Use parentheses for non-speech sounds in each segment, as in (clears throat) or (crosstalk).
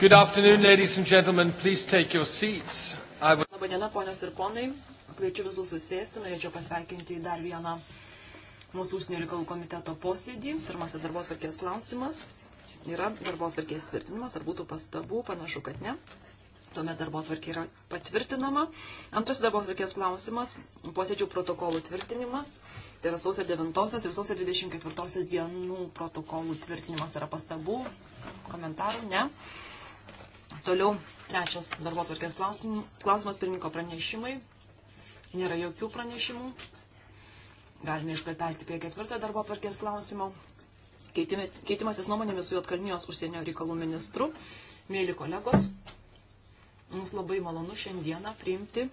Good afternoon, ladies and gentlemen. Please take your seats. Will... Labadiena, ponios ir ponai. Kviečiu visus susėsti. Norėčiau pasveikinti dar vieną mūsų užsienio reikalų komiteto posėdį. Pirmasis darbo atvarkės klausimas yra darbo atvarkės tvirtinimas. Ar būtų pastabų? Panašu, kad ne. Tuomet darbo atvarkė yra patvirtinama. Antras darbo atvarkės klausimas - posėdžių protokolų tvirtinimas. Tai yra sausio 9 ir sausio 24 dienų protokolų tvirtinimas. Yra pastabų? Komentarų? Ne. Toliau trečias darbo tvarkės klausimas pirmininko pranešimai. Nėra jokių pranešimų. Galime iškart perti prie ketvirtojo darbo tvarkės klausimo. Keitimasis nuomonėmis su Jotkalnijos užsienio reikalų ministru. Mėly kolegos, mums labai malonu šiandieną priimti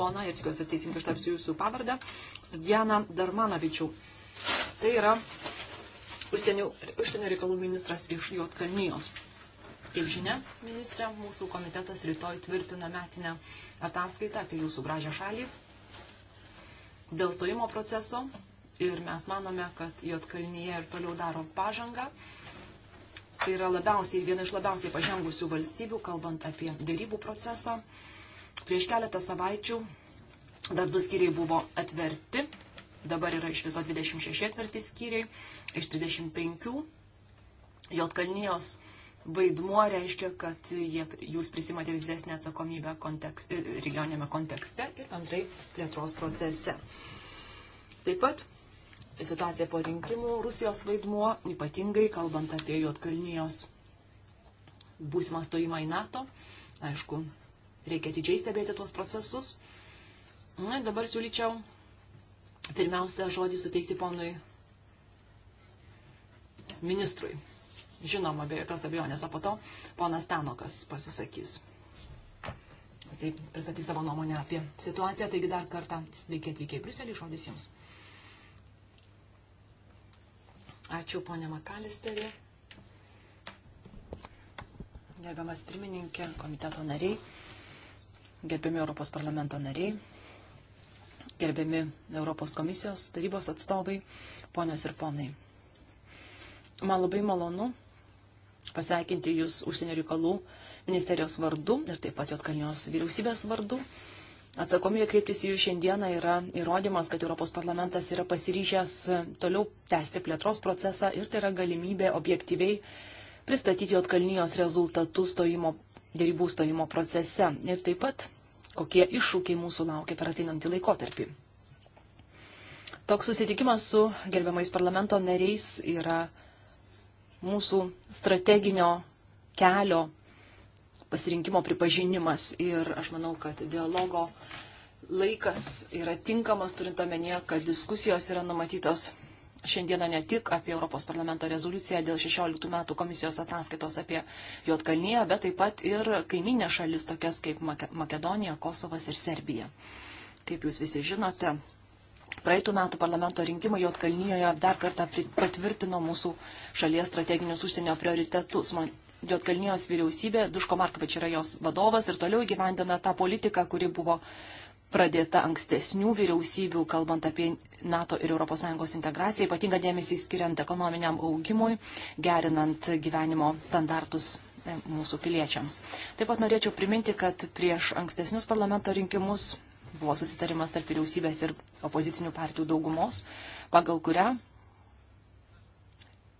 poną, ir tikiuosi teisingai ištapsiu jūsų pavardę, Stadjaną Darmanavičių. Tai yra užsienio, užsienio reikalų ministras iš Jotkalnijos. Kaip žinia, ministrė, mūsų komitetas rytoj tvirtina metinę ataskaitą apie jūsų gražią šalį dėl stojimo proceso ir mes manome, kad Jotkalnyje ir toliau daro pažangą. Tai yra labiausiai, viena iš labiausiai pažengusių valstybių, kalbant apie dėrybų procesą. Prieš keletą savaičių darbų skyriai buvo atverti, dabar yra iš viso 26 atverti skyriai, iš 35 Jotkalnyjos vaidmuo reiškia, kad jie, jūs prisimate vis didesnę atsakomybę kontekst, e, regioninėme kontekste ir bendrai plėtros procese. Taip pat situacija po rinkimų, Rusijos vaidmuo, ypatingai kalbant apie Jotkalnyjos būsimą stojimą į NATO. Aišku, reikia atidžiai stebėti tuos procesus. Na, dabar siūlyčiau pirmiausia žodį suteikti ponui ministrui žinoma, be jokios abejonės, o po to ponas Tanokas pasisakys. Jisai pristatys savo nuomonę apie situaciją, taigi dar kartą sveiki atvykę į Briuselį, žodis jums. Ačiū, ponė Makalisterė. Gerbiamas pirmininkė, komiteto nariai, gerbiami Europos parlamento nariai, gerbiami Europos komisijos tarybos atstovai, ponios ir ponai. Man labai malonu pasveikinti Jūs užsienio reikalų ministerijos vardu ir taip pat Jotkalnios vyriausybės vardu. Atsakomybė kreiptis į Jūs šiandieną yra įrodymas, kad Europos parlamentas yra pasiryžęs toliau tęsti plėtros procesą ir tai yra galimybė objektyviai pristatyti Jotkalnijos rezultatus stojimo, dėrybų stojimo procese ir taip pat kokie iššūkiai mūsų laukia per ateinantį laikotarpį. Toks susitikimas su gerbiamais parlamento nariais yra mūsų strateginio kelio pasirinkimo pripažinimas ir aš manau, kad dialogo laikas yra tinkamas, turint omenyje, kad diskusijos yra numatytos šiandieną ne tik apie Europos parlamento rezoliuciją dėl 16 metų komisijos ataskaitos apie Jotkalnyje, bet taip pat ir kaiminė šalis tokias kaip Makedonija, Kosovas ir Serbija. Kaip jūs visi žinote, Praeitų metų parlamento rinkimai Jotkalnyjoje dar kartą patvirtino mūsų šalies strateginius užsienio prioritetus. Jotkalnyjos vyriausybė, Duško Markovič yra jos vadovas ir toliau įgyvendina tą politiką, kuri buvo pradėta ankstesnių vyriausybių, kalbant apie NATO ir ES integraciją, ypatinga dėmesį skiriant ekonominiam augimui, gerinant gyvenimo standartus e, mūsų piliečiams. Taip pat norėčiau priminti, kad prieš ankstesnius parlamento rinkimus Buvo susitarimas tarp vyriausybės ir opozicinių partijų daugumos, pagal kurią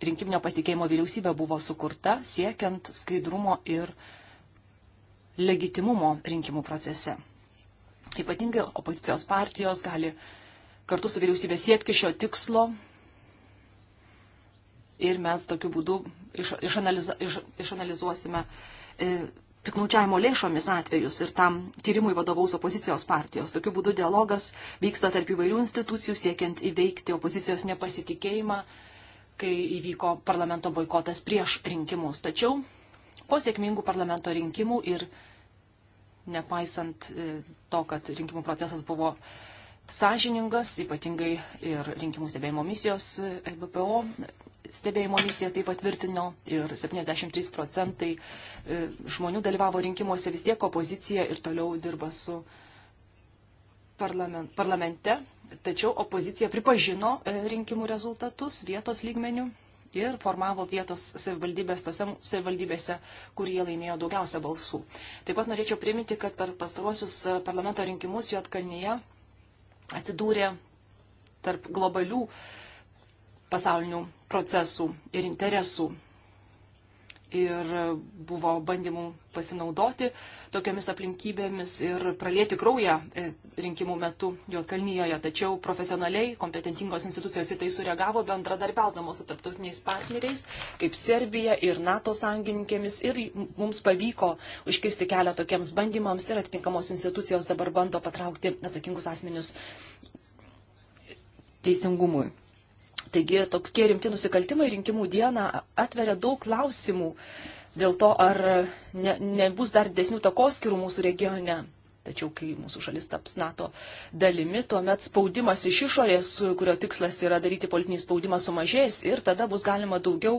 rinkiminio pasitikėjimo vyriausybė buvo sukurta siekiant skaidrumo ir legitimumo rinkimų procese. Ypatingai opozicijos partijos gali kartu su vyriausybė siekti šio tikslo ir mes tokiu būdu iš, išanaliza, iš, išanalizuosime e, piknaudžiavimo lėšomis atvejus ir tam tyrimui vadovaus opozicijos partijos. Tokiu būdu dialogas vyksta tarp įvairių institucijų siekiant įveikti opozicijos nepasitikėjimą, kai įvyko parlamento boikotas prieš rinkimus. Tačiau po sėkmingų parlamento rinkimų ir nepaisant e, to, kad rinkimų procesas buvo sąžiningas, ypatingai ir rinkimų stebėjimo misijos e, e BPO stebėjimo misija tai patvirtino ir 73 procentai e, žmonių dalyvavo rinkimuose, vis tiek opozicija ir toliau dirba su parlament, parlamente. Tačiau opozicija pripažino e, rinkimų rezultatus vietos lygmenių ir formavo vietos savivaldybės tose savivaldybėse, kur jie laimėjo daugiausia balsų. Taip pat norėčiau priminti, kad per pastaruosius e, parlamento rinkimus Jotkalnyje atsidūrė tarp globalių pasaulinių procesų ir interesų. Ir buvo bandymų pasinaudoti tokiamis aplinkybėmis ir pralėti kraują e, rinkimų metu Jotkalnyjoje. Tačiau profesionaliai kompetentingos institucijos į tai sureagavo bendradarbiaudamos su tarptautiniais partneriais, kaip Serbija ir NATO sąjungininkėmis. Ir mums pavyko užkisti kelią tokiems bandymams ir atitinkamos institucijos dabar bando patraukti atsakingus asmenius teisingumui. Taigi tokie rimti nusikaltimai rinkimų dieną atveria daug klausimų dėl to, ar ne, nebus dar didesnių takoskirų mūsų regione. Tačiau, kai mūsų šalis taps NATO dalimi, tuomet spaudimas iš išorės, kurio tikslas yra daryti politinį spaudimą, sumažės ir tada bus galima daugiau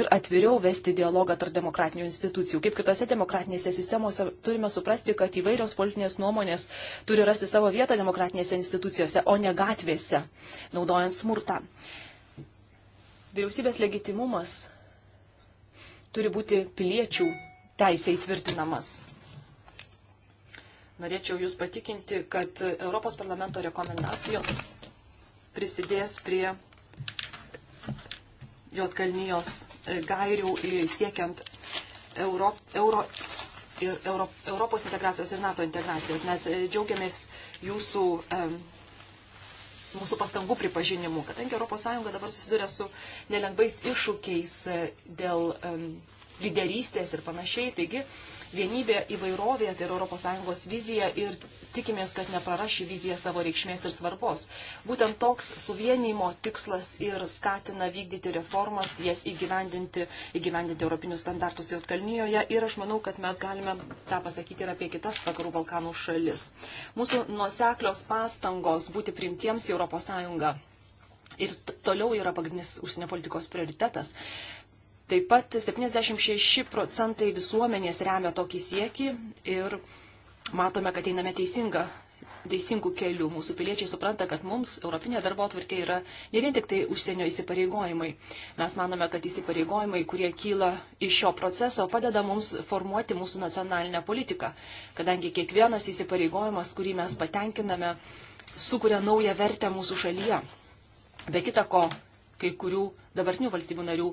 ir atviriau vesti dialogą tarp demokratinių institucijų. Kaip kitose demokratinėse sistemose turime suprasti, kad įvairios politinės nuomonės turi rasti savo vietą demokratinėse institucijose, o ne gatvėse, naudojant smurtą. Vyriausybės legitimumas turi būti piliečių teisė įtvirtinamas. Norėčiau Jūs patikinti, kad Europos parlamento rekomendacijos prisidės prie Jotkalnyjos e, gairių siekiant euro, euro ir euro, Europos integracijos ir NATO integracijos. Mes e, džiaugiamės jūsų mūsų pastangų pripažinimu, kadangi ES dabar susiduria su nelengvais iššūkiais e, dėl lyderystės ir panašiai. Taigi vienybė įvairovė tai yra ES vizija ir tikimės, kad nepraraši vizija savo reikšmės ir svarbos. Būtent toks suvienimo tikslas ir skatina vykdyti reformas, jas įgyvendinti, įgyvendinti europinius standartus Jotkalnyjoje ir aš manau, kad mes galime tą pasakyti ir apie kitas vakarų Balkanų šalis. Mūsų nuoseklios pastangos būti primtiems į ES ir toliau yra pagrindinis užsienio politikos prioritetas. Taip pat 76 procentai visuomenės remia tokį siekį ir matome, kad einame teisinga, teisingų kelių. Mūsų piliečiai supranta, kad mums Europinė darbo atvarkė yra ne vien tik tai užsienio įsipareigojimai. Mes manome, kad įsipareigojimai, kurie kyla iš šio proceso, padeda mums formuoti mūsų nacionalinę politiką, kadangi kiekvienas įsipareigojimas, kurį mes patenkiname, sukuria naują vertę mūsų šalyje. Be kita ko, kai kurių dabartinių valstybių narių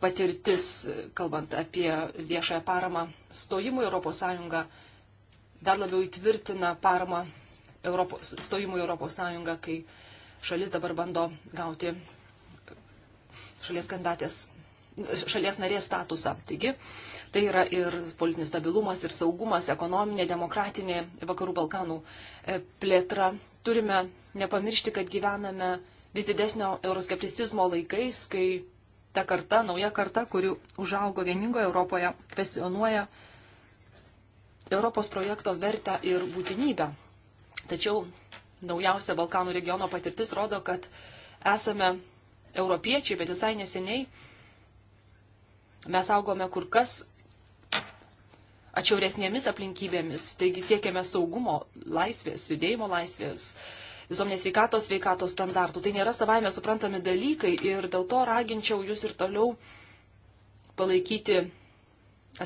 patirtis, kalbant apie viešąją paramą stojimui Europos Sąjungą, dar labiau įtvirtina paramą Europos, stojimui Europos Sąjungą, kai šalis dabar bando gauti šalies kandidatės, šalies narės statusą. Taigi, tai yra ir politinis stabilumas, ir saugumas, ekonominė, demokratinė Vakarų Balkanų e, plėtra. Turime nepamiršti, kad gyvename vis didesnio euroskepticizmo laikais, kai ta karta, nauja karta, kuri užaugo vieningoje Europoje, kvesionuoja Europos projekto vertę ir būtinybę. Tačiau naujausia Balkanų regiono patirtis rodo, kad esame europiečiai, bet visai neseniai mes augome kur kas atšiauresnėmis aplinkybėmis, taigi siekiame saugumo, laisvės, judėjimo laisvės, uh, visuomenės veikatos veikatos standartų. Tai nėra savaime suprantami dalykai ir dėl to raginčiau jūs ir toliau palaikyti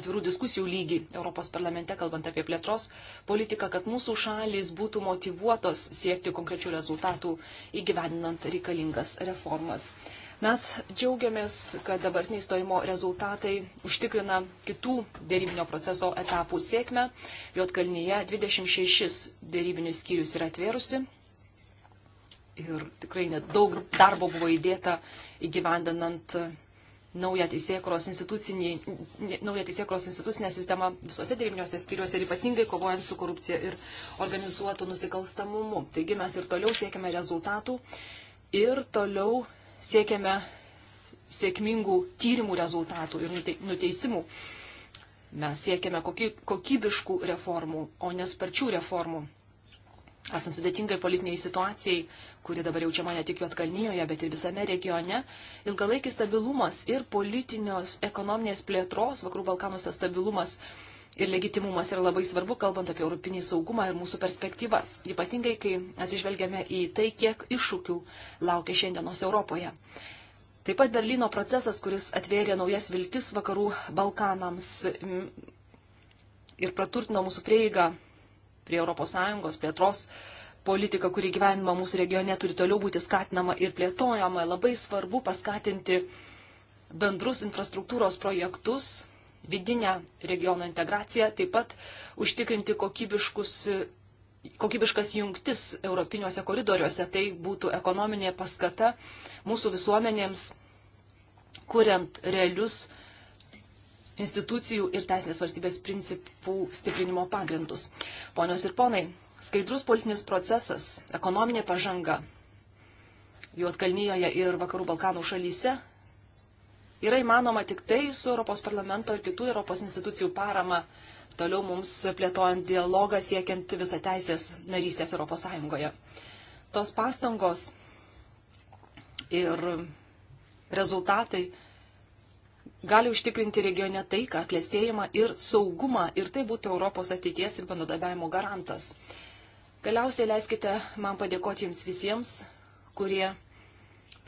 atvirų diskusijų lygį Europos parlamente, kalbant apie plėtros politiką, kad mūsų šalis būtų motivuotos siekti konkrečių rezultatų įgyveninant reikalingas reformas. Mes džiaugiamės, kad dabartiniai stojimo rezultatai užtikrina kitų dėrybinio proceso etapų sėkmę. Jotkalnyje 26 dėrybinius skyrius yra atvėrusi ir tikrai nedaug darbo buvo įdėta įgyvendinant e, naują teisėkros institucinę sistemą visose dirbiniuose skyriuose ir ypatingai kovojant su korupcija ir organizuotu nusikalstamumu. Taigi mes ir toliau siekiame rezultatų ir toliau siekiame sėkmingų tyrimų rezultatų ir nuteisimų. Mes siekiame kokybiškų reformų, o nesparčių reformų esant sudėtingai politiniai situacijai, kuri dabar jaučiama ne tik Juotkalnyjoje, bet ir visame regione, ilgalaikis stabilumas ir politinios ekonominės plėtros Vakarų Balkanuose stabilumas ir legitimumas yra labai svarbu, kalbant apie europinį saugumą ir mūsų perspektyvas, ypatingai kai atsižvelgiame į tai, kiek iššūkių laukia šiandienos Europoje. Taip pat Berlyno procesas, kuris atvėrė naujas viltis Vakarų Balkanams ir praturtino mūsų prieigą prie ES plėtros politika, kuri gyvenima mūsų regione, turi toliau būti skatinama ir plėtojama. Labai svarbu paskatinti bendrus infrastruktūros projektus, vidinę regiono integraciją, taip pat užtikrinti kokybiškus kokybiškas jungtis europiniuose koridoriuose. Tai būtų ekonominė paskata mūsų visuomenėms, kuriant realius institucijų ir teisinės valstybės principų stiprinimo pagrindus. Ponios ir ponai, skaidrus politinis procesas, ekonominė pažanga Juotkalnyjoje ir Vakarų Balkanų šalyse yra įmanoma tik tai su Europos parlamento ir kitų Europos institucijų parama toliau mums plėtojant dialogą siekiant visą teisės narystės Europos Sąjungoje. Tos pastangos ir rezultatai gali užtikrinti regione taiką, klėstėjimą ir saugumą ir tai būtų Europos ateities ir bendradarbiavimo garantas. Galiausiai leiskite man padėkoti jums visiems, kurie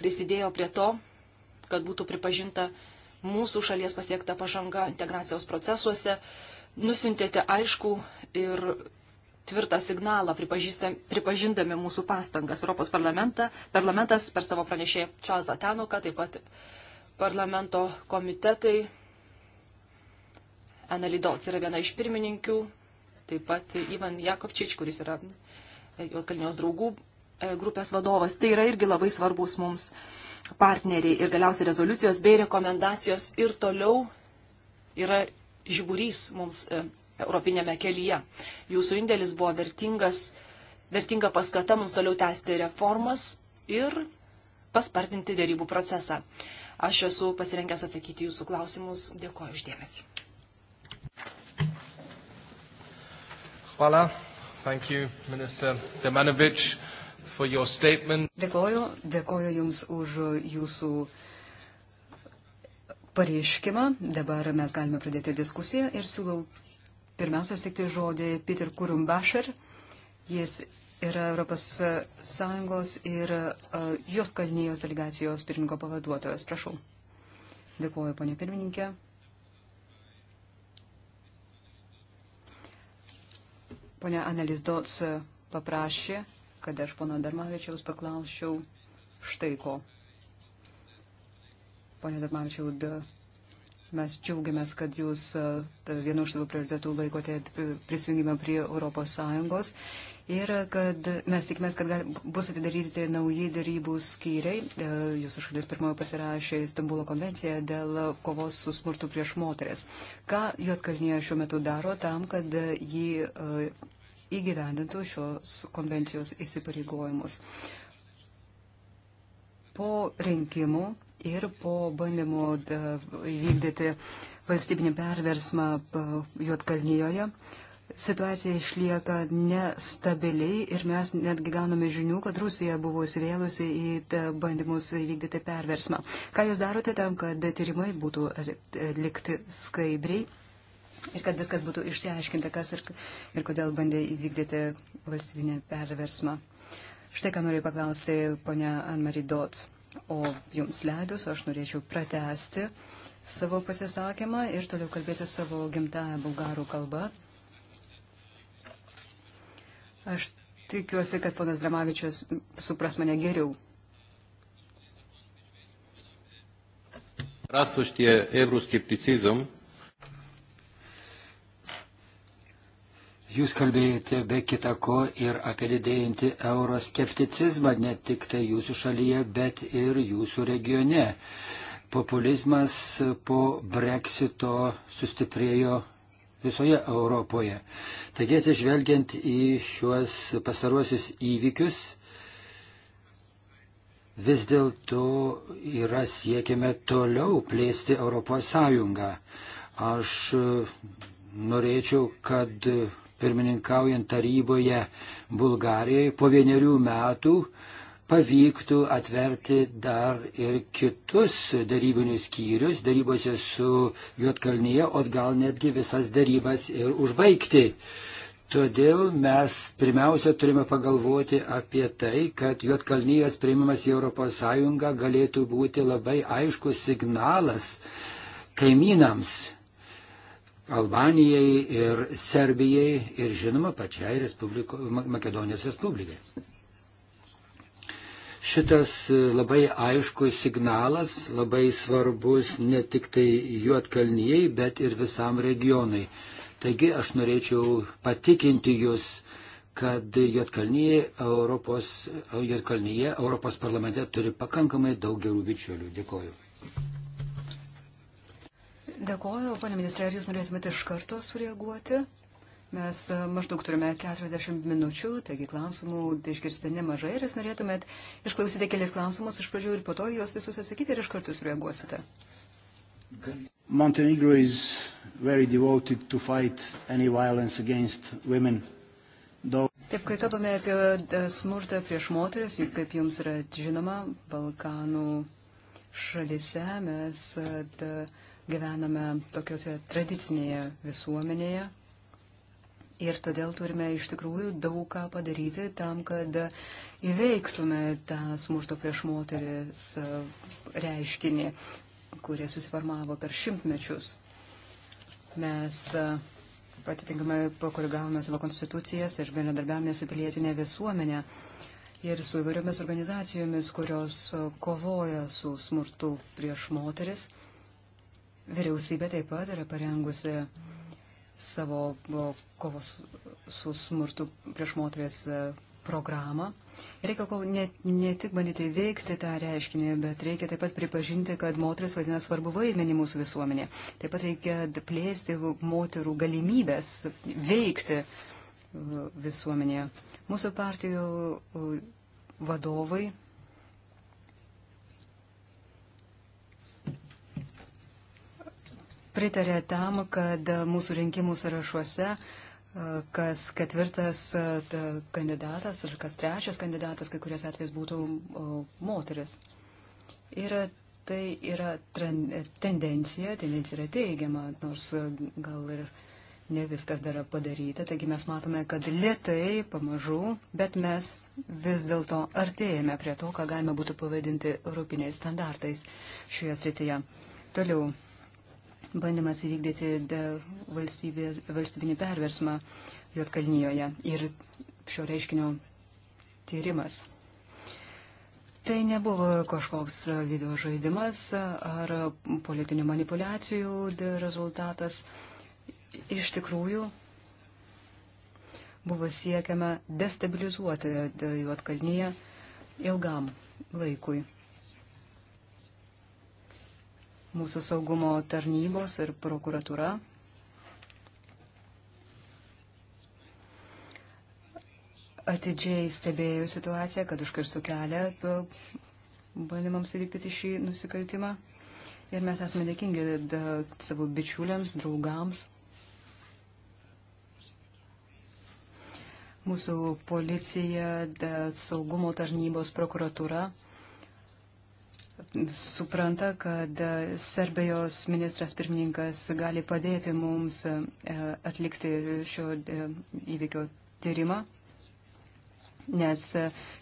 prisidėjo prie to, kad būtų pripažinta mūsų šalies pasiekta pažanga integracijos procesuose. Nusintėte aišku ir tvirtą signalą pripažindami mūsų pastangas. Europos parlamentas per savo pranešėją Čarlzą Tenoką, taip pat parlamento komitetai. Anali Dolts yra viena iš pirmininkių, taip pat Ivan Jakovčič, kuris yra e, Jotkalnios draugų e, grupės vadovas. Tai yra irgi labai svarbus mums partneriai ir galiausiai rezoliucijos bei rekomendacijos ir toliau yra žiburys mums e, europinėme kelyje. Jūsų indėlis buvo vertingas, vertinga paskata mums toliau tęsti reformas ir paspartinti dėrybų procesą. Aš esu pasirengęs atsakyti jūsų klausimus. Dėkuoju uždėmesi. Hvala. Thank you, Minister Demanovic, for your statement. Dėkoju, dėkoju Jums už Jūsų pareiškimą. Dabar mes galime pradėti diskusiją ir siūlau pirmiausia sėkti žodį Peter Kurumbašer. Jis yra ES ir e, Jotkalnyjos delegacijos pirmininko pavaduotojas. Prašau. Dėkuoju, ponė pirmininkė. Pone Analis Dots paprašė, kad aš pono Darmavičiaus paklausčiau štai ko. Pone Darmavičiaus Mes džiaugiamės, kad jūs e, vienu iš savo prioritetų laikote prisijungimą prie ES ir kad mes tikimės, kad gal, bus atidaryti nauji darybų skyriai. E, jūsų šalis pirmoji pasirašė Stambulo konvenciją dėl kovos su smurtu prieš moteris. Ką Jotkalnyje šiuo metu daro tam, kad jį e, įgyvendintų šios konvencijos įsipareigojimus? Po rinkimų ir po bandymų e, įvykdyti valstybinį perversmą e, Juotkalnyjoje situacija išlieka nestabiliai ir mes netgi gauname žinių, kad Rusija buvo įsivėlusi į e, bandymus įvykdyti perversmą. Ką jūs darote tam, kad tyrimai būtų likti skaidriai ir kad viskas būtų išsiaiškinta, kas ir, ir kodėl bandė įvykdyti valstybinį perversmą? Štai ką noriu paklausti ponia Anmarie Dots. O jums leidus aš norėčiau pratesti savo pasisakymą ir toliau kalbėsiu savo gimtają bulgarų kalbą. Aš tikiuosi, kad ponas Dramavičius supras mane geriau. Rasuštie euroskepticizm Jūs kalbėjote be kita ko ir apie didėjantį euroskepticizmą, ne tik tai jūsų šalyje, bet ir jūsų regione. Populizmas po breksito sustiprėjo visoje Europoje. Taigi atsižvelgiant į šiuos pastaruosius įvykius, vis dėlto yra siekime toliau plėsti Europos Sąjungą. Aš norėčiau, kad pirmininkaujant taryboje Bulgarijoje, po vienerių metų pavyktų atverti dar ir kitus darybinius skyrius, darybose su Juotkalnyje, o gal netgi visas darybas ir užbaigti. Todėl mes pirmiausia turime pagalvoti apie tai, kad Juotkalnyjas priimimas į ES galėtų būti labai aiškus signalas kaimynams, Albanijai ir Serbijai ir žinoma pačiai Respubliko, Makedonijos Respublikai. Šitas labai aiškus signalas labai svarbus ne tik tai Juotkalnyjei, bet ir visam regionui. Taigi aš norėčiau patikinti jūs, kad Juotkalnyje Europos, Juotkalnyje Europos parlamente turi pakankamai daug gerų bičiulių. Dėkoju. Dėkoju, ponė ministrė, ar jūs norėtumėte iš karto sureaguoti? Mes e, maždaug turime 40 minučių, taigi klausimų tai išgirsite nemažai ir jūs norėtumėt išklausyti kelias klausimus iš pradžių ir po to juos visus atsakyti ir iš karto sureaguosite. Montenegro is very devoted to fight any violence against women. Daug... Taip, kai kalbame apie e, smurtą prieš moteris, juk kaip jums yra žinoma, Balkanų šalise mes e, da, gyvename tokiuose tradicinėje visuomenėje. Ir todėl turime iš tikrųjų daug ką padaryti tam, kad įveiktume tą smurto prieš moteris e, reiškinį, kurie susiformavo per šimtmečius. Mes patitinkamai e, pakoregavome savo konstitucijas ir bendradarbiavome su pilietinė visuomenė ir su įvairiomis organizacijomis, kurios kovoja su smurtu prieš moteris. Vyriausybė taip pat yra parengusi savo kovos su smurtu prieš moteris e, programą. Reikia kol ne, ne tik bandyti veikti tą reiškinį, bet reikia taip pat pripažinti, kad moteris vadina svarbu vaidmenį mūsų visuomenė. Taip pat reikia plėsti moterų galimybės veikti e, visuomenėje. Mūsų partijų e, vadovai pritarė tam, kad mūsų rinkimų sąrašuose e, kas ketvirtas e, kandidatas ar kas trečias kandidatas, kai kurias atvejais būtų moteris. Ir tai yra tendencija, tendencija yra teigiama, nors gal ir ne viskas dar padaryta. Taigi mes matome, kad lietai, pamažu, bet mes vis dėlto artėjame prie to, ką galima būtų pavadinti europiniais standartais šioje srityje. Toliau bandymas įvykdyti valstybė, valstybinį perversmą Juotkalnyjoje ir šio reiškinio tyrimas. Tai nebuvo kažkoks video žaidimas ar politinių manipulacijų rezultatas. Iš tikrųjų, buvo siekiama destabilizuoti Juotkalnyje ilgam laikui mūsų saugumo tarnybos ir prokuratūra. Atidžiai stebėjau situaciją, kad užkirstų kelią bandymams įvykdyti šį nusikaltimą. Ir mes esame dėkingi da, savo bičiuliams, draugams. Mūsų policija, da, saugumo tarnybos, prokuratūra supranta, kad e, Serbijos ministras pirmininkas gali padėti mums e, atlikti šio e, įvykio tyrimą, nes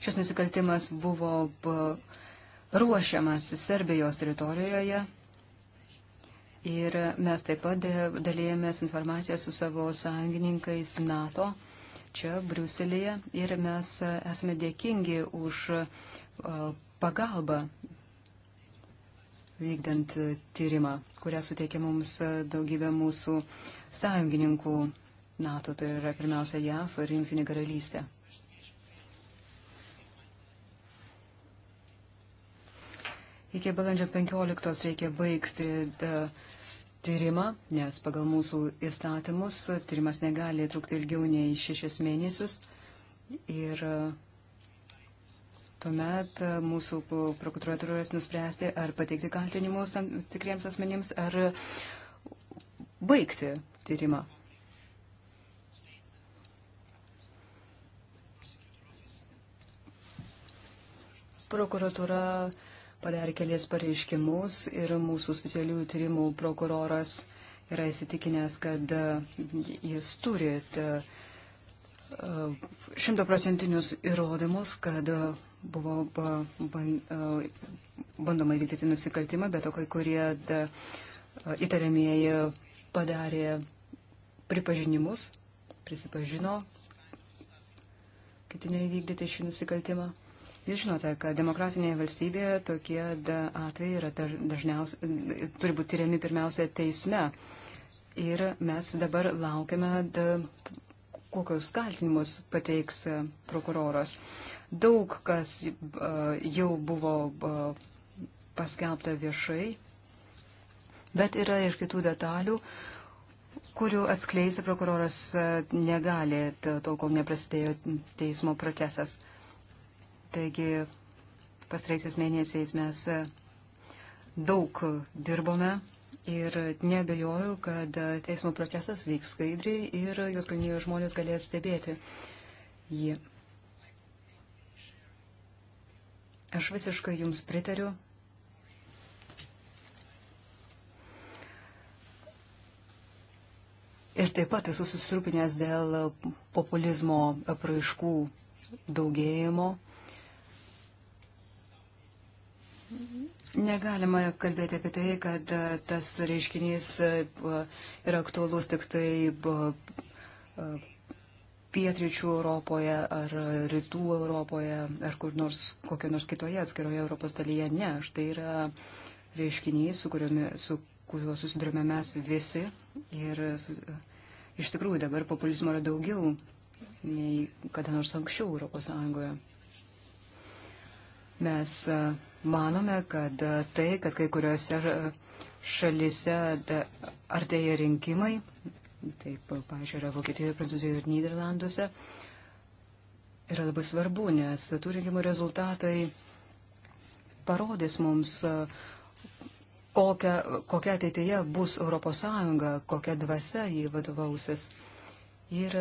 šis nusikaltimas buvo ruošiamas Serbijos teritorijoje. Ir mes taip pat dalėjomės informaciją su savo sąjungininkais NATO čia Briuselėje ir mes esame dėkingi už pagalbą vykdant e, tyrimą, kurią suteikė mums e, daugybė mūsų sąjungininkų NATO, tai yra pirmiausia JAF ir Jungtinė karalystė. Iki balandžio 15 reikia baigti e, tyrimą, nes pagal mūsų įstatymus tyrimas negali trukti ilgiau nei šešis mėnesius. Ir uh, Tuomet e, mūsų prokuratūros nuspręsti, ar pateikti kaltinimus tam tikriems asmenims, ar baigti tyrimą. Prokuratūra padarė kelias pareiškimus ir mūsų specialiųjų tyrimų prokuroras yra įsitikinęs, kad e, jis turi. Ta, e, šimtaprocentinius įrodymus, kad buvo bandoma įvykdyti nusikaltimą, bet o kai kurie įtariamieji padarė pripažinimus, prisipažino ketinę įvykdyti šį nusikaltimą. Jūs žinote, kad demokratinėje valstybėje tokie atvejai yra dažniausiai, turi būti tyriami pirmiausia teisme. Ir mes dabar laukiame kokius kaltinimus pateiks e, prokuroras. Daug kas e, jau buvo e, paskelbta viešai, bet yra ir kitų detalių, kurių atskleisti prokuroras negali, tol kol neprasidėjo teismo procesas. Taigi pastraisiais mėnesiais mes daug dirbome Ir nebejoju, kad teismo procesas vyks skaidriai ir Jotkalnyje žmonės galės stebėti jį. Aš visiškai jums pritariu. Ir taip pat esu susirūpinęs dėl populizmo apraiškų daugėjimo. Negalima kalbėti apie tai, kad e, tas reiškinys e, yra aktuolus tik tai e, pietryčių Europoje ar rytų Europoje ar kur nors kokio nors kitoje atskiroje Europos dalyje. Ne, tai yra reiškinys, su, kuriomi, su kuriuo susidurime mes visi. Ir iš tikrųjų dabar populizmo yra daugiau nei kada nors anksčiau Europos Sąjungoje. Mes uh, Manome, kad e, tai, kad kai kuriuose e, šalise artėja rinkimai, taip, pažiūrėjau, yra Vokietijoje, Prancūzijoje ir Niderlanduose, yra labai svarbu, nes tų rinkimų rezultatai parodys mums, e, kokia, kokia ateityje bus ES, kokia dvasia jį vadovausis. Ir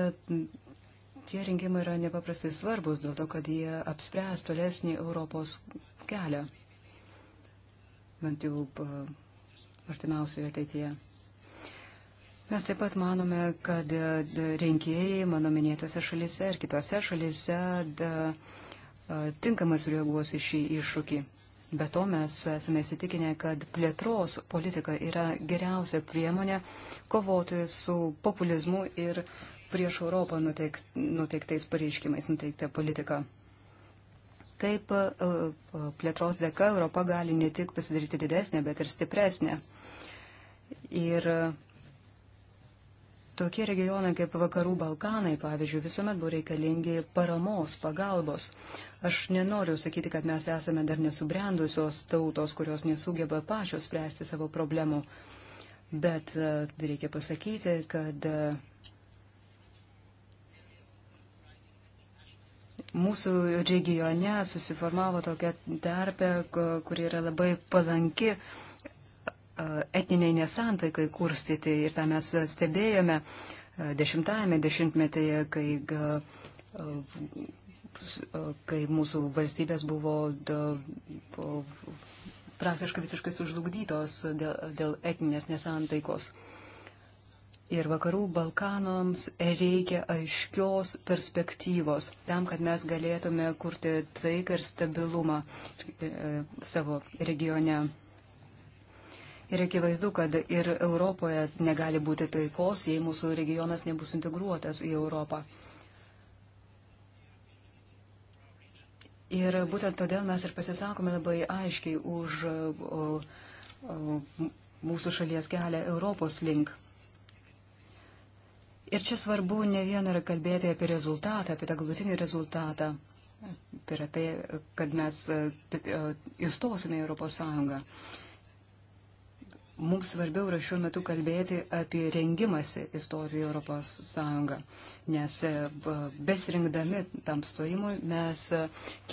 tie rinkimai yra nepaprastai svarbus dėl to, kad jie apspręs tolesnį Europos kelią, bent jau artimiausioje ateityje. Mes taip pat manome, kad e, rinkėjai mano minėtose šalise ir kitose šalise da, e, tinkamai sureaguos į šį iššūkį. Be to mes esame įsitikinę, kad plėtros politika yra geriausia priemonė kovoti su populizmu ir prieš Europą nuteik, nuteiktais pareiškimais nuteikta politika. Taip e, plėtros dėka Europa gali ne tik pasidaryti didesnė, bet ir stipresnė. Ir e, tokie regionai kaip Vakarų Balkanai, pavyzdžiui, visuomet buvo reikalingi paramos, pagalbos. Aš nenoriu sakyti, kad mes esame dar nesubrendusios tautos, kurios nesugeba pačios spręsti savo problemų. Bet e, reikia pasakyti, kad uh, mūsų regione susiformavo tokia tarpė, kuri yra labai palanki etniniai nesantaikai kurstyti. Ir tą mes stebėjome dešimtajame dešimtmetyje, kai, kai mūsų valstybės buvo praktiškai visiškai sužlugdytos dėl, dėl etninės nesantaikos ir vakarų Balkanoms reikia aiškios perspektyvos tam, kad mes galėtume kurti taiką ir stabilumą e, savo regione. Ir akivaizdu, kad ir Europoje negali būti taikos, jei mūsų regionas nebus integruotas į Europą. Ir būtent todėl mes ir pasisakome labai aiškiai už o, o, mūsų šalies kelią Europos link. Ir čia svarbu ne vien yra kalbėti apie rezultatą, apie tą galutinį rezultatą. Tai yra tai, kad mes e, e, įstosime į Europos Sąjungą mums svarbiau yra šiuo metu kalbėti apie rengimąsi įstoti į Europos Sąjungą, nes e, besirinkdami tam stojimui mes e,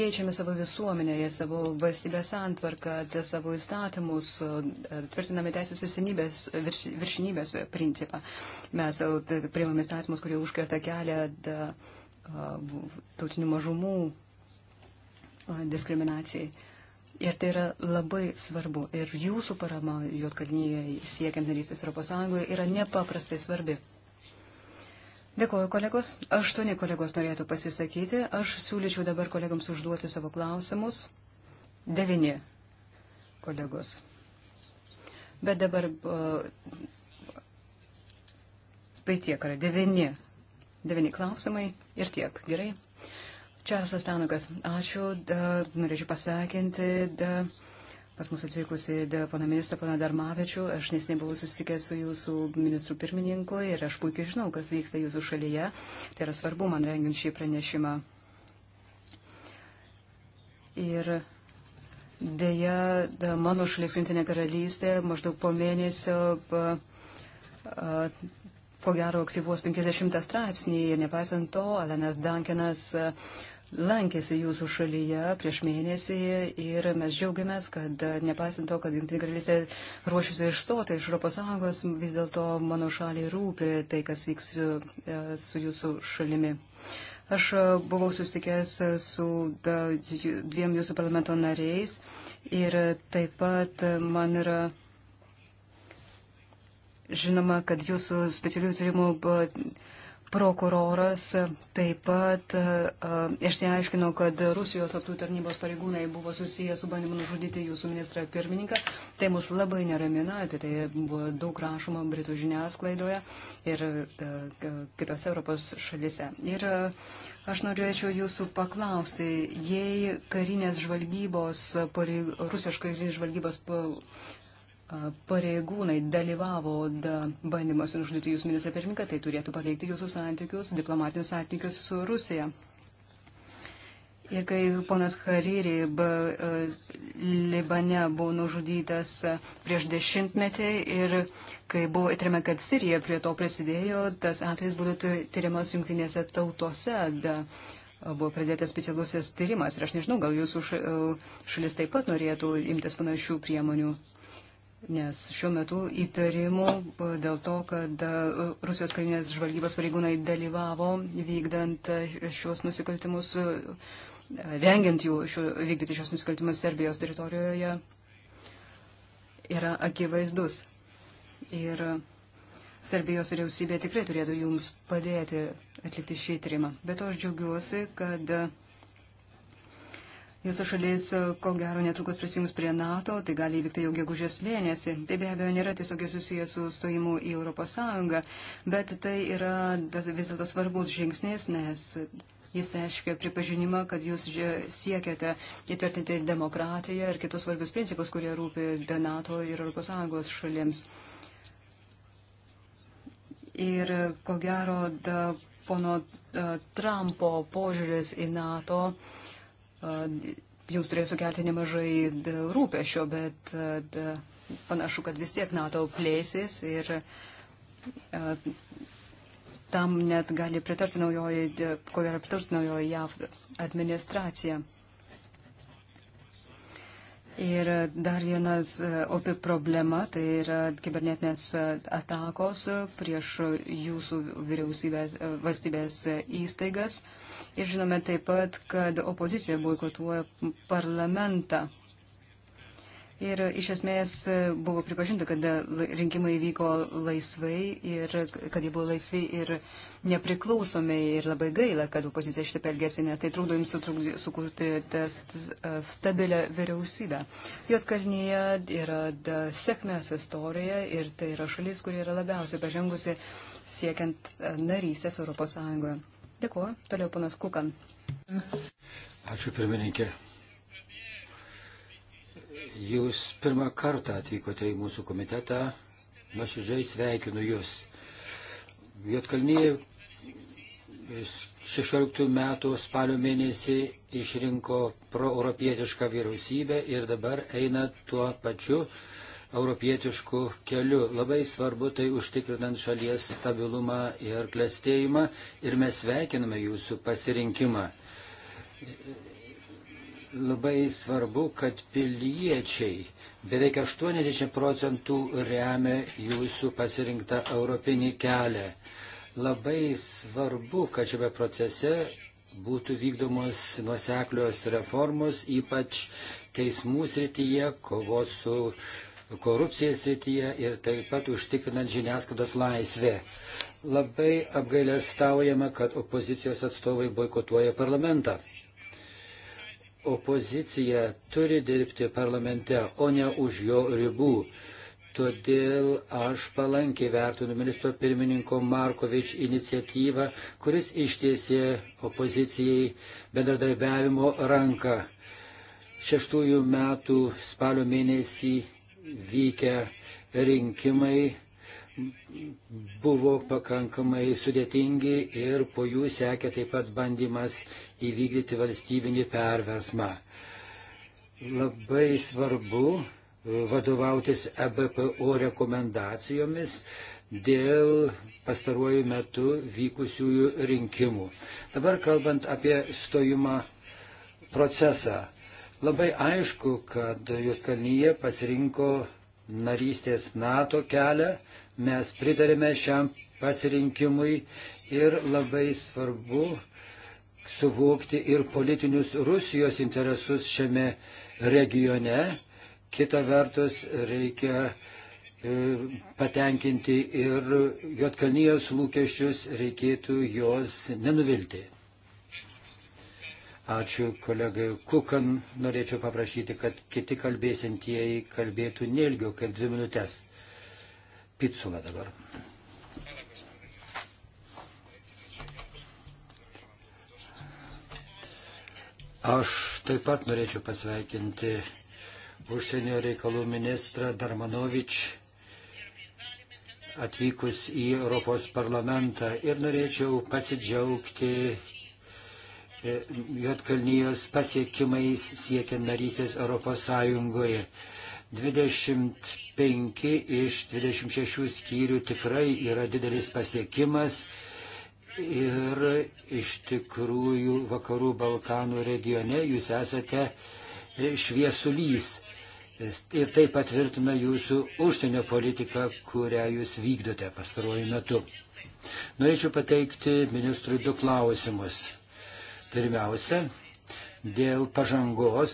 keičiame savo visuomenę, savo valstybės santvarką, savo įstatymus, e, tvirtiname teisės viršinybės, virš, viršinybės principą. Mes priimame įstatymus, kurie užkerta kelią tautinių mažumų diskriminacijai. Ir tai yra labai svarbu. Ir jūsų parama Jotkalnyje siekiant narystės Europos Sąjungoje yra nepaprastai svarbi. Dėkuoju, kolegos. Aštuoni kolegos norėtų pasisakyti. Aš siūlyčiau dabar kolegams užduoti savo klausimus. Devini kolegos. Bet dabar uh, tai tiek yra. Devini. Devini klausimai ir tiek. Gerai. Čarlzas Tanukas, ačiū, da, norėčiau pasakinti. Da, Pas mus atvykusi pana ministra, pana Darmavičių, aš nesiniai buvau susitikęs su jūsų ministru pirmininku ir aš puikiai žinau, kas vyksta jūsų šalyje. Tai yra svarbu man rengiant šį pranešimą. Ir dėja, da, mano šalis, Junktinė karalystė, maždaug po mėnesio. Pa, a, ko gero aktyvuos 50 straipsnį ir nepaisant to, Alenas Dankinas lankėsi jūsų šalyje prieš mėnesį ir mes džiaugiamės, kad e, nepaisant to, kad Junktinė karalystė ruošiasi išstoti iš ES, vis dėlto mano šaliai rūpi tai, kas vyks su, e, su jūsų šalimi. Aš e, buvau susitikęs su da, dviem jūsų parlamento nariais ir taip pat man yra žinoma, kad jūsų specialių tyrimų buvo Prokuroras taip pat e, išsiaiškino, kad Rusijos slaptų tarnybos pareigūnai buvo susiję su bandymu nužudyti jūsų ministrą pirmininką. Tai mus labai neramina, apie tai buvo daug rašoma Britų žiniasklaidoje ir e, e, kitose Europos šalise. Ir aš norėčiau jūsų paklausti, jei karinės žvalgybos, pareig... rusiškai žvalgybos pareigūnai dalyvavo bandymas nužudyti jūsų ministrą pirmininką, tai turėtų paveikti jūsų santykius, diplomatinius santykius su Rusija. Ir kai ponas Hariri e, Libane buvo nužudytas e, prieš dešimtmetį ir kai buvo įtariama, kad Sirija prie to prisidėjo, tas atvejs buvo tyrimas jungtinėse tautose. Da, e, buvo pradėtas specialusis tyrimas ir aš nežinau, gal jūsų šalis taip pat norėtų imtis panašių priemonių nes šiuo metu įtarimų dėl to, kad e, Rusijos karinės žvalgybos pareigūnai dalyvavo vykdant e, šios nusikaltimus, e, rengiant jų šių, vykdyti šios nusikaltimus Serbijos teritorijoje, yra akivaizdus. Ir Serbijos vyriausybė tikrai turėtų jums padėti atlikti šį tyrimą. Bet aš džiaugiuosi, kad Jūsų šalis, e, ko gero, netrukus prisijungs prie NATO, tai gali įvykti jau gegužės mėnesį. Tai be abejo nėra tiesiogiai susijęs su stojimu į ES, bet tai yra vis dėlto svarbus žingsnis, nes jis reiškia pripažinimą, kad jūs e, siekiate įtvirtinti demokratiją ir kitus svarbius principus, kurie rūpi NATO ir ES šalims. Ir e, ko gero, da, pono da, Trumpo požiūris į NATO. Uh, jums turėjo sukelti nemažai rūpešio, bet da, panašu, kad vis tiek NATO plėsis ir a, tam net gali pritarti naujoji, ko gero pritarti naujoji JAV administracija. Ir dar vienas opi problema, tai yra kibernetinės atakos prieš jūsų vyriausybės valstybės įstaigas. Ir žinome taip pat, kad opozicija boikotuoja parlamentą. Ir iš esmės buvo pripažinta, kad rinkimai vyko laisvai ir kad jie buvo laisvi ir nepriklausomi ir labai gaila, kad opozicija šitaip elgėsi, nes tai trukdo jums sukurti stabilę vyriausybę. Jotkalnyje yra sėkmės istorija ir tai yra šalis, kuri yra labiausiai pažengusi siekiant narystės Europos Sąjungoje. Dėkuoju. Toliau panas Kukan. Ačiū pirmininkė. Jūs pirmą kartą atvykote į mūsų komitetą. Nuoširdžiai sveikinu Jūs. Jotkalnyje 16 metų spalio mėnesį išrinko proeuropietišką vyriausybę ir dabar eina tuo pačiu uh, europietiškų kelių. Labai svarbu tai užtikrinant šalies stabilumą ir klestėjimą ir mes sveikiname jūsų pasirinkimą. Labai svarbu, kad piliečiai beveik 80 procentų remia jūsų pasirinktą europinį kelią. Labai svarbu, kad šiame procese būtų vykdomos nuoseklios reformos, ypač teismų srityje, kovos su korupcijos srityje ir taip pat užtikrinant žiniasklaidos laisvę. Labai apgailestaujama, kad opozicijos atstovai boikotuoja parlamentą. Opozicija turi dirbti parlamente, o ne už jo ribų. Todėl aš palankiai vertinu ministro pirmininko Markovič iniciatyvą, kuris ištiesė opozicijai bendradarbiavimo ranką. Šeštųjų metų spalio mėnesį vykę rinkimai buvo pakankamai sudėtingi ir po jų sekė taip pat bandymas įvykdyti valstybinį perversmą. Labai svarbu e, vadovautis EBPO rekomendacijomis dėl pastaruoju metu vykusiųjų rinkimų. Dabar kalbant apie stojimą procesą. Labai aišku, kad Jotkalnyje pasirinko narystės NATO kelią, mes pritarėme šiam pasirinkimui ir labai svarbu suvokti ir politinius Rusijos interesus šiame regione. Kita vertus, reikia e, patenkinti ir Jotkalnyjos lūkesčius, reikėtų jos nenuvilti. Ačiū kolegai Kukan. Norėčiau paprašyti, kad kiti kalbėsintieji kalbėtų nelgiau kaip dvi minutės. Pitsula dabar. Aš taip pat norėčiau pasveikinti užsienio reikalų ministrą Darmanovič atvykus į Europos parlamentą ir norėčiau pasidžiaugti E, Jotkalnyjos pasiekimais siekiant narysės Europos Sąjungoje. 25 iš 26 skyrių tikrai yra didelis pasiekimas ir iš tikrųjų vakarų Balkanų regione jūs esate e, šviesulys. Ir tai patvirtina jūsų užsienio politiką, kurią jūs vykdote pastaruoju metu. Norėčiau pateikti ministrui du klausimus. Pirmiausia, dėl pažangos,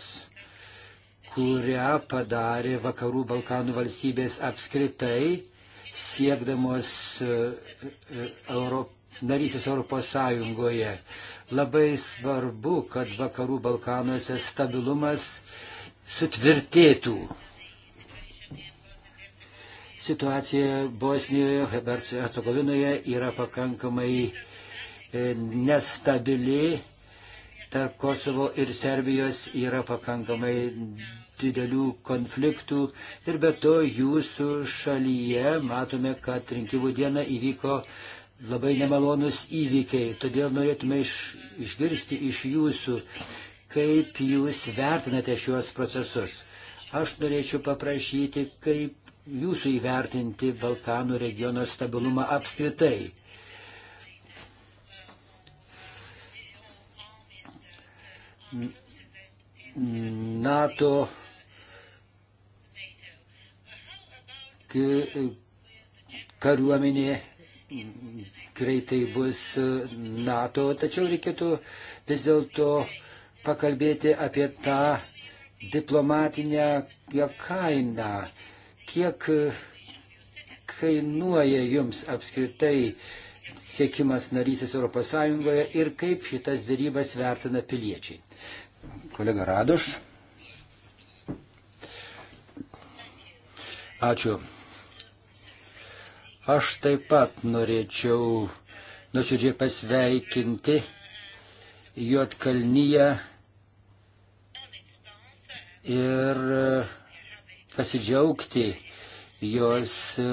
kurią padarė Vakarų Balkanų valstybės apskritai, siekdamos e, e, Europ... narysės Europos Sąjungoje. Labai svarbu, kad Vakarų Balkanuose stabilumas sutvirtėtų. Situacija Bosnijoje, Hercegovinoje yra pakankamai e, nestabili tarp Kosovo ir Serbijos yra pakankamai didelių konfliktų ir be to jūsų šalyje matome, kad rinkimų dieną įvyko labai nemalonus įvykiai. Todėl norėtume iš, išgirsti iš jūsų, kaip jūs vertinate šiuos procesus. Aš norėčiau paprašyti, kaip jūsų įvertinti Balkanų regiono stabilumą apskritai. NATO kariuomenė greitai bus e, NATO, tačiau reikėtų vis dėlto pakalbėti apie tą diplomatinę kainą. Kiek kainuoja jums apskritai siekimas narysės ES ir kaip šitas dėrybas vertina piliečiai? kolega Radoš. Ačiū. Aš taip pat norėčiau nuoširdžiai pasveikinti Juotkalnyje ir pasidžiaugti jos e,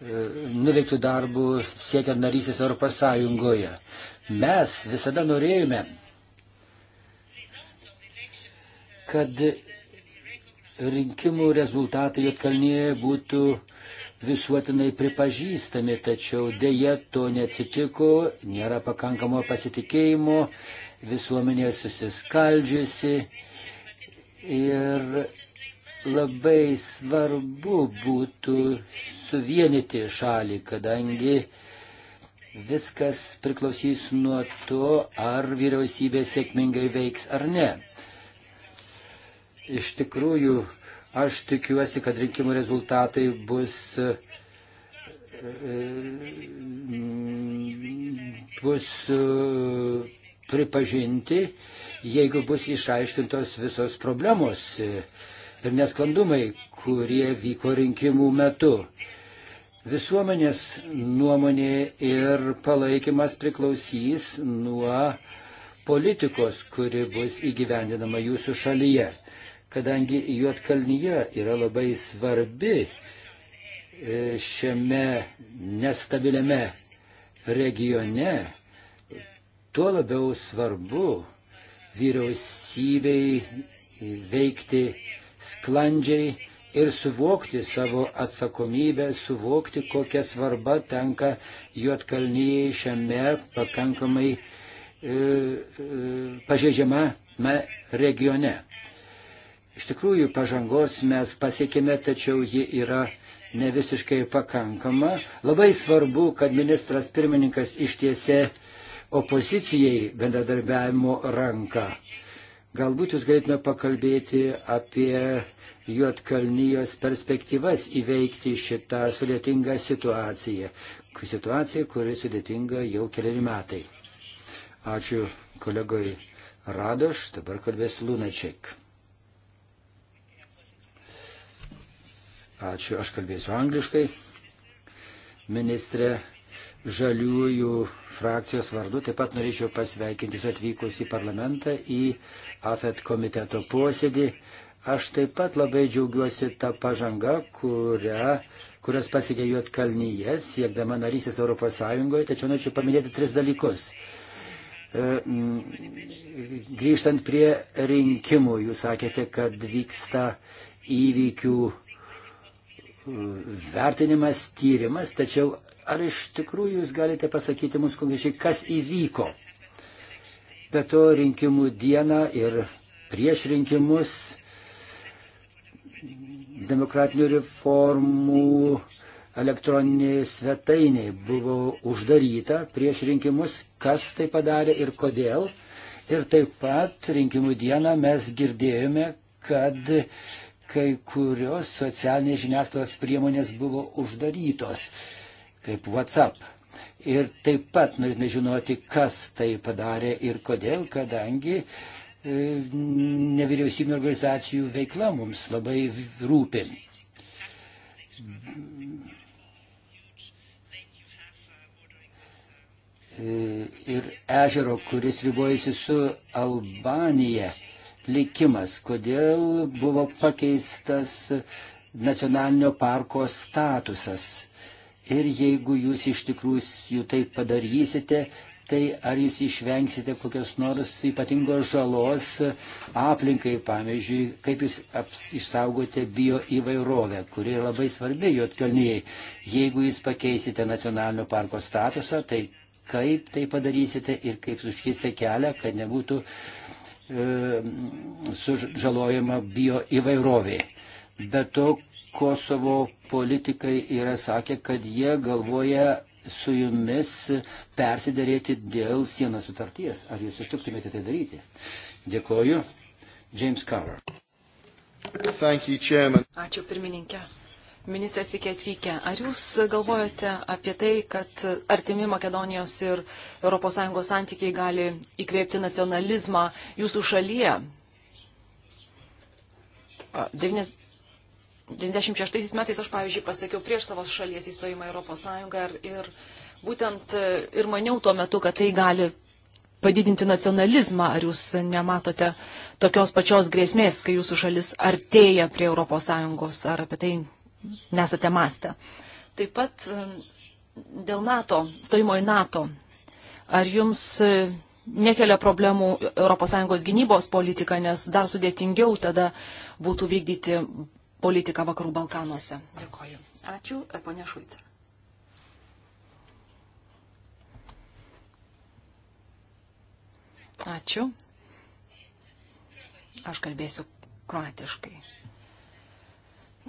nuveiktų darbų siekiant narysės Europos Sąjungoje. Mes visada norėjome, kad rinkimų rezultatai Jotkalnyje būtų visuotinai pripažįstami, tačiau dėje to neatsitiko, nėra pakankamo pasitikėjimo, visuomenė susiskaldžiusi ir labai svarbu būtų suvienyti šalį, kadangi viskas priklausys nuo to, ar vyriausybė sėkmingai veiks ar ne. Iš tikrųjų, aš tikiuosi, kad rinkimų rezultatai bus, e, e, bus e, pripažinti, jeigu bus išaiškintos visos problemos ir nesklandumai, kurie vyko rinkimų metu. Visuomenės nuomonė ir palaikymas priklausys nuo politikos, kuri bus įgyvendinama jūsų šalyje kadangi Juotkalnyje yra labai svarbi e, šiame nestabiliame regione, tuo labiau svarbu vyriausybei veikti sklandžiai ir suvokti savo atsakomybę, suvokti, kokia svarba tenka juotkalnyje šiame pakankamai e, e, pažeidžiamame regione. Iš tikrųjų, pažangos mes pasiekime, tačiau ji yra ne visiškai pakankama. Labai svarbu, kad ministras pirmininkas ištiesė opozicijai bendradarbiavimo ranką. Galbūt jūs galėtume pakalbėti apie Juotkalnyjos perspektyvas įveikti šitą sudėtingą situaciją. Situacija, kuri sudėtinga jau keliari metai. Ačiū kolegoj Radoš, dabar kalbės Lunačiak. Ačiū, aš kalbėsiu angliškai. Ministrė, žaliųjų frakcijos vardu taip pat norėčiau pasveikinti jūs atvykus į parlamentą, į AFET komiteto posėdį. Aš taip pat labai džiaugiuosi tą pažangą, kurią, kurias pasiekė Juotkalnyje, siekdama narysės ES, tačiau norėčiau paminėti tris dalykus. E, grįžtant prie rinkimų, jūs sakėte, kad vyksta įvykių vertinimas, tyrimas, tačiau ar iš tikrųjų jūs galite pasakyti mums konkrečiai, kas įvyko? Be to rinkimų dieną ir prieš rinkimus demokratinių reformų elektroninė svetainė buvo uždaryta prieš rinkimus, kas tai padarė ir kodėl. Ir taip pat rinkimų dieną mes girdėjome, kad kai kurios socialinės žiniasklaidos priemonės buvo uždarytos, kaip WhatsApp. Ir taip pat norėtume žinoti, kas tai padarė ir kodėl, kadangi e, nevyriausybinio organizacijų veikla mums labai rūpi. E, ir ežero, kuris ribojasi su Albanija, likimas, kodėl buvo pakeistas nacionalinio parko statusas. Ir jeigu jūs iš tikrųjų tai padarysite, tai ar jūs išvengsite kokios nors ypatingos žalos aplinkai, pavyzdžiui, kaip jūs išsaugote bio įvairovę, kuri labai svarbi juotkelnyje. Jeigu jūs pakeisite nacionalinio parko statusą, tai kaip tai padarysite ir kaip užkiste kelią, kad nebūtų uh, E, sužalojama bio įvairovė. Be to, Kosovo politikai yra sakę, kad jie galvoja su jumis persidarėti dėl sienos sutarties. Ar jūs sutiktumėte tai daryti? Dėkoju. James Carver. You, Ačiū pirmininkė. Ministras, sveiki atvykę. Ar jūs galvojate apie tai, kad artimi Makedonijos ir ES santykiai gali įkvėpti nacionalizmą jūsų šalyje? 96 metais aš, pavyzdžiui, pasakiau prieš savo šalies įstojimą ES ir, ir būtent e, ir maniau tuo metu, kad tai gali padidinti nacionalizmą. Ar jūs nematote tokios pačios grėsmės, kai jūsų šalis artėja prie ES? Ar apie tai nesate mąstę. Taip pat e, dėl NATO, stojimo į NATO. Ar jums e, nekelia problemų ES gynybos politika, nes dar sudėtingiau tada būtų vykdyti politiką Vakarų Balkanuose? Dėkoju. Ačiū, e, ponia Šuica. Ačiū. Aš kalbėsiu kroatiškai.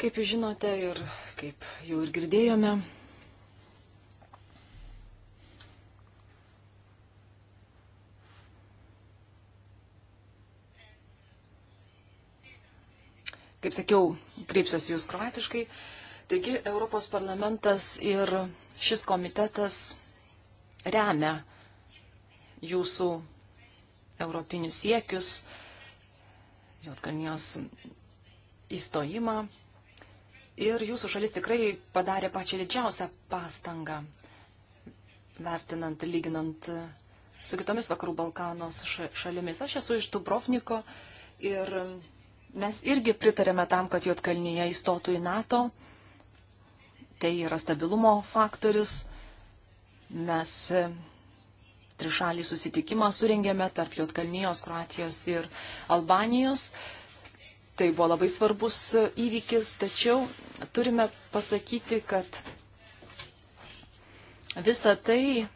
Kaip jūs žinote ir kaip jau ir girdėjome, kaip sakiau, kreipsiuosi jūs kroatiškai. Taigi Europos parlamentas ir šis komitetas remia jūsų europinius siekius, Jotkalnijos įstojimą Ir jūsų šalis tikrai padarė pačią didžiausią pastangą, vertinant, lyginant su kitomis vakarų Balkanos šalimis. Aš esu iš Dubrovniko ir mes irgi pritarėme tam, kad Jotkalnyje įstotų į NATO. Tai yra stabilumo faktorius. Mes e, trišalį susitikimą surengėme tarp Jotkalnyjos, Kroatijos ir Albanijos. Tai buvo labai svarbus įvykis, tačiau turime pasakyti, kad visa tai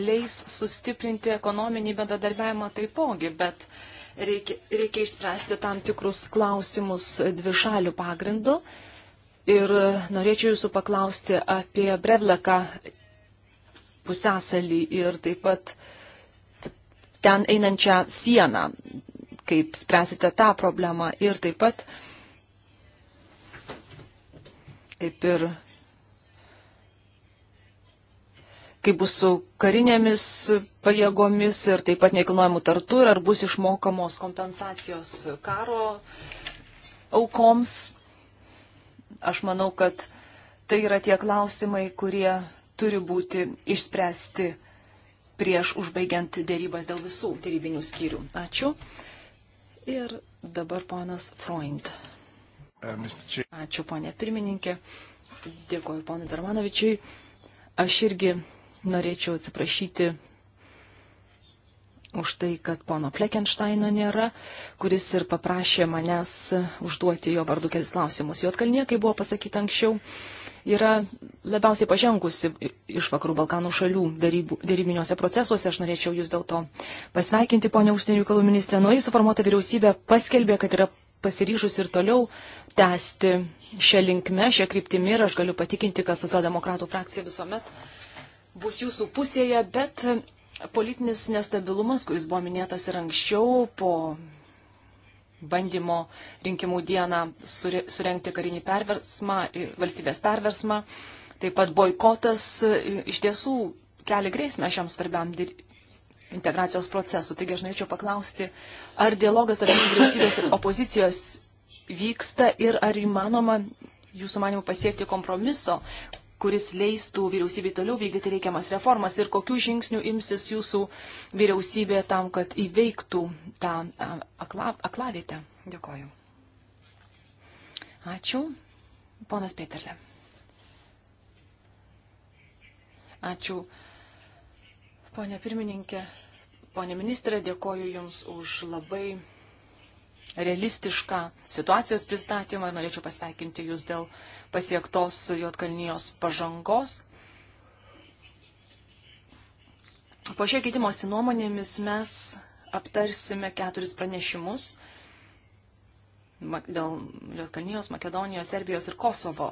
leis sustiprinti ekonominį bendradarbiavimą taipogi, bet reikia, reikia išspręsti tam tikrus klausimus dvišalių pagrindų. Ir norėčiau jūsų paklausti apie Brevleką pusęsalį ir taip pat ten einančią sieną kaip spręsite tą problemą ir taip pat, kaip ir kaip bus su karinėmis pajėgomis ir taip pat nekilnojimų tartų ir ar bus išmokamos kompensacijos karo aukoms. Aš manau, kad tai yra tie klausimai, kurie turi būti išspręsti prieš užbaigiant dėrybas dėl visų dėrybinių skyrių. Ačiū. Ir dabar ponas Freund. Uh, Ačiū, ponė pirmininkė. Dėkoju ponui Darmanovičiui. Aš irgi norėčiau atsiprašyti už tai, kad pono Fleckensteino nėra, kuris ir paprašė manęs užduoti jo vardu kelis klausimus. Jotkalnie, kai buvo pasakyta anksčiau, yra labiausiai pažengusi iš vakarų Balkanų šalių darybų, darybiniuose procesuose. Aš norėčiau jūs dėl to pasveikinti, ponia užsienio reikalų ministrė. Nuoji suformuota vyriausybė paskelbė, kad yra pasiryžus ir toliau tęsti šią linkmę, šią kryptimį ir aš galiu patikinti, kad socialdemokratų frakcija visuomet bus jūsų pusėje, bet politinis nestabilumas, kuris buvo minėtas ir anksčiau po bandymo rinkimų dieną surenkti karinį perversmą, valstybės perversmą. Taip pat boikotas iš tiesų kelia grėsmę šiam svarbiam integracijos procesui. Taigi aš norėčiau paklausti, ar dialogas tarp vyriausybės ir opozicijos vyksta ir ar įmanoma jūsų manimų pasiekti kompromiso, kuris leistų vyriausybei toliau vykdyti reikiamas reformas ir kokių žingsnių imsis jūsų vyriausybė tam, kad įveiktų tą akla, aklavietę. Dėkoju. Ačiū. Ponas Peterle. Ačiū. Pone pirmininkė, pone ministrė, dėkoju Jums už labai realistišką situacijos pristatymą ir norėčiau pasveikinti Jūs dėl pasiektos Jotkalnijos pažangos. Po šio keitimosi nuomonėmis mes aptarsime keturis pranešimus dėl Jotkalnijos, Makedonijos, Serbijos ir Kosovo.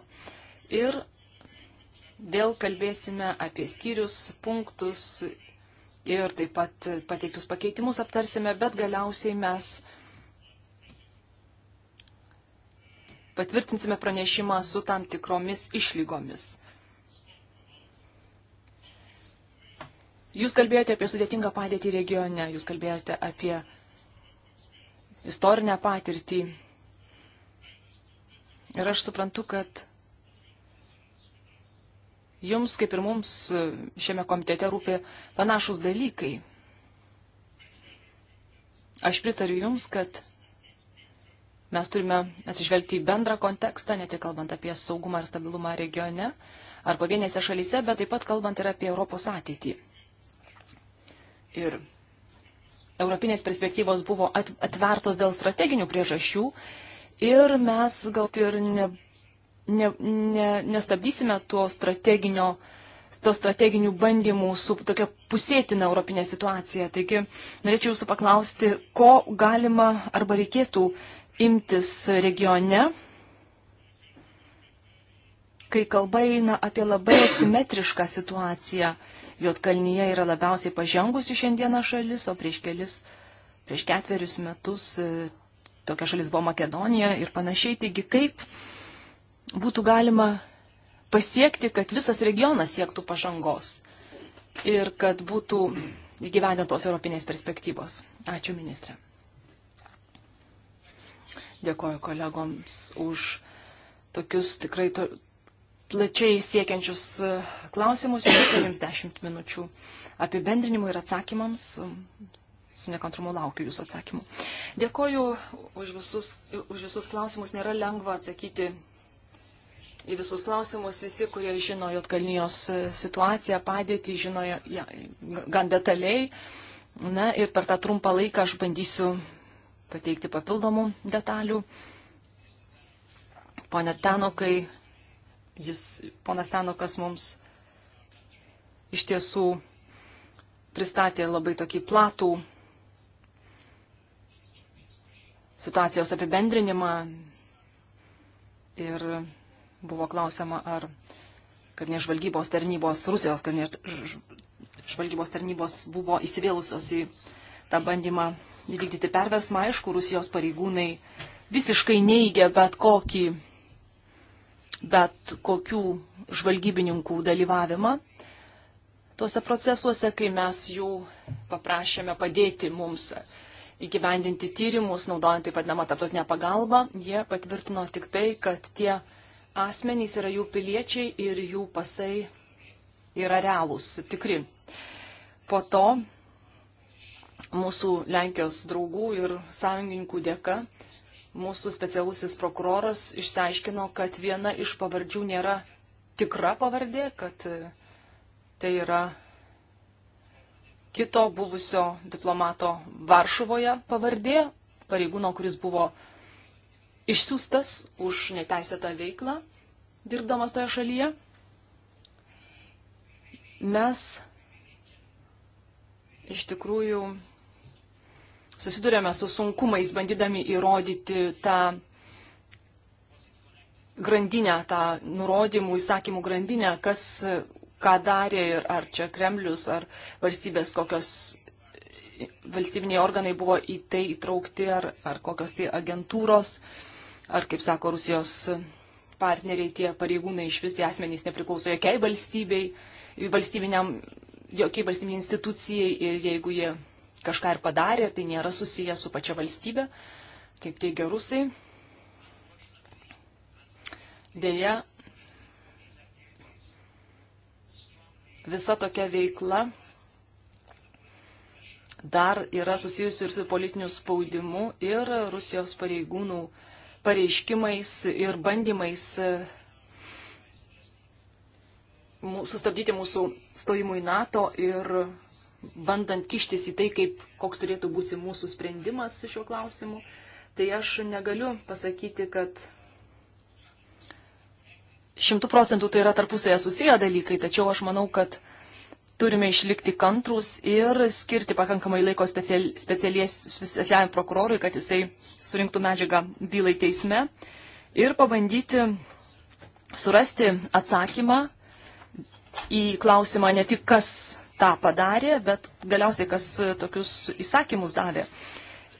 Ir vėl kalbėsime apie skyrius, punktus ir taip pat pateiktus pakeitimus aptarsime, bet galiausiai mes patvirtinsime pranešimą su tam tikromis išlygomis. Jūs kalbėjote apie sudėtingą padėtį regione, jūs kalbėjote apie istorinę patirtį. Ir aš suprantu, kad jums, kaip ir mums, šiame komitete rūpi panašus dalykai. Aš pritariu jums, kad mes turime atsižvelgti į bendrą kontekstą, ne tik kalbant apie saugumą ir stabilumą regione ar pavienėse šalyse, bet taip pat kalbant ir apie Europos ateitį. Ir europinės perspektyvos buvo atvertos dėl strateginių priežasčių ir mes gal ir ne, ne, ne, nestabdysime to strateginio to strateginių bandymų su tokia pusėtina europinė situacija. Taigi norėčiau jūsų paklausti, ko galima arba reikėtų imtis regione, kai kalba eina apie labai asimetrišką situaciją. Jotkalnyje yra labiausiai pažengusi šiandieną šalis, o prieš kelis, prieš ketverius metus e, tokia šalis buvo Makedonija ir panašiai. Taigi kaip būtų galima pasiekti, kad visas regionas siektų pažangos ir kad būtų įgyvendintos europinės perspektyvos. Ačiū, ministrė. Dėkoju kolegoms už tokius tikrai to, plačiai siekiančius e, klausimus. Ministrė jums 10 minučių apibendrinimui ir atsakymams. Su nekantrumu laukiu jūsų atsakymų. Dėkoju už visus, už visus klausimus. Nėra lengva atsakyti į visus klausimus. Visi, kurie žino Jotkalnijos e, situaciją, padėtį, žino ją ja, gan detaliai. Na ir per tą trumpą laiką aš bandysiu pateikti papildomų detalių. Pone Tenokai, jis, ponas Tenokas mums iš tiesų pristatė labai tokį platų situacijos apibendrinimą ir buvo klausima, ar karinės žvalgybos tarnybos, Rusijos karinės žvalgybos tarnybos buvo įsivėlusios į tą bandymą įvykdyti perversmą. Aišku, Rusijos pareigūnai visiškai neigia bet kokį, bet kokių žvalgybininkų dalyvavimą tuose procesuose, kai mes jų paprašėme padėti mums įgyvendinti tyrimus, naudojant taip vadinamą tarptautinę pagalbą, jie patvirtino tik tai, kad tie asmenys yra jų piliečiai ir jų pasai yra realūs, tikri. Po to mūsų Lenkijos draugų ir sąjungininkų dėka mūsų specialusis prokuroras išsiaiškino, kad viena iš pavardžių nėra tikra pavardė, kad e, tai yra kito buvusio diplomato Varšuvoje pavardė, pareigūno, kuris buvo išsiųstas už neteisėtą veiklą, dirbdamas toje šalyje. Mes iš tikrųjų susidurėme su sunkumais, bandydami įrodyti tą grandinę, tą nurodymų, įsakymų grandinę, kas ką darė ir ar čia Kremlius, ar valstybės kokios valstybiniai organai buvo į tai įtraukti, ar, ar kokios tai agentūros, ar, kaip sako Rusijos partneriai, tie pareigūnai iš vis tie asmenys nepriklauso jokiai valstybei, valstybiniam, jokiai valstybiniai institucijai ir jeigu jie kažką ir padarė, ir tai nėra susiję su pačia valstybė, kaip teigia rusai. Deja, visa tokia veikla dar yra susijusi ir su politiniu spaudimu ir Rusijos pareigūnų pareiškimais ir bandymais e, sustabdyti mūsų stojimų į NATO ir bandant kištis į tai, kaip, koks turėtų būti mūsų sprendimas šiuo klausimu, tai aš negaliu pasakyti, kad šimtų procentų tai yra tarpusėje susiję dalykai, tačiau aš manau, kad turime išlikti kantrus ir skirti pakankamai laiko specialiajam prokurorui, kad jisai surinktų medžiagą bylai teisme ir pabandyti surasti atsakymą į klausimą ne tik kas tą padarė, bet galiausiai kas tokius įsakymus davė.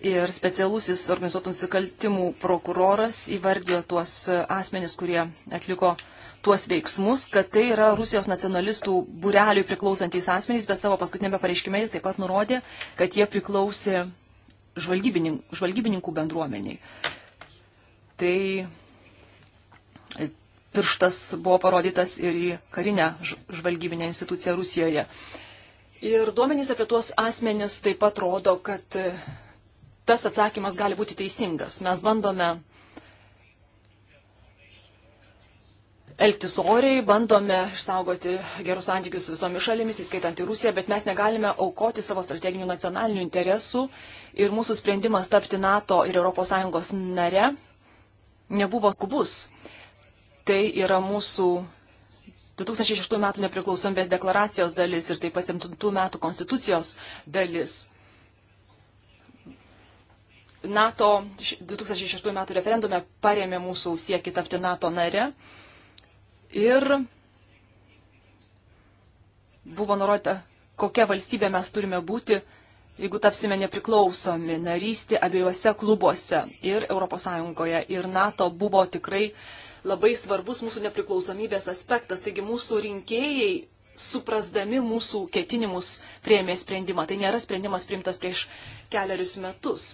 Ir specialusis organizuotų nusikaltimų prokuroras įvardijo tuos asmenis, kurie atliko tuos veiksmus, kad tai yra Rusijos nacionalistų bureliui priklausantys asmenys, bet savo paskutinėme pareiškime jis taip pat nurodė, kad jie priklausė žvalgybininkų, žvalgybininkų bendruomeniai. Tai pirštas buvo parodytas ir į karinę žvalgybinę instituciją Rusijoje. Ir duomenys apie tuos asmenis taip pat rodo, kad e, tas atsakymas gali būti teisingas. Mes bandome elgtis oriai, bandome išsaugoti gerus santykius su visomis šalimis, įskaitant ir Rusiją, bet mes negalime aukoti savo strateginių nacionalinių interesų ir mūsų sprendimas tapti NATO ir ES nare nebuvo skubus. Tai yra mūsų 2006 metų nepriklausomybės deklaracijos dalis ir taip pat 7 metų konstitucijos dalis. NATO 2006 metų referendume paremė mūsų siekį tapti NATO nare ir buvo nurodyta, kokia valstybė mes turime būti, jeigu tapsime nepriklausomi narystė abiejose klubuose ir ES ir NATO buvo tikrai uh, labai svarbus mūsų nepriklausomybės aspektas. Taigi mūsų rinkėjai, suprasdami mūsų ketinimus, prieėmė sprendimą. Tai nėra sprendimas priimtas prieš keliarius metus.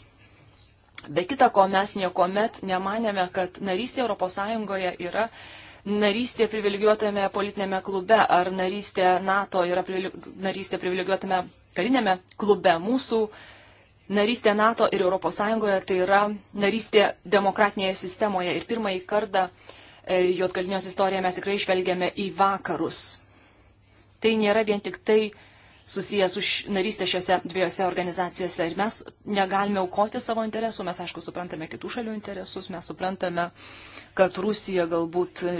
Be kita ko, mes niekuomet nemanėme, kad narystė ES yra narystė privilegijuotame politinėme klube ar narystė NATO yra privilegi... narystė privilegijuotame karinėme klube. Mūsų narystė NATO ir ES tai yra narystė demokratinėje sistemoje. Ir pirmąjį kartą E, Jotkalinios istoriją mes tikrai išvelgiame į vakarus. Tai nėra vien tik tai susijęs su narystė šiuose dviejose organizacijose. Ir mes negalime aukoti savo interesų, mes aišku suprantame kitų šalių interesus, mes suprantame, kad Rusija galbūt e,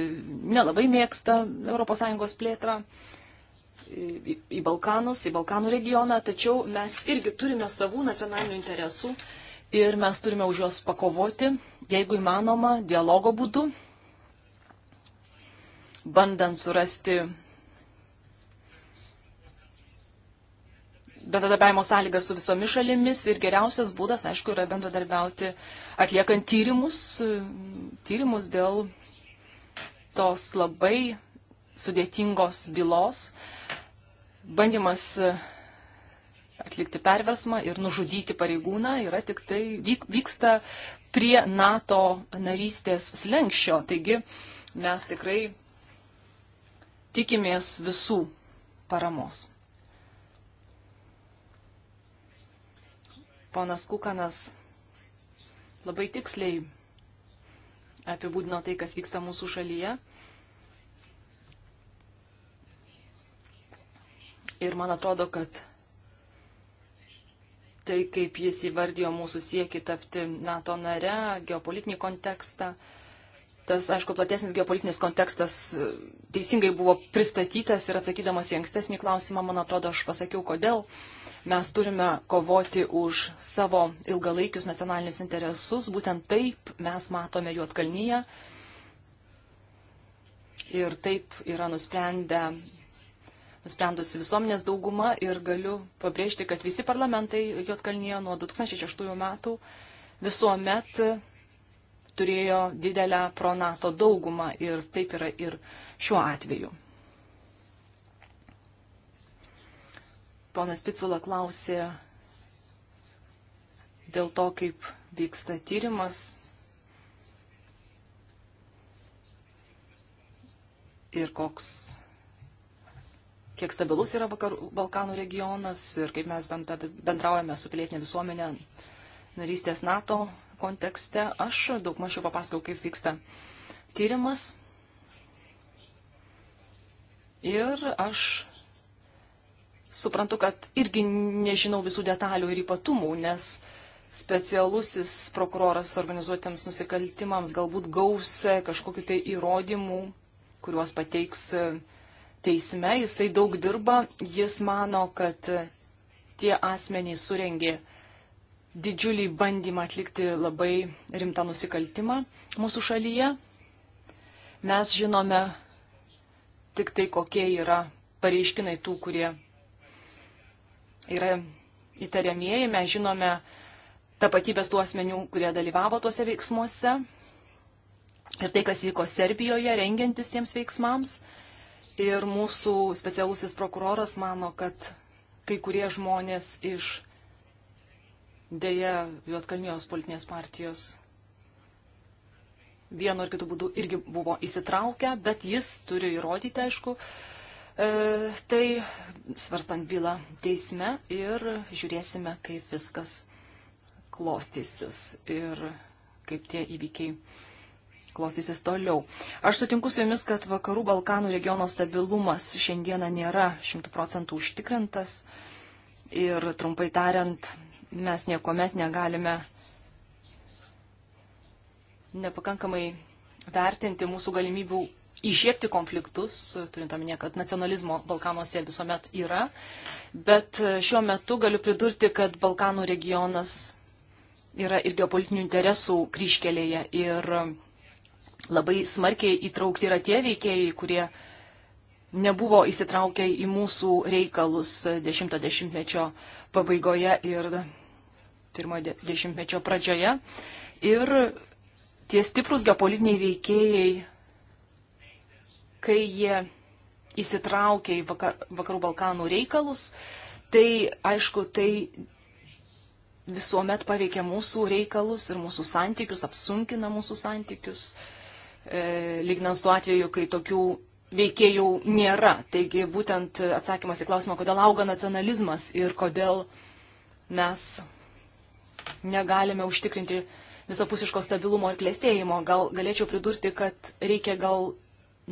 nelabai mėgsta ES plėtrą į, į Balkanus, į Balkanų regioną, tačiau mes irgi turime savų nacionalinių interesų ir mes turime už juos pakovoti, jeigu įmanoma, dialogo būdu, bandant surasti bendradarbiavimo sąlygas su visomis šalimis ir geriausias būdas, aišku, yra bendradarbiauti atliekant tyrimus, tyrimus dėl tos labai sudėtingos bylos, bandymas atlikti perversmą ir nužudyti pareigūną yra tik tai vyk, vyksta prie NATO narystės slengščio. Taigi mes tikrai tikimės visų paramos. Ponas Kukanas labai tiksliai apibūdino tai, kas vyksta mūsų šalyje. Ir man atrodo, kad tai, kaip jis įvardijo mūsų siekį tapti NATO nare, geopolitinį kontekstą, tas, aišku, platesnis geopolitinis kontekstas e, teisingai buvo pristatytas ir atsakydamas į ankstesnį klausimą, man atrodo, aš pasakiau, kodėl mes turime kovoti už savo ilgalaikius nacionalinius interesus. Būtent taip mes matome Juotkalnyje ir taip yra nusprendę nusprendusi visuomenės dauguma ir galiu pabrėžti, kad visi parlamentai Jotkalnyje nuo 2006 metų visuomet turėjo didelę pronato daugumą ir taip yra ir šiuo atveju. Ponas Picula klausė dėl to, kaip vyksta tyrimas. Ir koks, kiek stabilus yra vakarų, Balkanų regionas ir kaip mes bendraujame su pilietinė visuomenė narystės NATO kontekste aš daug mažiau papasakau, kaip vyksta tyrimas. Ir aš suprantu, kad irgi nežinau visų detalių ir ypatumų, nes specialusis prokuroras organizuotėms nusikaltimams galbūt gaus kažkokiu tai įrodymų, kuriuos pateiks teisme. Jisai daug dirba, jis mano, kad tie asmenys surengė didžiulį bandymą atlikti labai rimtą nusikaltimą mūsų šalyje. Mes žinome tik tai, kokie yra pareiškinai tų, kurie yra įtariamieji. Mes žinome tapatybės tų asmenių, kurie dalyvavo tuose veiksmuose ir tai, kas vyko Serbijoje, rengiantis tiems veiksmams. Ir mūsų specialusis prokuroras mano, kad kai kurie žmonės iš Deja, Juotkalnijos politinės partijos vienu ar kitu būdu irgi buvo įsitraukę, bet jis turi įrodyti, aišku, e, tai svarstant bylą teisme ir žiūrėsime, kaip viskas klostysis ir kaip tie įvykiai klostysis toliau. Aš sutinku su jumis, kad vakarų Balkanų regiono stabilumas šiandieną nėra šimtų procentų užtikrintas ir trumpai tariant, mes niekuomet negalime nepakankamai vertinti mūsų galimybių įžiepti konfliktus, turint omenyje, kad nacionalizmo Balkanuose visuomet yra. Bet e, šiuo metu galiu pridurti, kad Balkanų regionas yra ir geopolitinių interesų kryškelėje ir e, labai smarkiai įtraukti yra tie veikėjai, kurie uh, nebuvo įsitraukę į mūsų reikalus 10-mečio pabaigoje ir 1-mečio pradžioje. Ir tie stiprus geopolitiniai veikėjai, kai jie įsitraukė į vakar, Vakarų Balkanų reikalus, tai aišku, tai visuomet paveikia mūsų reikalus ir mūsų santykius, apsunkina mūsų santykius. E, Lygnant su atveju, kai tokių veikėjų nėra. Taigi būtent atsakymas į klausimą, kodėl auga nacionalizmas ir kodėl mes negalime užtikrinti visapusiško stabilumo ir klėstėjimo. Gal galėčiau pridurti, kad reikia gal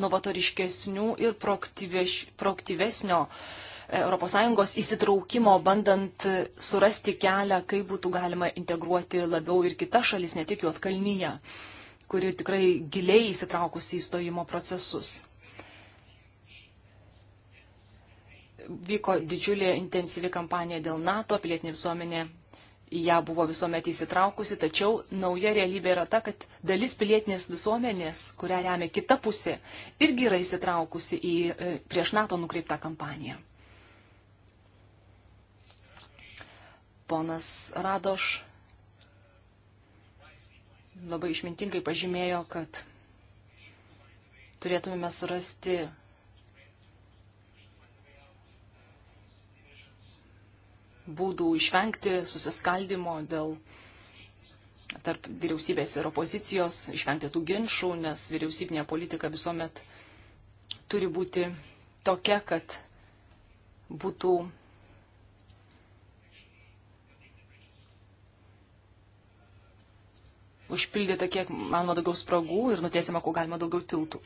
novatoriškesnių ir proaktyvesnio ES įsitraukimo, bandant surasti kelią, kaip būtų galima integruoti labiau ir kitas šalis, ne tik Juotkalnyje, kuri tikrai giliai įsitraukusi į stojimo procesus. vyko didžiulė intensyvi kampanija dėl NATO, pilietinė visuomenė į ją buvo visuomet įsitraukusi, tačiau nauja realybė yra ta, kad dalis pilietinės visuomenės, kurią remia kita pusė, irgi yra įsitraukusi į e, prieš NATO nukreiptą kampaniją. Ponas Radoš labai išmintingai pažymėjo, kad turėtumėme surasti būdų išvengti susiskaldimo dėl tarp vyriausybės ir opozicijos, išvengti tų ginčių, nes vyriausybinė politika visuomet turi būti tokia, kad būtų užpildyta kiek manoma daugiau spragų ir nutiesima, kuo galima daugiau tiltų.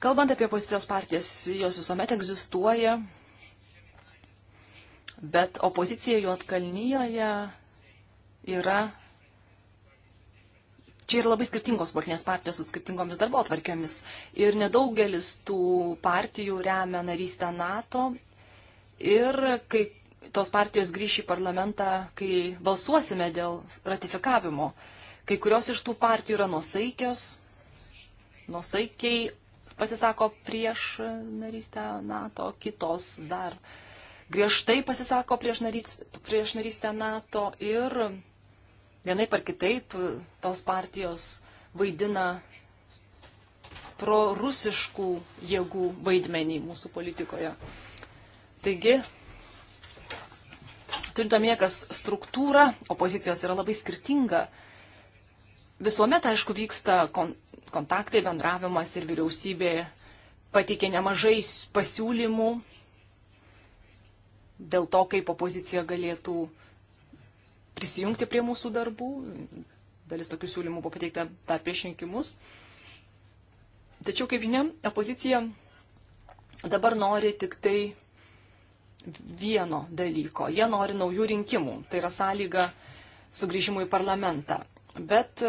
Kalbant apie pozicijos partijas, jos visuomet egzistuoja, Bet opozicija Juotkalnyjoje yra. Čia yra labai skirtingos politinės partijos su skirtingomis darbo atvarkiomis. Ir nedaugelis tų partijų remia narystę NATO. Ir kai tos partijos grįš į parlamentą, kai balsuosime dėl ratifikavimo, kai kurios iš tų partijų yra nusaikios, nusaikiai pasisako prieš narystę NATO, kitos dar uh, griežtai pasisako prieš, narys, prieš narystę NATO ir vienai par kitaip tos partijos vaidina prorusiškų jėgų vaidmenį mūsų politikoje. Taigi, turint omenyje, kas struktūra opozicijos yra labai skirtinga, visuomet, aišku, vyksta kon kontaktai, bendravimas ir vyriausybė pateikė nemažai pasiūlymų dėl to, kaip opozicija galėtų prisijungti prie mūsų darbų. Dalis tokių siūlymų buvo pateikta dar prieš rinkimus. Tačiau, kaip žinia, opozicija dabar nori tik tai vieno dalyko. Jie nori naujų rinkimų. Tai yra sąlyga sugrįžimui į parlamentą. Bet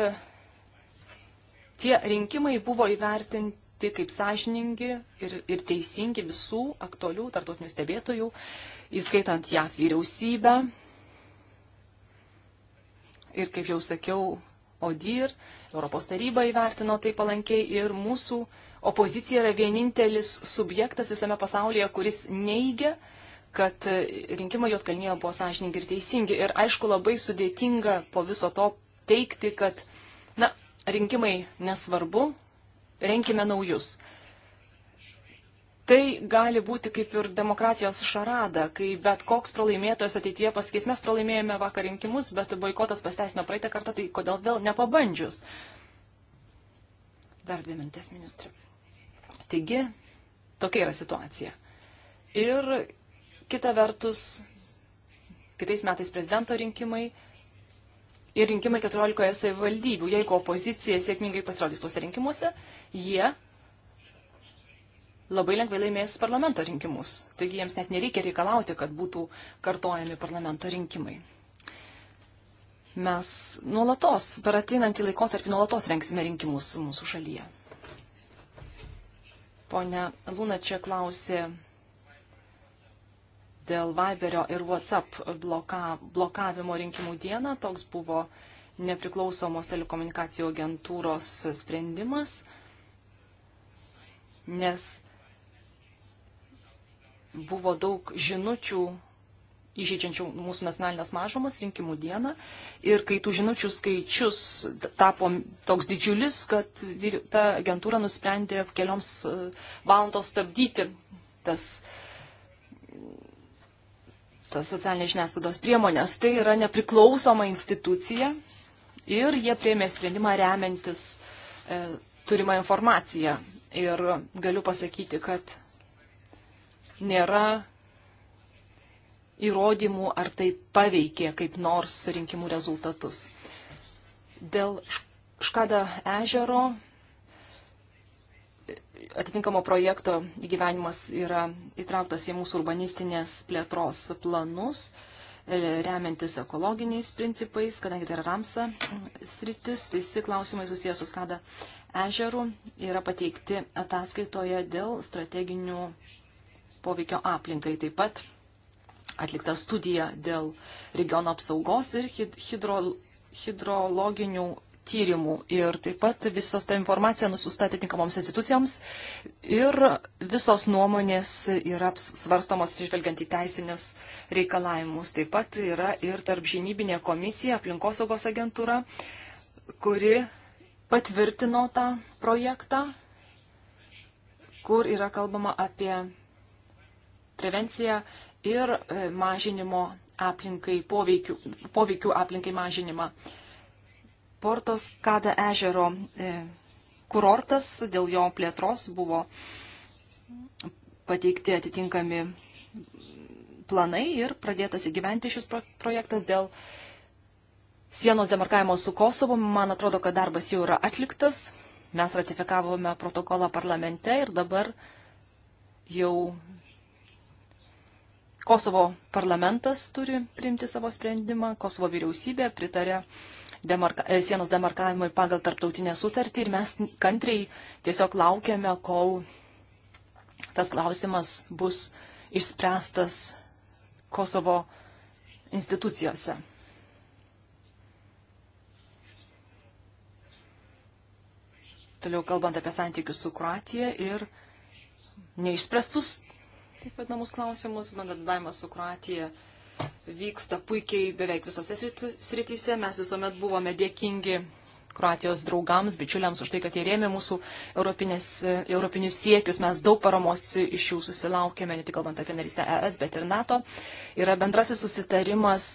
tie rinkimai buvo įvertinti pateikti kaip sąžiningi ir, ir teisingi visų aktualių tartutinių stebėtojų, įskaitant JAF vyriausybę. Ir kaip jau sakiau, ODIR, Europos taryba įvertino tai palankiai ir mūsų opozicija yra vienintelis subjektas visame pasaulyje, kuris neigia, kad rinkimai Jotkalnyje buvo sąžininkai ir teisingi. Ir aišku, labai sudėtinga po viso to teikti, kad, na, rinkimai nesvarbu, renkime naujus. Tai gali būti kaip ir demokratijos šarada, kai bet koks pralaimėtojas ateityje pasakys, mes pralaimėjome vakar rinkimus, bet boikotas pasteisino praeitą kartą, tai kodėl vėl nepabandžius? Dar dvi mintis, ministrė. Taigi, tokia yra situacija. Ir kita vertus, kitais metais prezidento rinkimai ir rinkimai 14 savivaldybių. Jeigu opozicija sėkmingai pasirodys tuose rinkimuose, jie labai lengvai laimės parlamento rinkimus. Taigi jiems net nereikia reikalauti, kad būtų kartojami parlamento rinkimai. Mes nuolatos, per ateinantį laikotarpį nuolatos renksime rinkimus mūsų šalyje. Pone Lūna čia klausė dėl Viberio ir WhatsApp bloka, blokavimo rinkimų dieną. Toks buvo nepriklausomos telekomunikacijų agentūros sprendimas, nes buvo daug žinučių įžeidžiančių mūsų nacionalinės mažumas rinkimų dieną. Ir kai tų žinučių skaičius tapo toks didžiulis, kad ta agentūra nusprendė kelioms e, valandos stabdyti tas uh, tas socialinės žiniasklaidos priemonės. Tai yra nepriklausoma institucija ir jie prieimė sprendimą remiantis e, turimą informaciją. Ir galiu pasakyti, kad nėra įrodymų, ar tai paveikė kaip nors rinkimų rezultatus. Dėl Škada ežero atitinkamo projekto įgyvenimas yra įtrauktas į mūsų urbanistinės plėtros planus, e, remiantis ekologiniais principais, kadangi tai yra Ramsa sritis, visi klausimai susijęs su skada ežerų yra pateikti ataskaitoje dėl strateginių poveikio aplinkai. Taip pat atlikta studija dėl regiono apsaugos ir hidro, hidrologinių tyrimų ir taip pat visos ta informacija nusiusta atitinkamoms institucijoms ir visos nuomonės yra svarstomos išvelgiant į teisinius reikalavimus. Taip pat yra ir tarp žinybinė komisija, aplinkosaugos agentūra, kuri patvirtino tą projektą, kur yra kalbama apie prevenciją ir e, mažinimo aplinkai, poveikių, poveikių aplinkai mažinimą. Uh, Portos Kada ežero e, kurortas, dėl jo plėtros buvo pateikti atitinkami planai ir pradėtas įgyventi šis projektas dėl sienos demarkavimo su Kosovu. Man atrodo, kad darbas jau yra atliktas. Mes ratifikavome protokolą parlamente ir dabar jau Kosovo parlamentas turi priimti savo sprendimą, Kosovo vyriausybė pritarė demarka, e, sienos demarkavimui pagal tarptautinę sutartį ir mes kantriai tiesiog laukiame, kol tas klausimas bus išspręstas Kosovo institucijose. Toliau kalbant apie santykius su Kroatija ir neišspręstus, taip vadinamus klausimus, bendradavimas su Kroatija vyksta puikiai beveik visose srityse. Mes visuomet buvome dėkingi Kroatijos draugams, bičiuliams už tai, kad jie rėmė mūsų europinės, europinius siekius. Mes daug paramos iš jų susilaukėme, ne tik kalbant apie narystę ES, bet ir NATO. Yra bendrasis susitarimas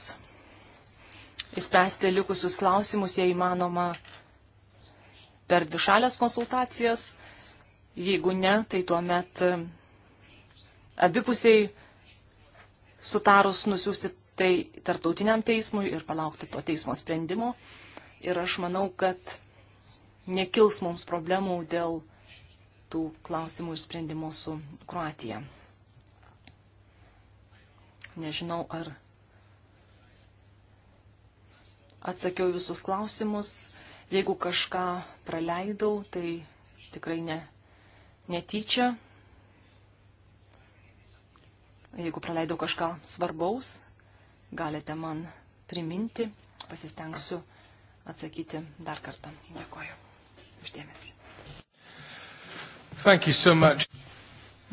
išspręsti likusius klausimus, jei įmanoma, per dvišalės konsultacijas. Jeigu ne, tai tuomet abipusiai sutarus nusiųsti tai tarptautiniam teismui ir palaukti to teismo sprendimo. Ir aš manau, kad nekils mums problemų dėl tų klausimų ir sprendimo su Kroatija. Nežinau, ar atsakiau visus klausimus. Jeigu kažką praleidau, tai tikrai ne, netyčia. Jeigu praleidau kažką svarbaus, galite man priminti, pasistengsiu atsakyti dar kartą. Dėkoju uždėmesi. So much.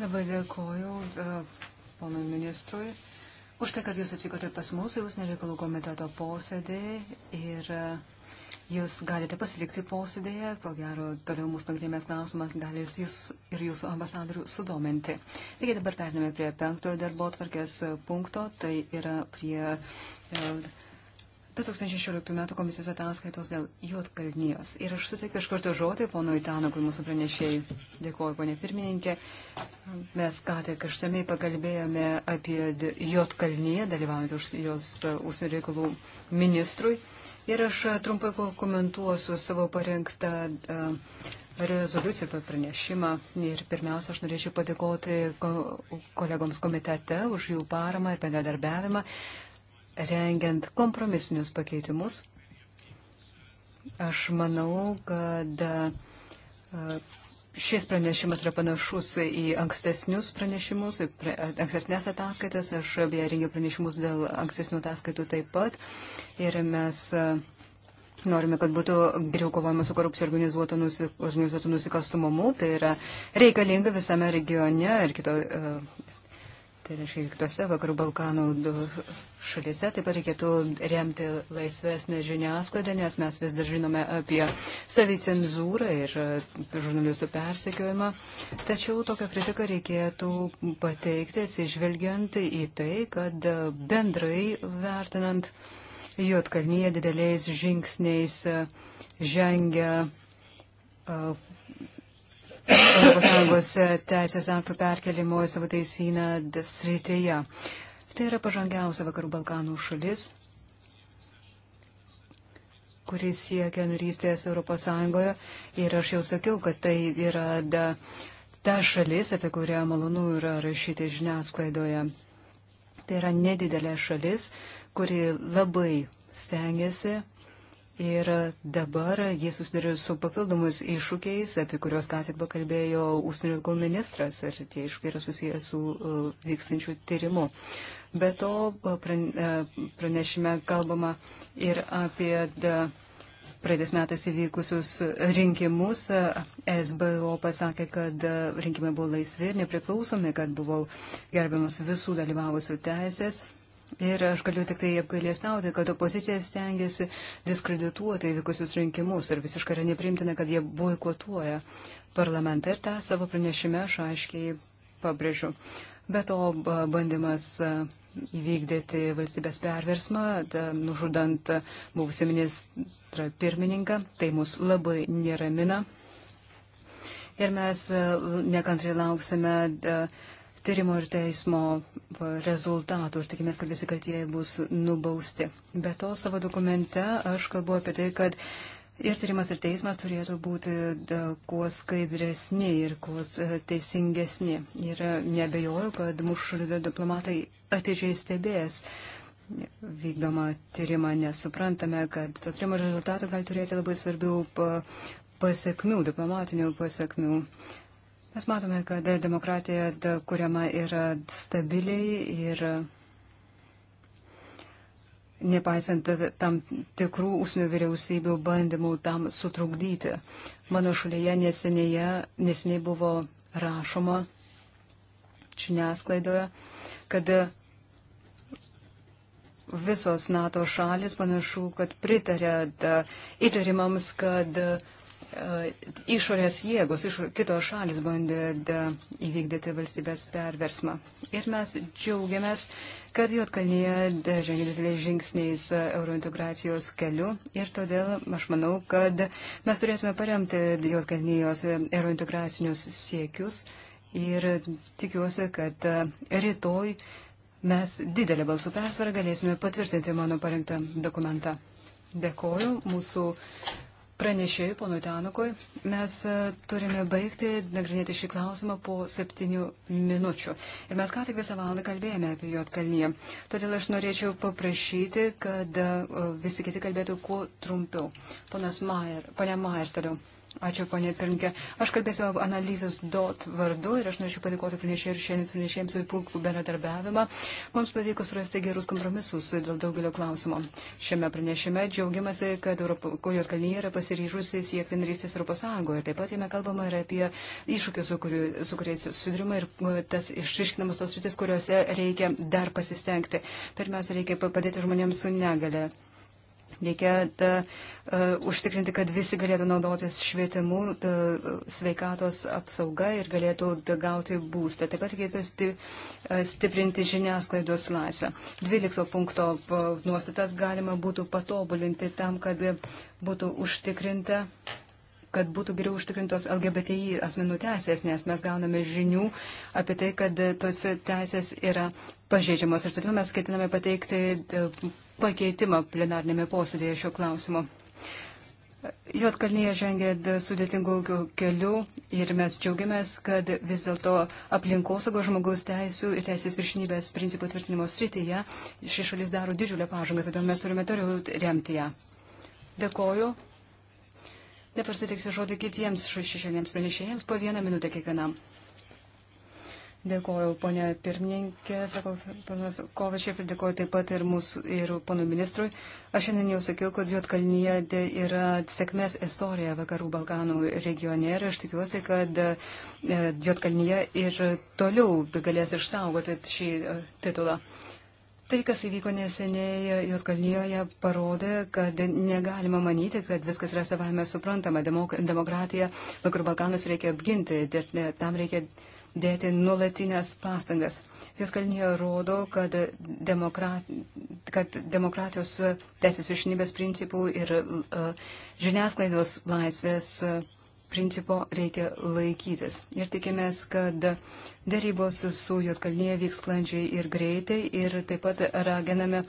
Labai dėkoju uh, ponui ministrui už tai, kad jūs atvykote pas mus, jūs nereikalų komiteto posėdį ir uh, Jūs galite pasilikti posėdėje, ko gero toliau mūsų nagrinėmės klausimas gali jūs ir jūsų ambasadorių sudominti. Taigi dabar pernėme prie penktojo darbo atvarkės punkto, tai yra prie 2016 e, m. komisijos ataskaitos dėl Juotkalnyjos. Ir aš suteikiu iš karto žodį pono Itanokui, mūsų pranešėjai. Dėkuoju, ponė pirmininkė. Mes ką tik išsamei pakalbėjome apie Juotkalnyje, dalyvaujant už jos e, užsienio reikalų ministrui. Ir aš e, trumpai komentuosiu savo parengtą e, rezoliuciją apie pranešimą. Ir pirmiausia, aš norėčiau padėkoti kolegoms komitete už jų paramą ir bendradarbiavimą, rengiant kompromisinius pakeitimus. Aš manau, kad e, šis pranešimas yra panašus į ankstesnius pranešimus, į ankstesnės ataskaitas. Aš beje rengiau pranešimus dėl ankstesnių ataskaitų taip pat. Ir mes e, norime, kad būtų geriau kovojama su korupcija organizuotų nusik, nusikalstumumu. Tai yra reikalinga visame regione ir kito, e, Tai reiškia, kitose vakarų Balkanų šalyse taip pat reikėtų remti laisvesnę žiniasklaidą, nes mes vis dar žinome apie savicenzūrą ir žurnalistų persekiojimą. Tačiau tokią kritiką reikėtų pateikti atsižvelgiant į tai, kad bendrai vertinant Jotkalnyje dideliais žingsniais žengia ES teisės aktų perkelimo į savo teisyną srityje. Tai yra pažangiausia Vakarų Balkanų šalis, kuris siekia narystės ES. Ir aš jau sakiau, kad tai yra da, ta šalis, apie kurią malonu yra rašyti žiniasklaidoje. Tai yra nedidelė šalis, kuri labai stengiasi Ir dabar jie susidarė su papildomus iššūkiais, apie kuriuos ką tik pakalbėjo užsienio reikalų ministras, ir tie iššūkiai yra susijęs su uh, vykstančiu tyrimu. Be to, e, e, pranešime kalbama ir apie praeitais metais įvykusius rinkimus. SBO pasakė, kad rinkimai buvo laisvi ir nepriklausomi, kad buvo gerbiamas visų dalyvavusių teisės. Ir aš galiu tik tai apgailėstauti, kad opozicija stengiasi diskredituoti vykusius rinkimus ir visiškai yra neprimtina, kad jie boikotuoja parlamentą ir tą savo pranešime aš aiškiai pabrėžiu. Be to bandymas įvykdyti valstybės perversmą, nužudant buvusi ministrą pirmininką, tai mus labai neramina. Ir mes nekantriai lauksime. Da, tyrimo ir teismo rezultatų ir tikimės, kad visi kaltieji bus nubausti. Be to, savo dokumente aš kalbu apie tai, kad ir tyrimas ir teismas turėtų būti da, e, kuo skaidresni ir kuo e, teisingesni. Ir e, nebejoju, kad mūsų diplomatai atidžiai stebės vykdomą tyrimą, nes suprantame, kad to tyrimo rezultatų gali turėti labai svarbių pasiekmių, diplomatinių pasiekmių. Uh, Mes matome, kad demokratija kuriama yra stabiliai ir nepaisant tam tikrų užsienio vyriausybių bandymų tam sutrukdyti. Mano šalyje nesenėje, neseniai buvo rašoma žiniasklaidoje, kad visos NATO šalis panašu, kad pritarė įtarimams, kad uh, išorės jėgos, iš kitos šalis bandė įvykdyti valstybės perversmą. Ir mes džiaugiamės, kad Jotkalnyje žengė dideliais žingsniais e, eurointegracijos keliu ir todėl aš manau, kad mes turėtume paremti Jotkalnyjos e, eurointegracinius siekius ir tikiuosi, kad e, rytoj mes didelę balsų persvarą galėsime patvirtinti mano parengtą dokumentą. Dėkoju mūsų pranešėjui, ponui Tanukui. Mes e, turime baigti nagrinėti šį klausimą po septynių minučių. Ir mes ką tik visą valandą kalbėjome apie Jotkalnyje. Todėl aš norėčiau paprašyti, kad e, visi kiti kalbėtų kuo trumpiau. Ponas Maier, ponia Maier toliau. Ačiū, ponė Pirinkė. Aš kalbėsiu analizės DOT vardu ir aš norėčiau padėkoti pranešėjai ir šiandien pranešėjams už puikų bendradarbiavimą. Mums pavyko surasti gerus kompromisus dėl daugelio klausimų. Šiame pranešime džiaugiamasi, kad Kojos kalnyje yra pasiryžusi siekti narystės Europos Sąjungoje. Taip pat jame kalbama ir apie iššūkius, su, kuriu, su kuriais susidurima ir e, tas išriškinamas tos rytis, kuriuose reikia dar pasistengti. Pirmiausia, reikia padėti žmonėms su negale. Reikia ta, uh, užtikrinti, kad visi galėtų naudotis švietimu, ta, sveikatos apsauga ir galėtų ta, gauti būstą. Taip pat reikėtų sti, e, stiprinti žiniasklaidos laisvę. 12 punkto e, nuostatas galima būtų patobulinti tam, kad būtų užtikrinta kad būtų geriau užtikrintos LGBTI asmenų teisės, nes mes gauname žinių apie tai, kad tos teisės yra pažeidžiamos. Ir todėl mes ketiname pateikti pakeitimą plenarnėme posėdėje šio klausimu. Jotkalnyje žengė sudėtingų kelių ir mes džiaugiamės, kad vis dėlto aplinkosaugos žmogaus teisų ir teisės viršinybės principų tvirtinimo srityje ši šalis daro didžiulę pažangą, todėl mes turime toliau remti ją. Dėkoju. Dabar sutiksiu žodį kitiems šešėlėms pranešėjams po vieną minutę kiekvienam. Dėkoju, ponė pirmininkė, sako panas Kovačiev, dėkoju taip pat ir mūsų, ir ponų ministrui. Aš šiandien jau sakiau, kad Jotkalnyje yra sėkmės istorija vakarų Balkanų regione ir aš tikiuosi, kad e, Jotkalnyje ir toliau galės išsaugoti šį e, titulą. Tai, kas įvyko neseniai e, Jotkalnyje, parodė, kad negalima manyti, kad viskas yra savame suprantama. Demok demokratiją vakarų Balkanus reikia apginti ir tam reikia dėti nulatinės pastangas. Jos kalnyje rodo, kad, demokrat, kad demokratijos teisės viršinybės principų ir uh, žiniasklaidos laisvės e, principo reikia laikytis. Ir tikimės, kad darybos su Jotkalnyje vyks sklandžiai ir greitai. Ir taip pat raginame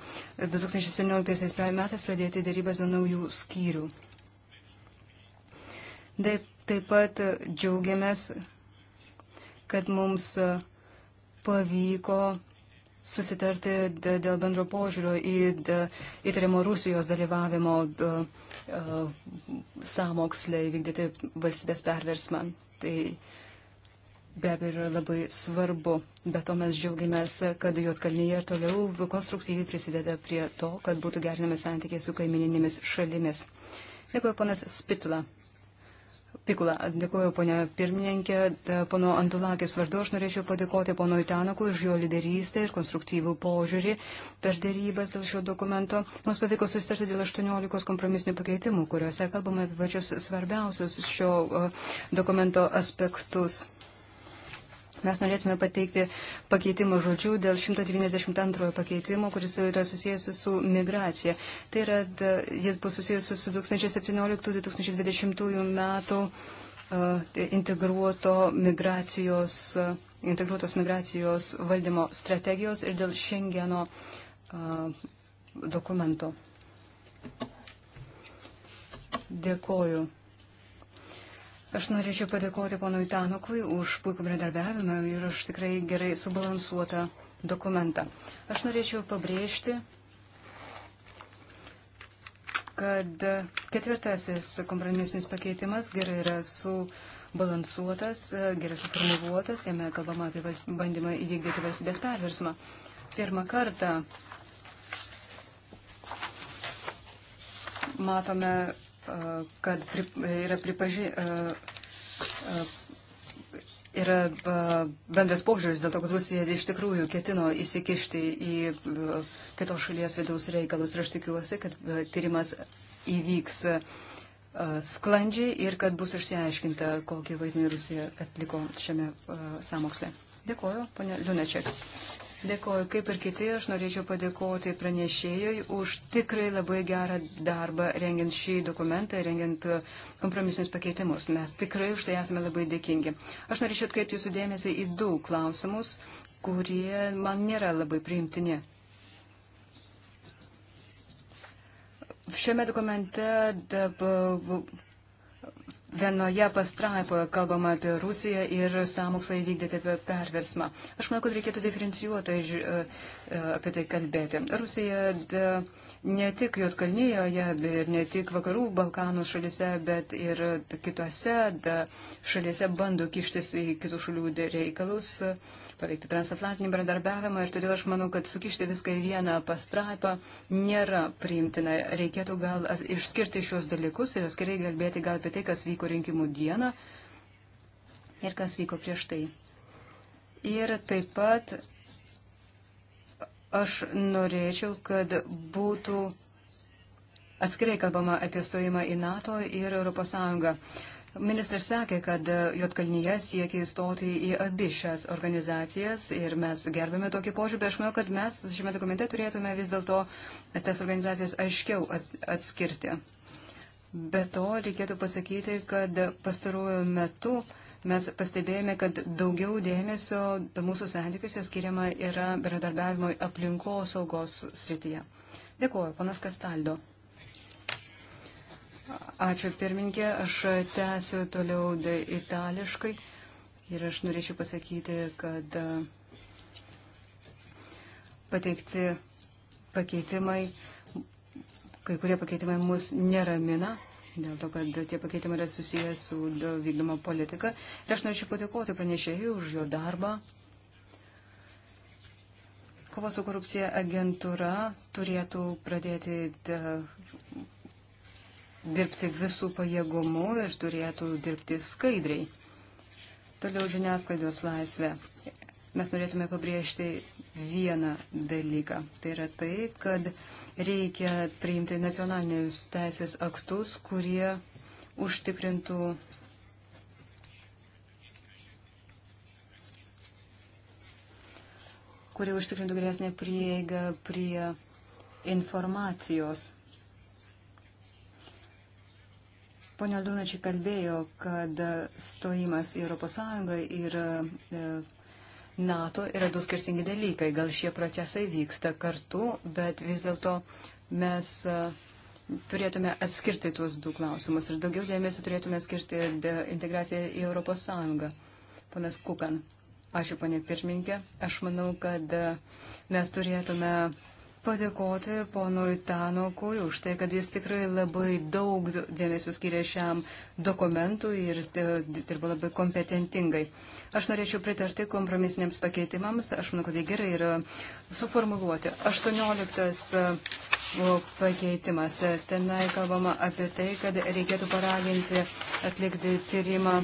2017 metais pradėti darybas dėl naujų skyrių. Taip, taip pat džiaugiamės kad mums e, pavyko susitarti dėl bendro požiūrio į įtariamo Rusijos dalyvavimo e, samokslę įvykdyti valstybės perversmą. Tai be abejo yra labai svarbu. Be to mes džiaugiamės, kad Jotkalnyje ir toliau konstruktyviai prisideda prie to, kad būtų gerinami santykiai su kaimininėmis šalimis. Dėkuoju, ponas Spitula. Pikula, dėkuoju ponia pirmininkė, pono Antulakis vardu, aš norėčiau padėkoti pono Itanakui už jo lyderystę ir konstruktyvų požiūrį per dėrybas dėl šio dokumento. Mums pavyko susitarti dėl 18 kompromisinių pakeitimų, kuriuose kalbame apie pačius svarbiausius šio dokumento aspektus. Mes norėtume pateikti pakeitimą žodžių dėl 192 pakeitimo, kuris yra susijęs su migracija. Tai yra, jis bus susijęs su 2017-2020 metų tai integruoto migracijos, integruotos migracijos valdymo strategijos ir dėl Schengeno dokumento. Dėkoju. Aš norėčiau padėkoti ponui Tanokui už puikų bendradarbiavimą ir už tikrai gerai subalansuotą dokumentą. Aš norėčiau pabrėžti, kad ketvirtasis kompromisinis pakeitimas gerai yra subalansuotas, gerai suformuluotas, jame kalbama apie bandymą įvykdyti valstybės perversmą. Pirmą kartą matome kad yra pripaži... E, e, yra e, bendras požiūris dėl to, kad Rusija iš tikrųjų ketino įsikišti į kitos šalies vidaus reikalus ir aš tikiuosi, kad tyrimas įvyks sklandžiai ir kad bus išsiaiškinta, kokį vaidmenį Rusija atliko šiame sąmoksle. Dėkuoju, ponė Liunečiak. Dėkoju, kaip ir kiti, aš norėčiau padėkoti pranešėjui už tikrai labai gerą darbą rengiant šį dokumentą, rengiant kompromisinius pakeitimus. Mes tikrai už tai esame labai dėkingi. Aš norėčiau atkreipti jūsų dėmesį į du klausimus, kurie man nėra labai priimtini. Šiame dokumente dab, Vienoje pastraipoje kalbama apie Rusiją ir sąmokslą įvykdyti apie perversmą. Aš manau, kad reikėtų diferencijuotai e, e, apie tai kalbėti. Rusija de, ne tik Jotkalnyjoje ir ne tik vakarų Balkanų šalise, bet ir kitose de, šalise bando kištis į kitų šalių reikalus. De, paveikti transatlantinį bendradarbiavimą ir todėl aš manau, kad sukišti viską į vieną pastraipą nėra priimtina. Reikėtų gal išskirti šios dalykus ir atskirai kalbėti gal apie tai, kas vyko rinkimų dieną ir kas vyko prieš tai. Ir taip pat aš norėčiau, kad būtų atskirai kalbama apie stojimą į NATO ir ES. Ministras sakė, kad Jotkalnyje siekia įstoti į abi šias organizacijas ir mes gerbėme tokį požiūrį, bet aš manau, kad mes šiame dokumente turėtume vis dėlto tas organizacijas aiškiau atskirti. Be to, reikėtų pasakyti, kad pastaruoju metu mes pastebėjome, kad daugiau dėmesio mūsų santykiuose skiriama yra bendradarbiavimui aplinkosaugos srityje. Dėkuoju, panas Kastaldo. Ačiū pirmininkė, aš tęsiu toliau itališkai ir aš norėčiau pasakyti, kad e, pateikti pakeitimai, kai kurie pakeitimai mus neramina, dėl to, kad tie pakeitimai yra susijęs su vykdoma politika. Ir aš norėčiau patikoti pranešėjui už jo darbą. Kovos su korupcija agentūra turėtų pradėti dirbti visų pajėgumų ir turėtų dirbti skaidriai. Toliau žiniasklaidos laisvė. Mes norėtume pabrėžti vieną dalyką. Tai yra tai, kad reikia priimti nacionalinius teisės aktus, kurie užtikrintų kurie užtikrintų geresnę prieigą prie informacijos Pone Lunačiai kalbėjo, kad stojimas į ES ir e, NATO yra du skirtingi dalykai. Gal šie procesai vyksta kartu, bet vis dėlto mes e, turėtume atskirti tuos du klausimus ir daugiau dėmesio turėtume skirti integraciją į ES. Ponas Kukan. Ačiū, ponė pirmininkė. Aš manau, kad e, mes turėtume padėkoti ponui Tanokui už tai, kad jis tikrai labai daug dėmesio skiria šiam dokumentui ir e, dirba labai kompetentingai. Aš norėčiau pritarti kompromisiniams pakeitimams. Aš manau, kad jie gerai yra suformuluoti. 18 e, pakeitimas. E, tenai kalbama apie tai, kad reikėtų paraginti atlikti tyrimą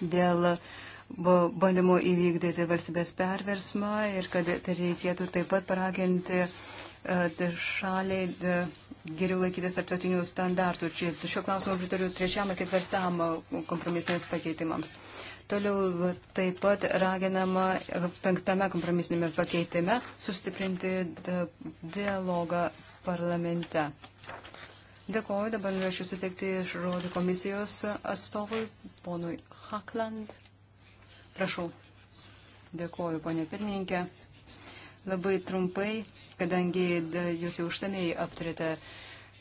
dėl uh, bandymų įvykdyti valstybės perversmą ir kad tai reikėtų taip pat paraginti e, tai šaliai e, geriau laikytis tarptautinių standartų. Šiuo klausimu pritariu trečiam ir ketvirtam e, kompromisiniams pakeitimams. Toliau taip pat raginama penktame kompromisinėme pakeitime sustiprinti dialogą parlamente. Dėkuoju, dabar norėčiau suteikti išrodį komisijos atstovui, ponui Hakland. Prašau. Dėkuoju, ponė pirmininkė. Labai trumpai, kadangi jūs jau užsamei aptarėte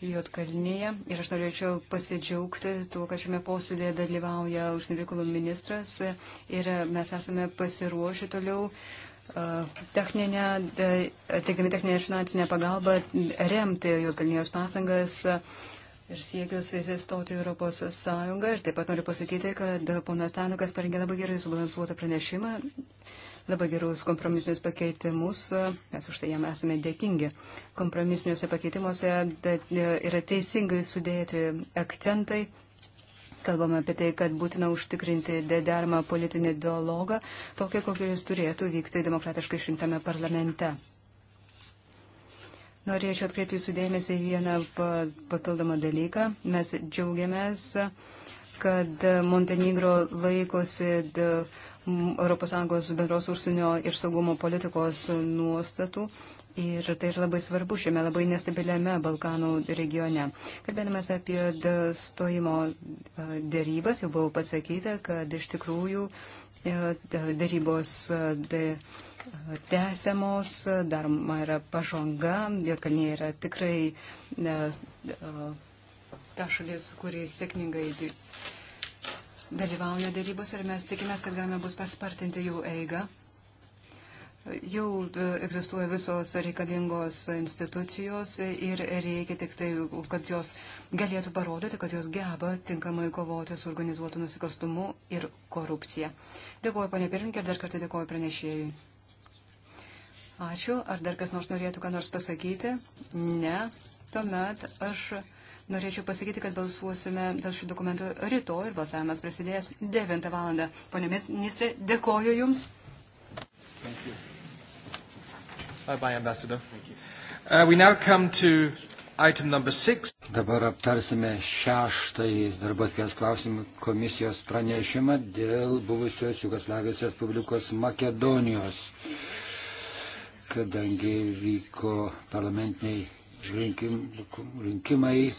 Jotkalnyje ir aš norėčiau pasidžiaugti tuo, kad šiame posėdėje dalyvauja užsienio reikalų ministras ir mes esame pasiruošę toliau techninę, teikdami techninę finansinę pagalbą remti Jotkalnyjos pasangas ir siekius įsistoti Europos Sąjungą. Ir taip pat noriu pasakyti, kad ponas Tanukas parengė labai gerai subalansuotą pranešimą, labai gerus kompromisinius pakeitimus, mes už tai jam esame dėkingi. Kompromisiniuose pakeitimuose e, yra teisingai sudėti akcentai. Kalbame apie tai, kad būtina užtikrinti dedarmą politinį dialogą, tokį, kokį jis turėtų vykti demokratiškai išrinktame parlamente. Norėčiau atkreipti jūsų dėmesį į vieną papildomą dalyką. Mes džiaugiamės, kad Montenegro laikosi ES bendros užsienio ir saugumo politikos nuostatų. Ir tai yra labai svarbu šiame labai nestabiliame Balkanų regione. Kalbėdamas apie stojimo dėrybas, jau buvo pasakyta, kad iš tikrųjų e, dėrybos. Dė, dė, tęsiamos, daroma yra pažanga, Jotkalnyje yra tikrai ne, e, ta šalis, kuri sėkmingai dalyvauja darybos ir mes tikimės, kad galime bus paspartinti jų eigą. Jau e, egzistuoja visos reikalingos institucijos ir reikia tik tai, kad jos galėtų parodyti, kad jos geba tinkamai kovoti su organizuotu nusikalstumu ir korupcija. Dėkuoju, ponė Pirinkė, ir dar kartą dėkuoju pranešėjui. Ačiū. Ar dar kas nors norėtų ką nors pasakyti? Ne. Tuomet aš norėčiau pasakyti, kad balsuosime dėl šių dokumentų rytoj ir balsavimas prasidės 9 val. Pone ministrė, dėkoju Jums. Bye bye, ambassador. Uh, we now come to item number six. Dabar aptarsime šeštąjį darbotvarkės klausimą komisijos pranešimą dėl buvusios Jugoslavijos Respublikos Makedonijos. Uh, kadangi vyko parlamentiniai rinkim, rinkimai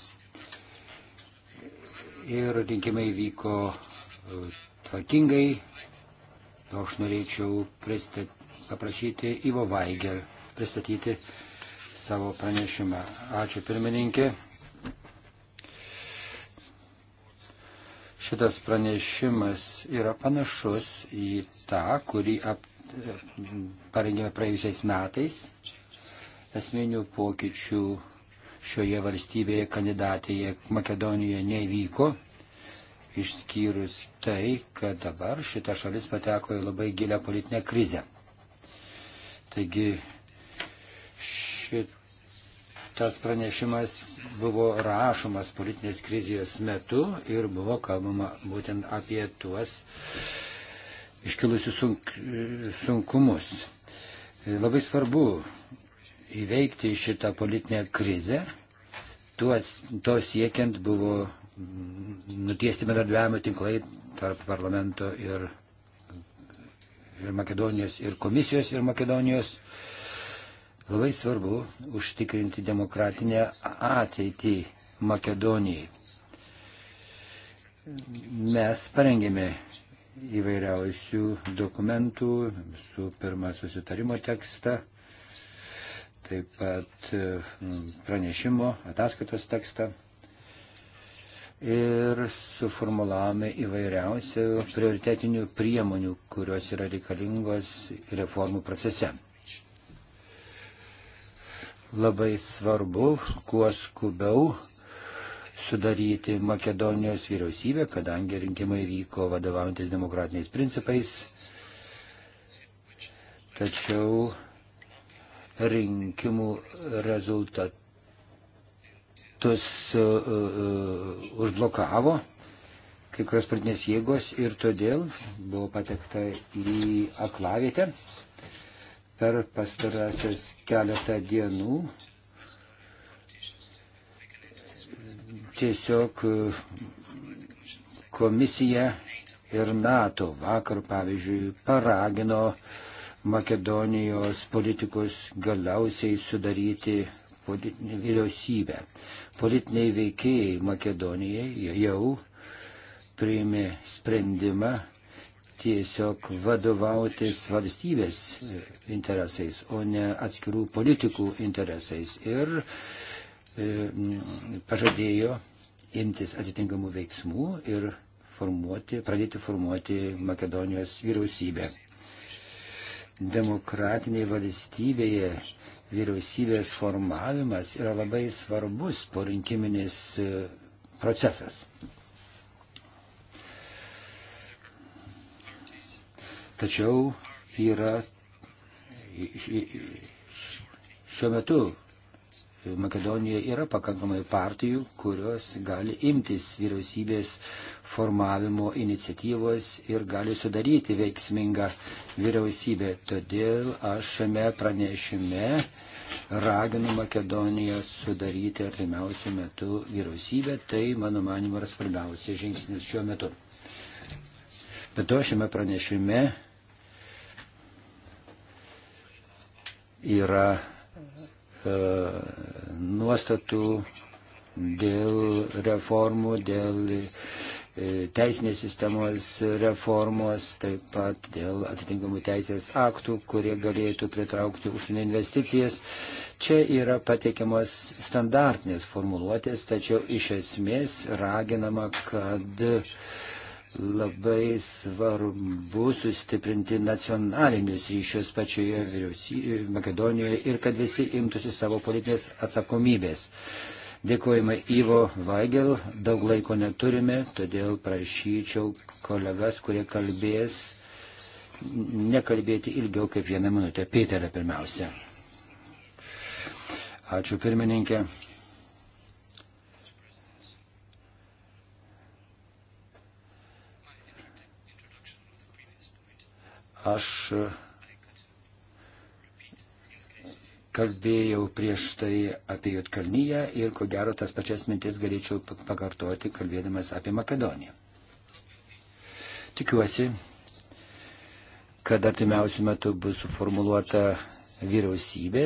ir rinkimai vyko e, tvarkingai, aš norėčiau pristat, paprašyti Ivo Vaigel pristatyti savo pranešimą. Ačiū pirmininkė. Šitas pranešimas yra panašus į tą, kurį ap, parengėme praėjusiais metais. Esminių pokyčių šioje valstybėje kandidatėje Makedonijoje nevyko, išskyrus tai, kad dabar šita šalis pateko į labai gilę politinę krizę. Taigi šitas pranešimas buvo rašomas politinės krizės metu ir buvo kalbama būtent apie tuos uh, iškilusius sunk, sunkumus. Labai svarbu įveikti šitą politinę krizę. Tuo, to siekiant buvo nutiesti bendradarbiavimo tinklai tarp parlamento ir, ir Makedonijos, ir komisijos, ir Makedonijos. Labai svarbu užtikrinti demokratinę ateitį Makedonijai. Mes parengėme įvairiausių dokumentų, su pirma susitarimo tekstą, taip pat e, pranešimo ataskaitos tekstą. Ir suformulavome įvairiausių prioritetinių priemonių, kurios yra reikalingos reformų procese labai svarbu, kuo skubiau sudaryti Makedonijos vyriausybę, kadangi rinkimai vyko vadovaujantis demokratiniais principais. Tačiau rinkimų rezultatus uh, uh, užblokavo kai kurios pradinės jėgos ir todėl buvo patekta į aklavietę. Per pastarąsias keletą dienų Tiesiog e, komisija ir NATO vakar, pavyzdžiui, paragino Makedonijos politikus galiausiai sudaryti politinį vyriausybę. Politiniai veikėjai Makedonijai jau priėmė sprendimą tiesiog vadovautis valstybės interesais, o ne atskirų politikų interesais. Ir e, pažadėjo imtis atitinkamų veiksmų ir formuoti, pradėti formuoti Makedonijos vyriausybę. Demokratinėje valstybėje vyriausybės formavimas yra labai svarbus porinkiminis e, procesas. Tačiau yra šiuo metu Makedonijoje yra pakankamai partijų, kurios gali imtis vyriausybės formavimo iniciatyvos ir gali sudaryti veiksmingą vyriausybę. Todėl aš šiame pranešime raginu Makedoniją sudaryti artimiausių metų vyriausybę. Tai, mano manimu, yra svarbiausias žingsnis šiuo metu. Bet to šiame pranešime yra E, nuostatų, dėl reformų, dėl e, teisinės sistemos reformos, taip pat dėl atitinkamų teisės aktų, kurie galėtų pritraukti užsienio investicijas. Čia yra pateikiamas standartinės formuluotės, tačiau iš esmės raginama, kad uh, labai svarbu sustiprinti nacionalinius ryšius pačioje vyriausybėje, Makedonijoje ir kad visi imtųsi savo politinės atsakomybės. Dėkojame Ivo Vaigel, daug laiko neturime, todėl prašyčiau kolegas, kurie kalbės, nekalbėti ilgiau kaip vieną minutę. Pėterė pirmiausia. Ačiū pirmininkė. Aš e, kalbėjau prieš tai apie Jotkalnyje ir ko gero tas pačias mintis galėčiau pakartoti kalbėdamas apie Makedoniją. Tikiuosi, kad artimiausių metų bus suformuoluota vyriausybė.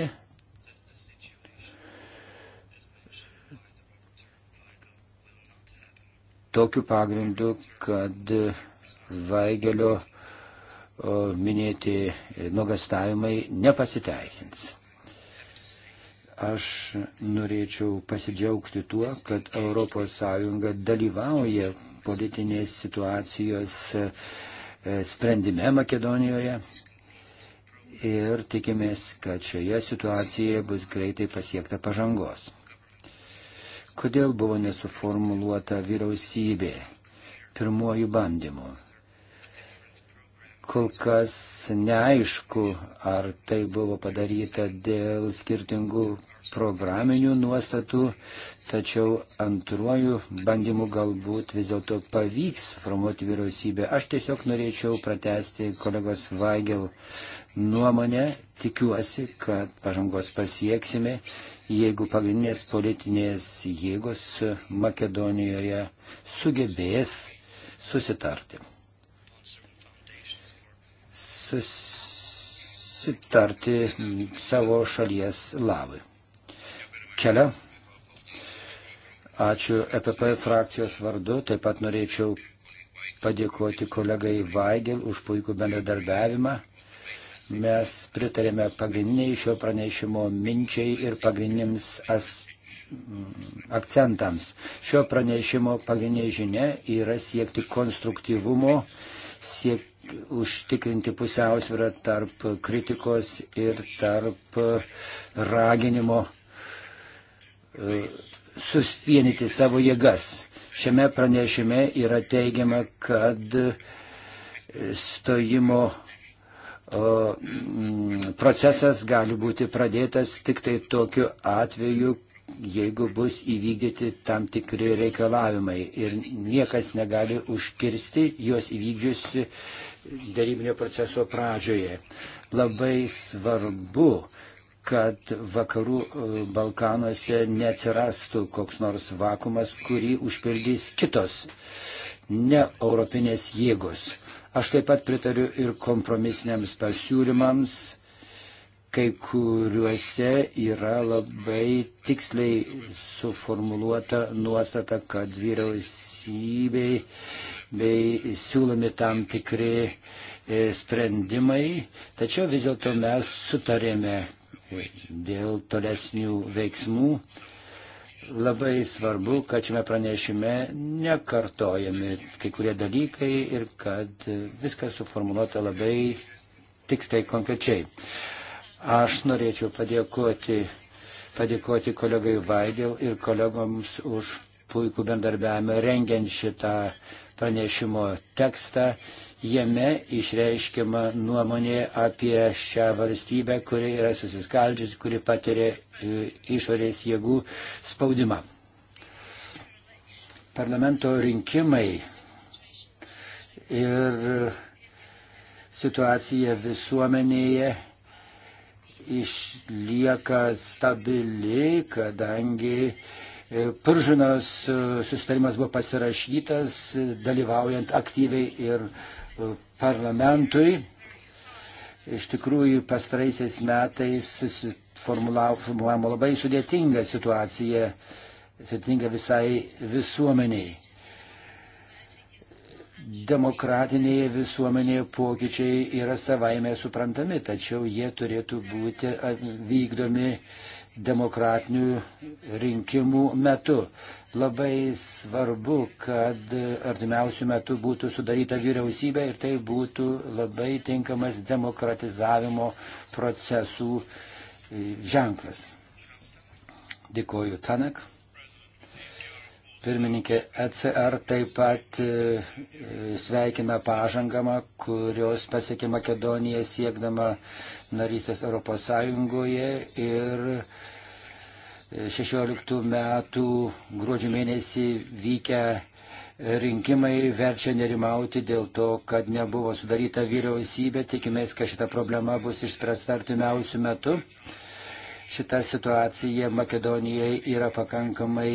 Tokiu pagrindu, kad Vaigelio uh, minėti nuogastavimai nepasiteisins. Aš norėčiau pasidžiaugti tuo, kad ES dalyvauja politinės situacijos e, sprendime Makedonijoje ir tikimės, kad šioje situacijoje bus greitai pasiekta pažangos. Kodėl buvo nesuformuluota vyriausybė pirmojų bandymų? kol kas neaišku, ar tai buvo padaryta dėl skirtingų programinių nuostatų, tačiau antruoju bandymu galbūt vis dėlto pavyks formuoti vyriausybę. Aš tiesiog norėčiau pratesti kolegos Vaigel nuomonę, tikiuosi, kad pažangos pasieksime, jeigu pagrindinės politinės jėgos Makedonijoje sugebės susitarti susitarti savo šalies labui. Kelia. Ačiū EPP frakcijos vardu. Taip pat norėčiau padėkoti kolegai Vaigel už puikų bendradarbiavimą. Mes pritarėme pagrindiniai šio pranešimo minčiai ir pagrindiniams aspektams akcentams. Šio pranešimo pagrindinė žinia yra siekti konstruktyvumo, siekti užtikrinti pusiausvyrą tarp kritikos ir tarp e, raginimo e, susvienyti savo jėgas. Šiame pranešime yra teigiama, kad e, stojimo procesas gali būti pradėtas tik tai tokiu atveju, jeigu bus įvykdyti tam tikri reikalavimai ir niekas negali užkirsti juos įvykdžiusi dėrybinio proceso pradžioje. Labai svarbu, kad vakarų e, Balkanuose neatsirastų koks nors vakumas, kurį užpildys kitos ne europinės jėgos. Aš taip pat pritariu ir kompromisiniams pasiūlymams, kai kuriuose yra labai tiksliai suformuluota nuostata, kad vyriausybei bei siūlomi tam tikri e, sprendimai, tačiau vis dėlto mes sutarėme e, dėl tolesnių veiksmų. Labai svarbu, kad šiame pranešime nekartojami kai kurie dalykai ir kad viskas suformuoluota labai tiksliai konkrečiai. Aš norėčiau padėkoti, padėkoti kolegai Vaigel ir kolegoms už puikų bendarbiavimą rengiant šitą pranešimo tekstą. Jame išreiškiama nuomonė apie šią valstybę, kuri yra susiskaldžiusi, kuri patiria e, išorės jėgų spaudimą. Parlamento rinkimai ir situacija visuomenėje išlieka stabili, kadangi uh, E, Piržinos e, susitarimas buvo pasirašytas, e, dalyvaujant aktyviai ir parlamentui. Iš tikrųjų, pastaraisiais metais susiformulavome labai sudėtingą situaciją, sudėtingą visai visuomeniai. Demokratinėje visuomenėje pokyčiai yra savaime suprantami, tačiau jie turėtų būti vykdomi demokratinių rinkimų metu. Labai svarbu, kad artimiausių metų būtų sudaryta vyriausybė ir tai būtų labai tinkamas demokratizavimo procesų e, ženklas. Dėkoju Tanak. Pirmininkė ECR taip pat e, e, sveikina pažangamą, kurios pasiekė Makedonija siekdama narysės Europos Sąjungoje ir 16 e, metų gruodžio mėnesį vykę rinkimai verčia nerimauti dėl to, kad nebuvo sudaryta vyriausybė. Tikimės, kad šita problema bus išspręsta artimiausių metų. Šita situacija Makedonijai yra pakankamai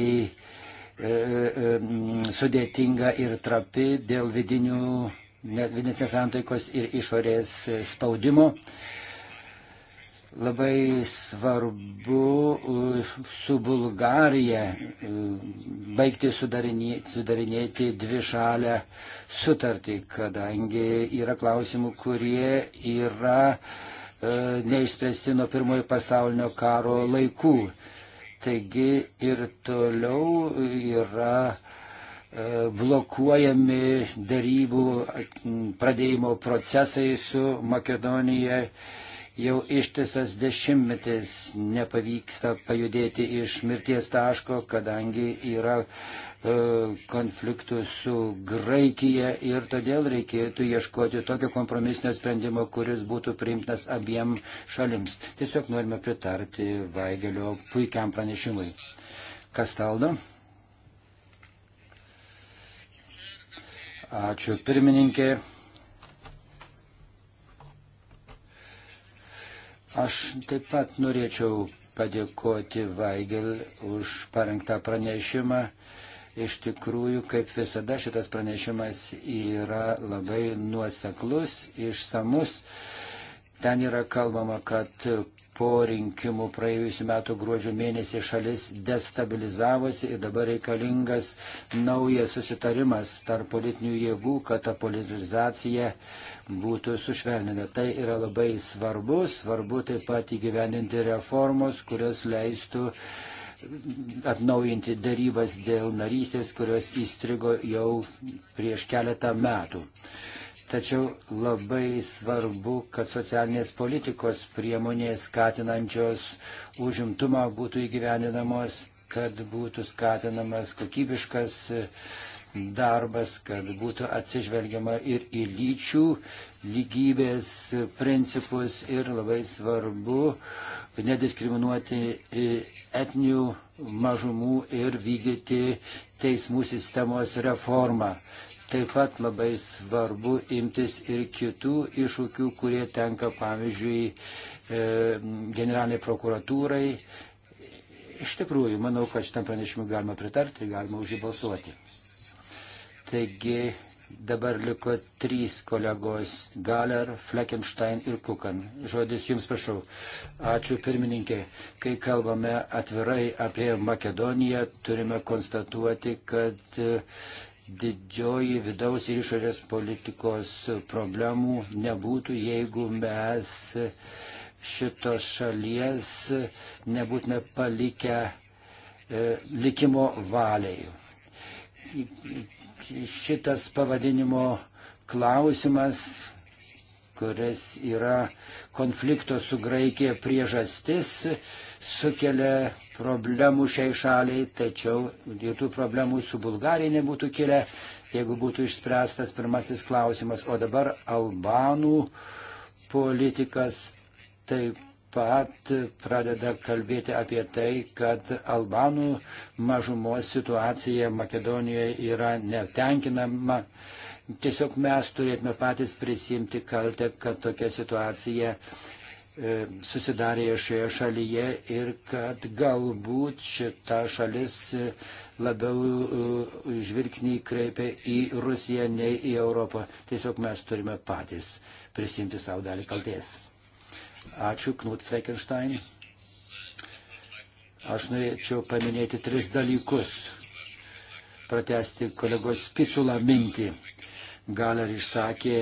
E, e, mm, sudėtinga ir trapi dėl vidinių, vidinės santaikos ir išorės spaudimo. Labai svarbu su Bulgarija baigti sudarinėti, sudarinėti dvi šalę sutartį, kadangi yra klausimų, kurie yra e, neišspręsti nuo pirmojo pasaulinio karo laikų Taigi ir toliau yra e, blokuojami darybų pradėjimo procesai su Makedonija jau ištisas dešimtmetis nepavyksta pajudėti iš mirties taško, kadangi yra e, konfliktų su Graikija ir todėl reikėtų ieškoti tokio kompromisinio sprendimo, kuris būtų priimtas abiem šalims. Tiesiog norime pritarti Vaigelio puikiam pranešimui. Kas taldo? Ačiū pirmininkė. Aš taip pat norėčiau padėkoti Vaigel už parengtą pranešimą. Iš tikrųjų, kaip visada, šitas pranešimas yra labai nuoseklus, išsamus. Ten yra kalbama, kad po rinkimų praėjusiu metu gruodžio mėnesį šalis destabilizavosi ir dabar reikalingas naujas susitarimas tarp politinių jėgų, kad ta politizacija būtų sušvelninta. Tai yra labai svarbu, svarbu taip pat įgyvendinti reformos, kurios leistų atnaujinti darybas dėl narystės, kurios įstrigo jau prieš keletą metų. Tačiau labai svarbu, kad socialinės politikos priemonės skatinančios užimtumą būtų įgyvendinamos, kad būtų skatinamas kokybiškas darbas, kad būtų atsižvelgiama ir į lyčių lygybės principus ir labai svarbu nediskriminuoti etnių mažumų ir vykdyti teismų sistemos reformą. Taip pat labai svarbu imtis ir kitų iššūkių, kurie tenka, pavyzdžiui, e, generaliniai prokuratūrai. Iš tikrųjų, manau, kad šitam pranešimui galima pritarti ir galima už jį balsuoti. Taigi dabar liko trys kolegos - Galer, Fleckenstein ir Kukan. Žodis jums prašau. Ačiū pirmininkė. Kai kalbame atvirai apie Makedoniją, turime konstatuoti, kad didžioji vidaus ir išorės politikos problemų nebūtų, jeigu mes šitos šalies nebūtume palikę e, likimo valiai. Šitas pavadinimo klausimas, kuris yra konflikto su Graikija priežastis, sukelia problemų šiai šaliai, tačiau jokių problemų su Bulgarija nebūtų kilę, jeigu būtų išspręstas pirmasis klausimas. O dabar Albanų politikas taip pat pradeda kalbėti apie tai, kad Albanų mažumos situacija Makedonijoje yra netenkinama. Tiesiog mes turėtume patys prisimti kaltę, kad tokia situacija E, susidarė šioje šalyje ir kad galbūt šita šalis labiau e, žvilgsnį kreipia į Rusiją nei į Europą. Tiesiog mes turime patys prisimti savo dalį kalties. Ačiū, Knut Fleckenstein. Aš norėčiau paminėti tris dalykus. Pratesti kolegos Picula mintį. Gal ir išsakė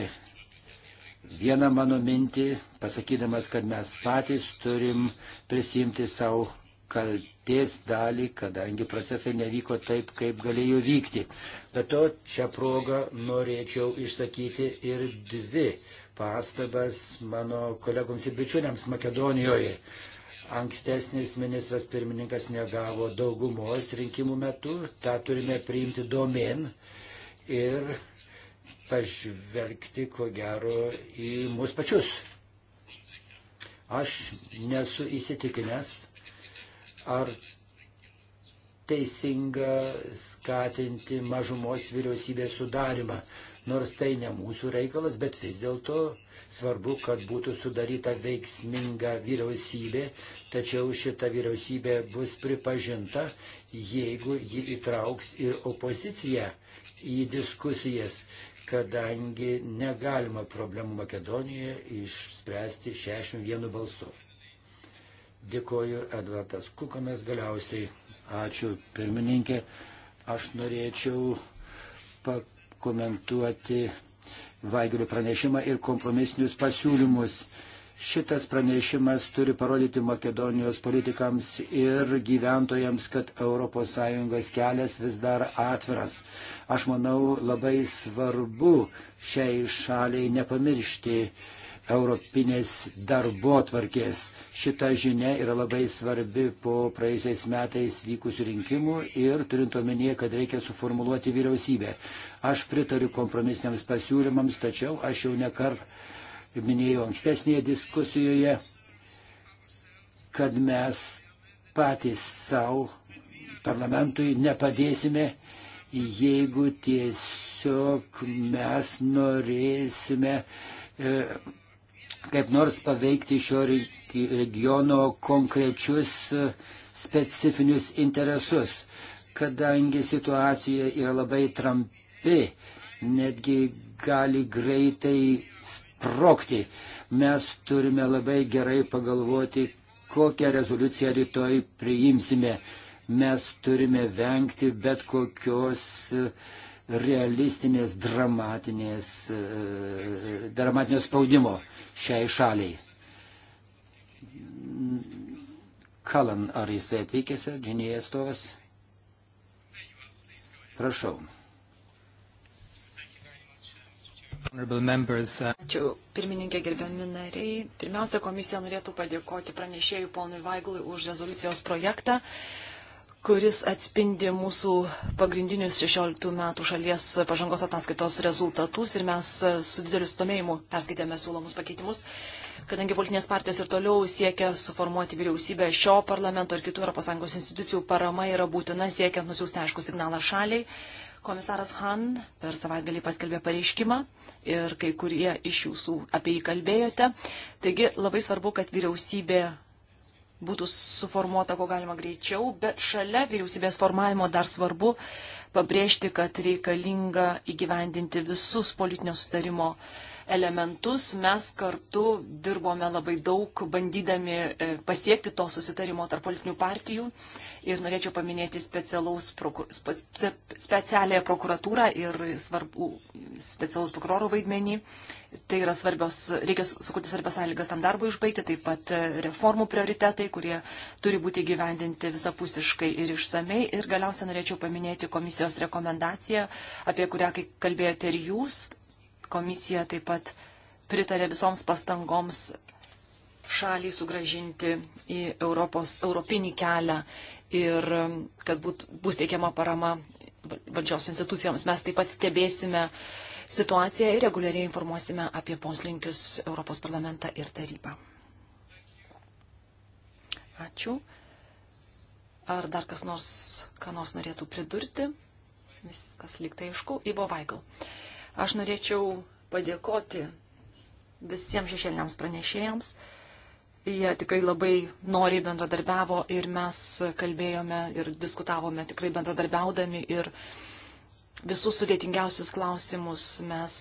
vieną mano mintį, pasakydamas, kad mes patys turim prisimti savo kalties dalį, kadangi procesai nevyko taip, kaip galėjo vykti. Bet to čia progą norėčiau išsakyti ir dvi pastabas mano kolegoms ir bičiuliams Makedonijoje. Ankstesnis ministras pirmininkas negavo daugumos rinkimų metu, tą turime priimti domen ir pažvelgti, ko gero, į mus pačius. Aš nesu įsitikinęs, ar teisinga skatinti mažumos vyriausybės sudarimą. Nors tai ne mūsų reikalas, bet vis dėlto svarbu, kad būtų sudaryta veiksminga vyriausybė, tačiau šita vyriausybė bus pripažinta, jeigu ji įtrauks ir opoziciją į diskusijas kadangi negalima problemų Makedonijoje išspręsti 61 balsu. Dėkoju, Edvardas Kukanas, galiausiai ačiū pirmininkė. Aš norėčiau pakomentuoti Vaigelių pranešimą ir kompromisinius pasiūlymus. Šitas pranešimas turi parodyti Makedonijos politikams ir gyventojams, kad ES kelias vis dar atviras. Aš manau, labai svarbu šiai šaliai nepamiršti europinės darbo tvarkės. Šita žinia yra labai svarbi po praeisiais metais vykusių rinkimų ir turint omenyje, kad reikia suformuluoti vyriausybę. Aš pritariu kompromisiniams pasiūlymams, tačiau aš jau nekart minėjau ankstesnėje diskusijoje, kad mes patys savo parlamentui nepadėsime, jeigu tiesiog mes norėsime e, kaip nors paveikti šio regiono konkrečius e, specifinius interesus, kadangi situacija yra labai trampi, netgi gali greitai sprokti. Mes turime labai gerai pagalvoti, kokią rezoliuciją rytoj priimsime. Mes turime vengti bet kokios e, realistinės, dramatinės, e, dramatinio spaudimo šiai šaliai. Kalan, ar jisai atvykęs, džinėjai atstovas? Prašau. Uh, Ačiū pirmininkė gerbiami nariai. Pirmiausia, komisija norėtų padėkoti pranešėjų ponui Vaigului už rezoliucijos projektą kuris atspindi mūsų pagrindinius 16 metų šalies pažangos ataskaitos rezultatus ir mes su dideliu stomėjimu perskaitėme siūlomus pakeitimus, kadangi politinės partijos ir toliau siekia suformuoti vyriausybę šio parlamento ir kitų ES institucijų parama yra būtina siekiant nusiųsti aišku signalą šaliai Komisaras Han per savaitgalį paskelbė pareiškimą ir kai kurie iš jūsų apie jį kalbėjote. Taigi labai svarbu, kad vyriausybė būtų suformuota, ko galima greičiau, bet šalia vyriausybės formavimo dar svarbu pabrėžti, kad reikalinga įgyvendinti visus politinio sustarimo elementus. Mes kartu dirbome labai daug, bandydami e, pasiekti to susitarimo tarp politinių partijų. Uh, ir norėčiau paminėti prokur, spe, specialiąją prokuratūrą ir svarbu, specialus prokurorų vaidmenį. Tai yra svarbios, reikia sukurti svarbias sąlygas tam darbui išbaigti, taip pat reformų prioritetai, kurie turi būti gyvendinti visapusiškai ir išsamei. Ir galiausiai norėčiau paminėti komisijos rekomendaciją, apie kurią kalbėjote ir jūs. Komisija taip pat pritarė visoms pastangoms šalį sugražinti į Europos, europinį kelią ir um, kad būt, bus teikiama parama valdžios institucijoms. Mes taip pat stebėsime situaciją ir reguliariai informuosime apie poslinkius Europos parlamentą ir tarybą. Ačiū. Ar dar kas nors, ką nors norėtų pridurti? Viskas liktai aišku. Ibo Vaigal. Aš norėčiau padėkoti visiems šešėliniams pranešėjams. Jie tikrai labai noriai bendradarbiavo ir mes kalbėjome ir diskutavome tikrai bendradarbiaudami ir visus sudėtingiausius klausimus mes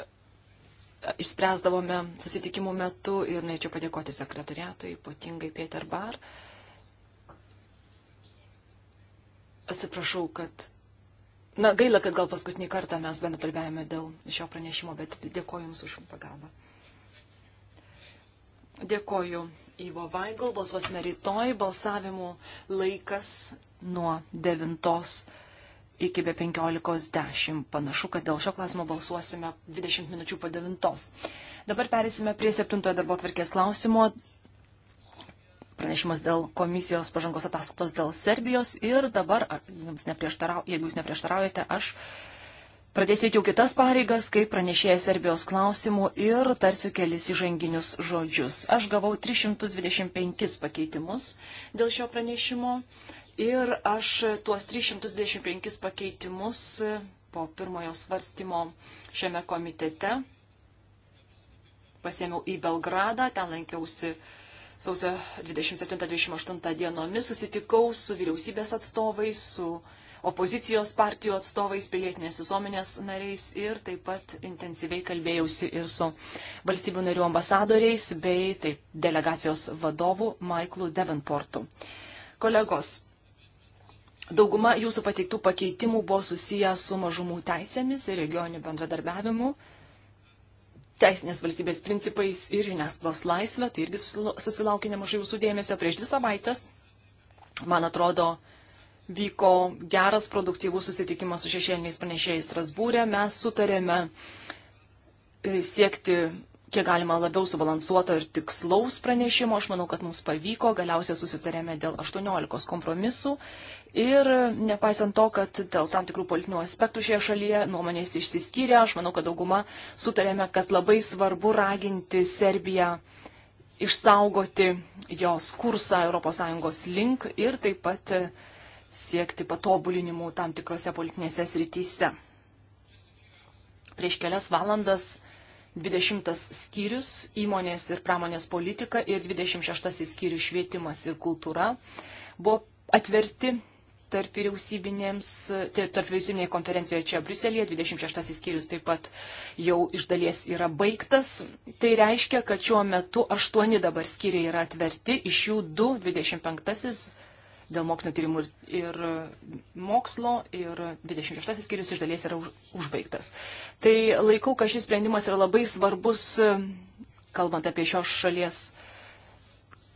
e, išspręsdavome susitikimų metu ir norėčiau padėkoti sekretariatui, ypatingai Peter Bar. Atsiprašau, kad. Na, gaila, kad gal paskutinį kartą mes bendradarbiavome dėl šio pranešimo, bet dėkoju Jums už pagalbą. Dėkoju Ivo Vaigal, balsuosime rytoj, balsavimų laikas nuo 9 iki be 15.10. Panašu, kad dėl šio klausimo balsuosime 20 minučių po 9. Dabar perėsime prie 7 darbo tvarkės klausimo. Pranešimas dėl komisijos pažangos ataskaitos dėl Serbijos ir dabar, jums neprieštarau, jeigu jūs neprieštaraujate, aš Pradėsiu jau kitas pareigas, kaip pranešėjęs Serbijos klausimų ir tarsiu kelis įžanginius žodžius. Aš gavau 325 pakeitimus dėl šio pranešimo ir aš tuos 325 pakeitimus po pirmojo svarstymo šiame komitete pasėmiau į Belgradą, ten lankiausi sausio 27-28 dienomis, susitikau su vyriausybės atstovais, su opozicijos partijų atstovais, pilietinės visuomenės nariais ir taip pat intensyviai kalbėjausi ir su valstybių narių ambasadoriais bei taip delegacijos vadovu Michaelu Devenportu. Kolegos, dauguma jūsų pateiktų pakeitimų buvo susiję su mažumų teisėmis ir regioniniu bendradarbiavimu teisinės valstybės principais ir žiniasklaidos laisvę, tai irgi susilaukė nemažai jūsų dėmesio prieš dvi savaitės. Man atrodo, vyko geras produktyvus susitikimas su šešėliniais pranešėjais Strasbūrė. Mes sutarėme e, siekti kiek galima labiau subalansuoto ir tikslaus pranešimo. Aš manau, kad mums pavyko, galiausiai susitarėme dėl 18 kompromisų. Ir nepaisant to, kad dėl tam tikrų politinių aspektų šioje šalyje nuomonės išsiskyrė, aš manau, kad dauguma sutarėme, kad labai svarbu raginti Serbiją išsaugoti jos kursą ES link ir taip pat siekti patobulinimų tam tikrose politinėse srityse. Prieš kelias valandas 20 skyrius įmonės ir pramonės politika ir 26 skyrius švietimas ir kultūra buvo atverti tarp vyriausybinėms, tai tarp vyriausybinėje konferencijoje čia Bruselėje, 26 skyrius taip pat jau iš dalies yra baigtas. Tai reiškia, kad šiuo metu 8 dabar skyriai yra atverti, iš jų 2, 25 dėl mokslinio tyrimų ir, ir mokslo ir 26 skyrius iš dalies yra už, užbaigtas. Tai laikau, kad šis sprendimas yra labai svarbus, kalbant apie šios šalies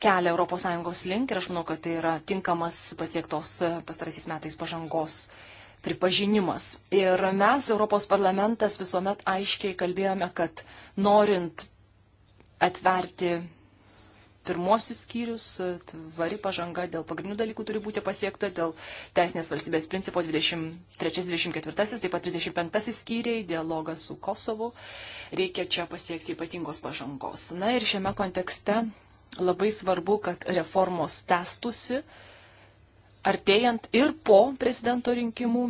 kelią ES link ir aš manau, kad tai yra tinkamas pasiektos pastaraisiais metais pažangos pripažinimas. Ir mes, Europos parlamentas, visuomet aiškiai kalbėjome, kad norint atverti pirmosius skyrius, tvari pažanga dėl pagrindinių dalykų turi būti pasiekta, dėl teisinės valstybės principo 23-24, taip pat 35 skyriai, dialogas su Kosovu, reikia čia pasiekti ypatingos pažangos. Na ir šiame kontekste labai svarbu, kad reformos testusi, artėjant ir po prezidento rinkimų,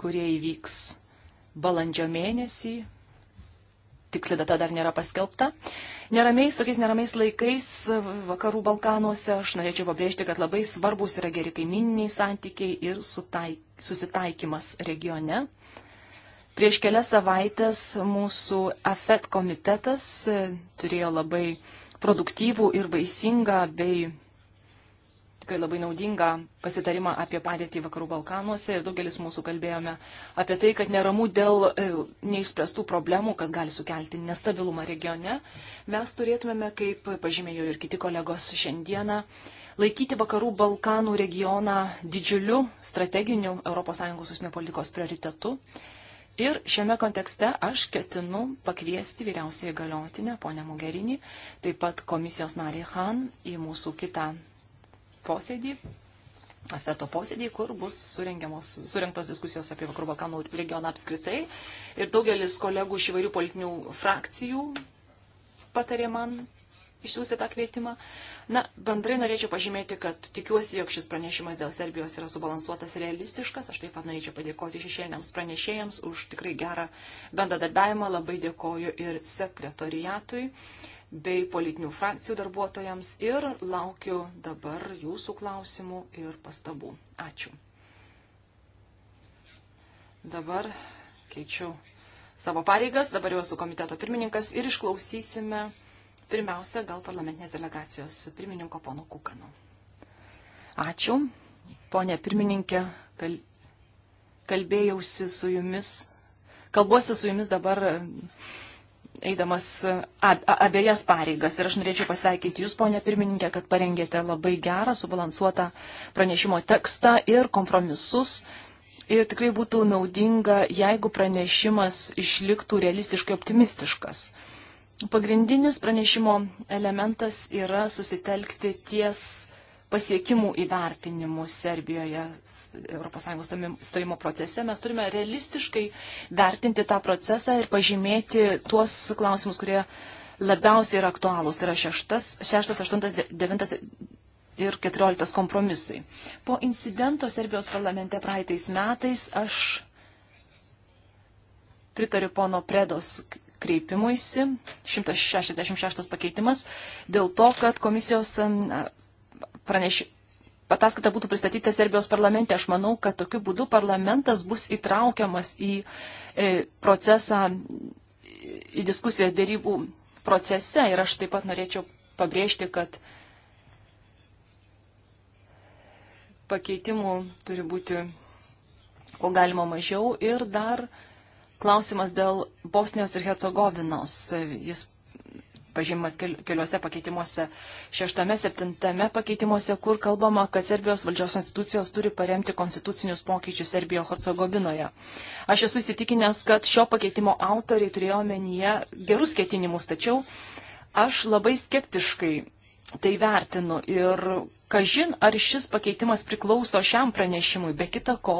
kurie įvyks balandžio mėnesį tiksli data dar nėra paskelbta. Neramiais, tokiais neramiais laikais vakarų Balkanuose aš norėčiau pabrėžti, kad labai svarbus yra geri kaimininiai santykiai ir sutaik, susitaikymas regione. Prieš kelias savaitės mūsų AFET komitetas turėjo labai produktyvų ir vaisingą bei tikrai labai naudingą pasitarimą apie padėtį Vakarų Balkanuose ir daugelis mūsų kalbėjome apie tai, kad neramu dėl e, neišspręstų problemų, kad gali sukelti nestabilumą regione, mes turėtumėme, kaip pažymėjo ir kiti kolegos šiandieną, laikyti Vakarų Balkanų regioną didžiuliu strateginiu ES užsienio politikos prioritetu. Ir šiame kontekste aš ketinu pakviesti vyriausiai galiotinę ponę Mugerinį, taip pat komisijos narį Han į mūsų kitą posėdį, FETO posėdį, kur bus surinktos diskusijos apie Vakarų Balkanų regioną apskritai. Ir daugelis kolegų iš įvairių politinių frakcijų patarė man išsiųsti tą kvietimą. Na, bendrai norėčiau pažymėti, kad tikiuosi, jog šis pranešimas dėl Serbijos yra subalansuotas ir realistiškas. Aš taip pat norėčiau padėkoti šešėliniams pranešėjams už tikrai gerą bendradarbiavimą. Labai dėkoju ir sekretoriatui bei politinių frakcijų darbuotojams ir laukiu dabar jūsų klausimų ir pastabų. Ačiū. Dabar keičiu savo pareigas, dabar jau esu komiteto pirmininkas ir išklausysime pirmiausia gal parlamentinės delegacijos pirmininko pono Kukano. Ačiū, ponė pirmininkė, kal... kalbėjausi su jumis, kalbuosi su jumis dabar eidamas abiejas pareigas. Ir aš norėčiau pasveikinti Jūs, ponė pirmininkė, kad parengėte labai gerą, subalansuotą pranešimo tekstą ir kompromisus. Ir tikrai būtų naudinga, jeigu pranešimas išliktų realistiškai optimistiškas. Pagrindinis pranešimo elementas yra susitelkti ties pasiekimų įvertinimų Serbijoje ES stojimo procese. Mes turime realistiškai vertinti tą procesą ir pažymėti tuos klausimus, kurie labiausiai yra aktualūs. Tai yra šeštas, šeštas, aštuntas, devintas ir keturioliktas kompromisai. Po incidento Serbijos parlamente praeitais metais aš pritariu pono Predos kreipimuisi, 166 pakeitimas, dėl to, kad komisijos praneš... ataskaita būtų pristatyta Serbijos parlamente. Aš manau, kad tokiu būdu parlamentas bus įtraukiamas į e, procesą, į diskusijas dėrybų procese. Ir aš taip pat norėčiau pabrėžti, kad pakeitimų turi būti kuo galima mažiau. Ir dar klausimas dėl Bosnijos ir Hercegovinos. Jis pažymimas keliuose pakeitimuose, šeštame, septintame pakeitimuose, kur kalbama, kad Serbijos valdžios institucijos turi paremti konstitucinius pokyčius Serbijoje Hercegovinoje. Aš esu įsitikinęs, kad šio pakeitimo autoriai turėjo omenyje gerus ketinimus, tačiau aš labai skeptiškai tai vertinu ir kažin ar šis pakeitimas priklauso šiam pranešimui, be kita ko,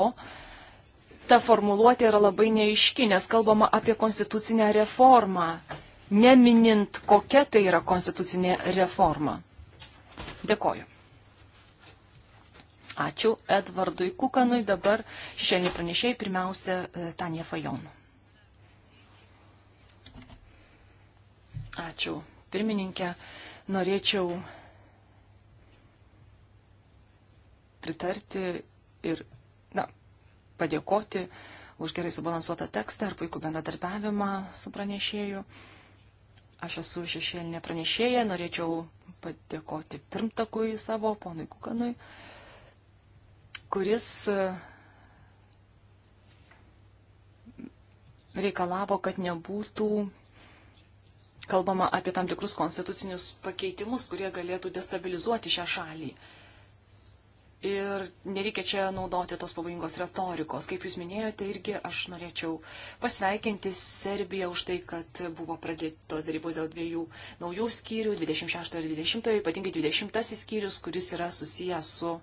ta formuluotė yra labai neiški, nes kalbama apie konstitucinę reformą neminint, kokia tai yra konstitucinė reforma. Dėkoju. Ačiū Edvardui Kukanui, dabar šešėlį pranešėjai pirmiausia e, Tanja Fajon. Ačiū pirmininkė. Norėčiau pritarti ir na, padėkoti už gerai subalansuotą tekstą ir puikų bendradarbiavimą su pranešėju. Uh, Aš esu šešėlinė pranešėja, norėčiau padėkoti pirmtakui savo, ponui Kukanui, kuris mm, reikalavo, kad nebūtų kalbama apie tam tikrus konstitucinius pakeitimus, kurie galėtų destabilizuoti šią šalį ir nereikia čia naudoti tos pavojingos retorikos. Kaip jūs minėjote, irgi aš norėčiau pasveikinti Serbiją už tai, kad buvo pradėtos darybos dėl dviejų naujų skyrių, 26 ir 20, ypatingai 20 skyrius, kuris yra susijęs su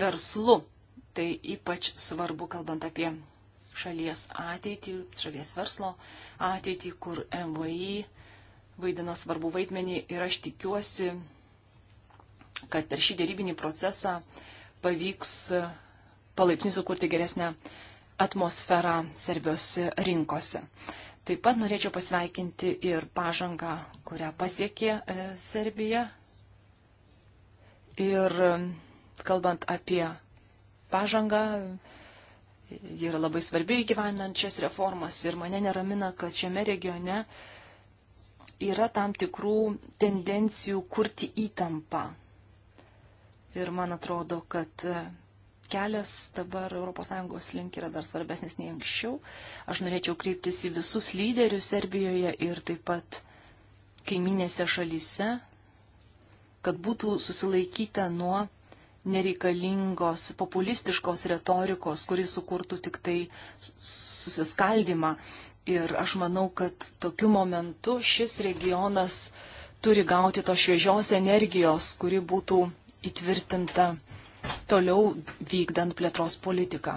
verslu. Tai ypač svarbu, kalbant apie šalies ateitį, šalies verslo ateitį, kur MVI vaidina svarbu vaidmenį ir aš tikiuosi, kad per šį dėrybinį procesą pavyks palaipsniui sukurti geresnę atmosferą Serbijos rinkose. Taip pat norėčiau pasveikinti ir pažangą, kurią pasiekė e, Serbija. Ir e, kalbant apie pažangą, ji yra labai svarbi įgyvendant šias reformas ir mane neramina, kad šiame regione yra tam tikrų tendencijų kurti įtampą Ir man atrodo, kad e, kelias dabar ES link yra dar svarbesnis nei anksčiau. Aš norėčiau kreiptis į visus lyderius Serbijoje ir taip pat kaiminėse šalyse, kad būtų susilaikyta nuo nereikalingos populistiškos retorikos, kuris sukurtų tik tai susiskaldimą. Ir aš manau, kad tokiu momentu šis regionas turi gauti tos šviežios energijos, kuri būtų įtvirtinta toliau vykdant plėtros politiką.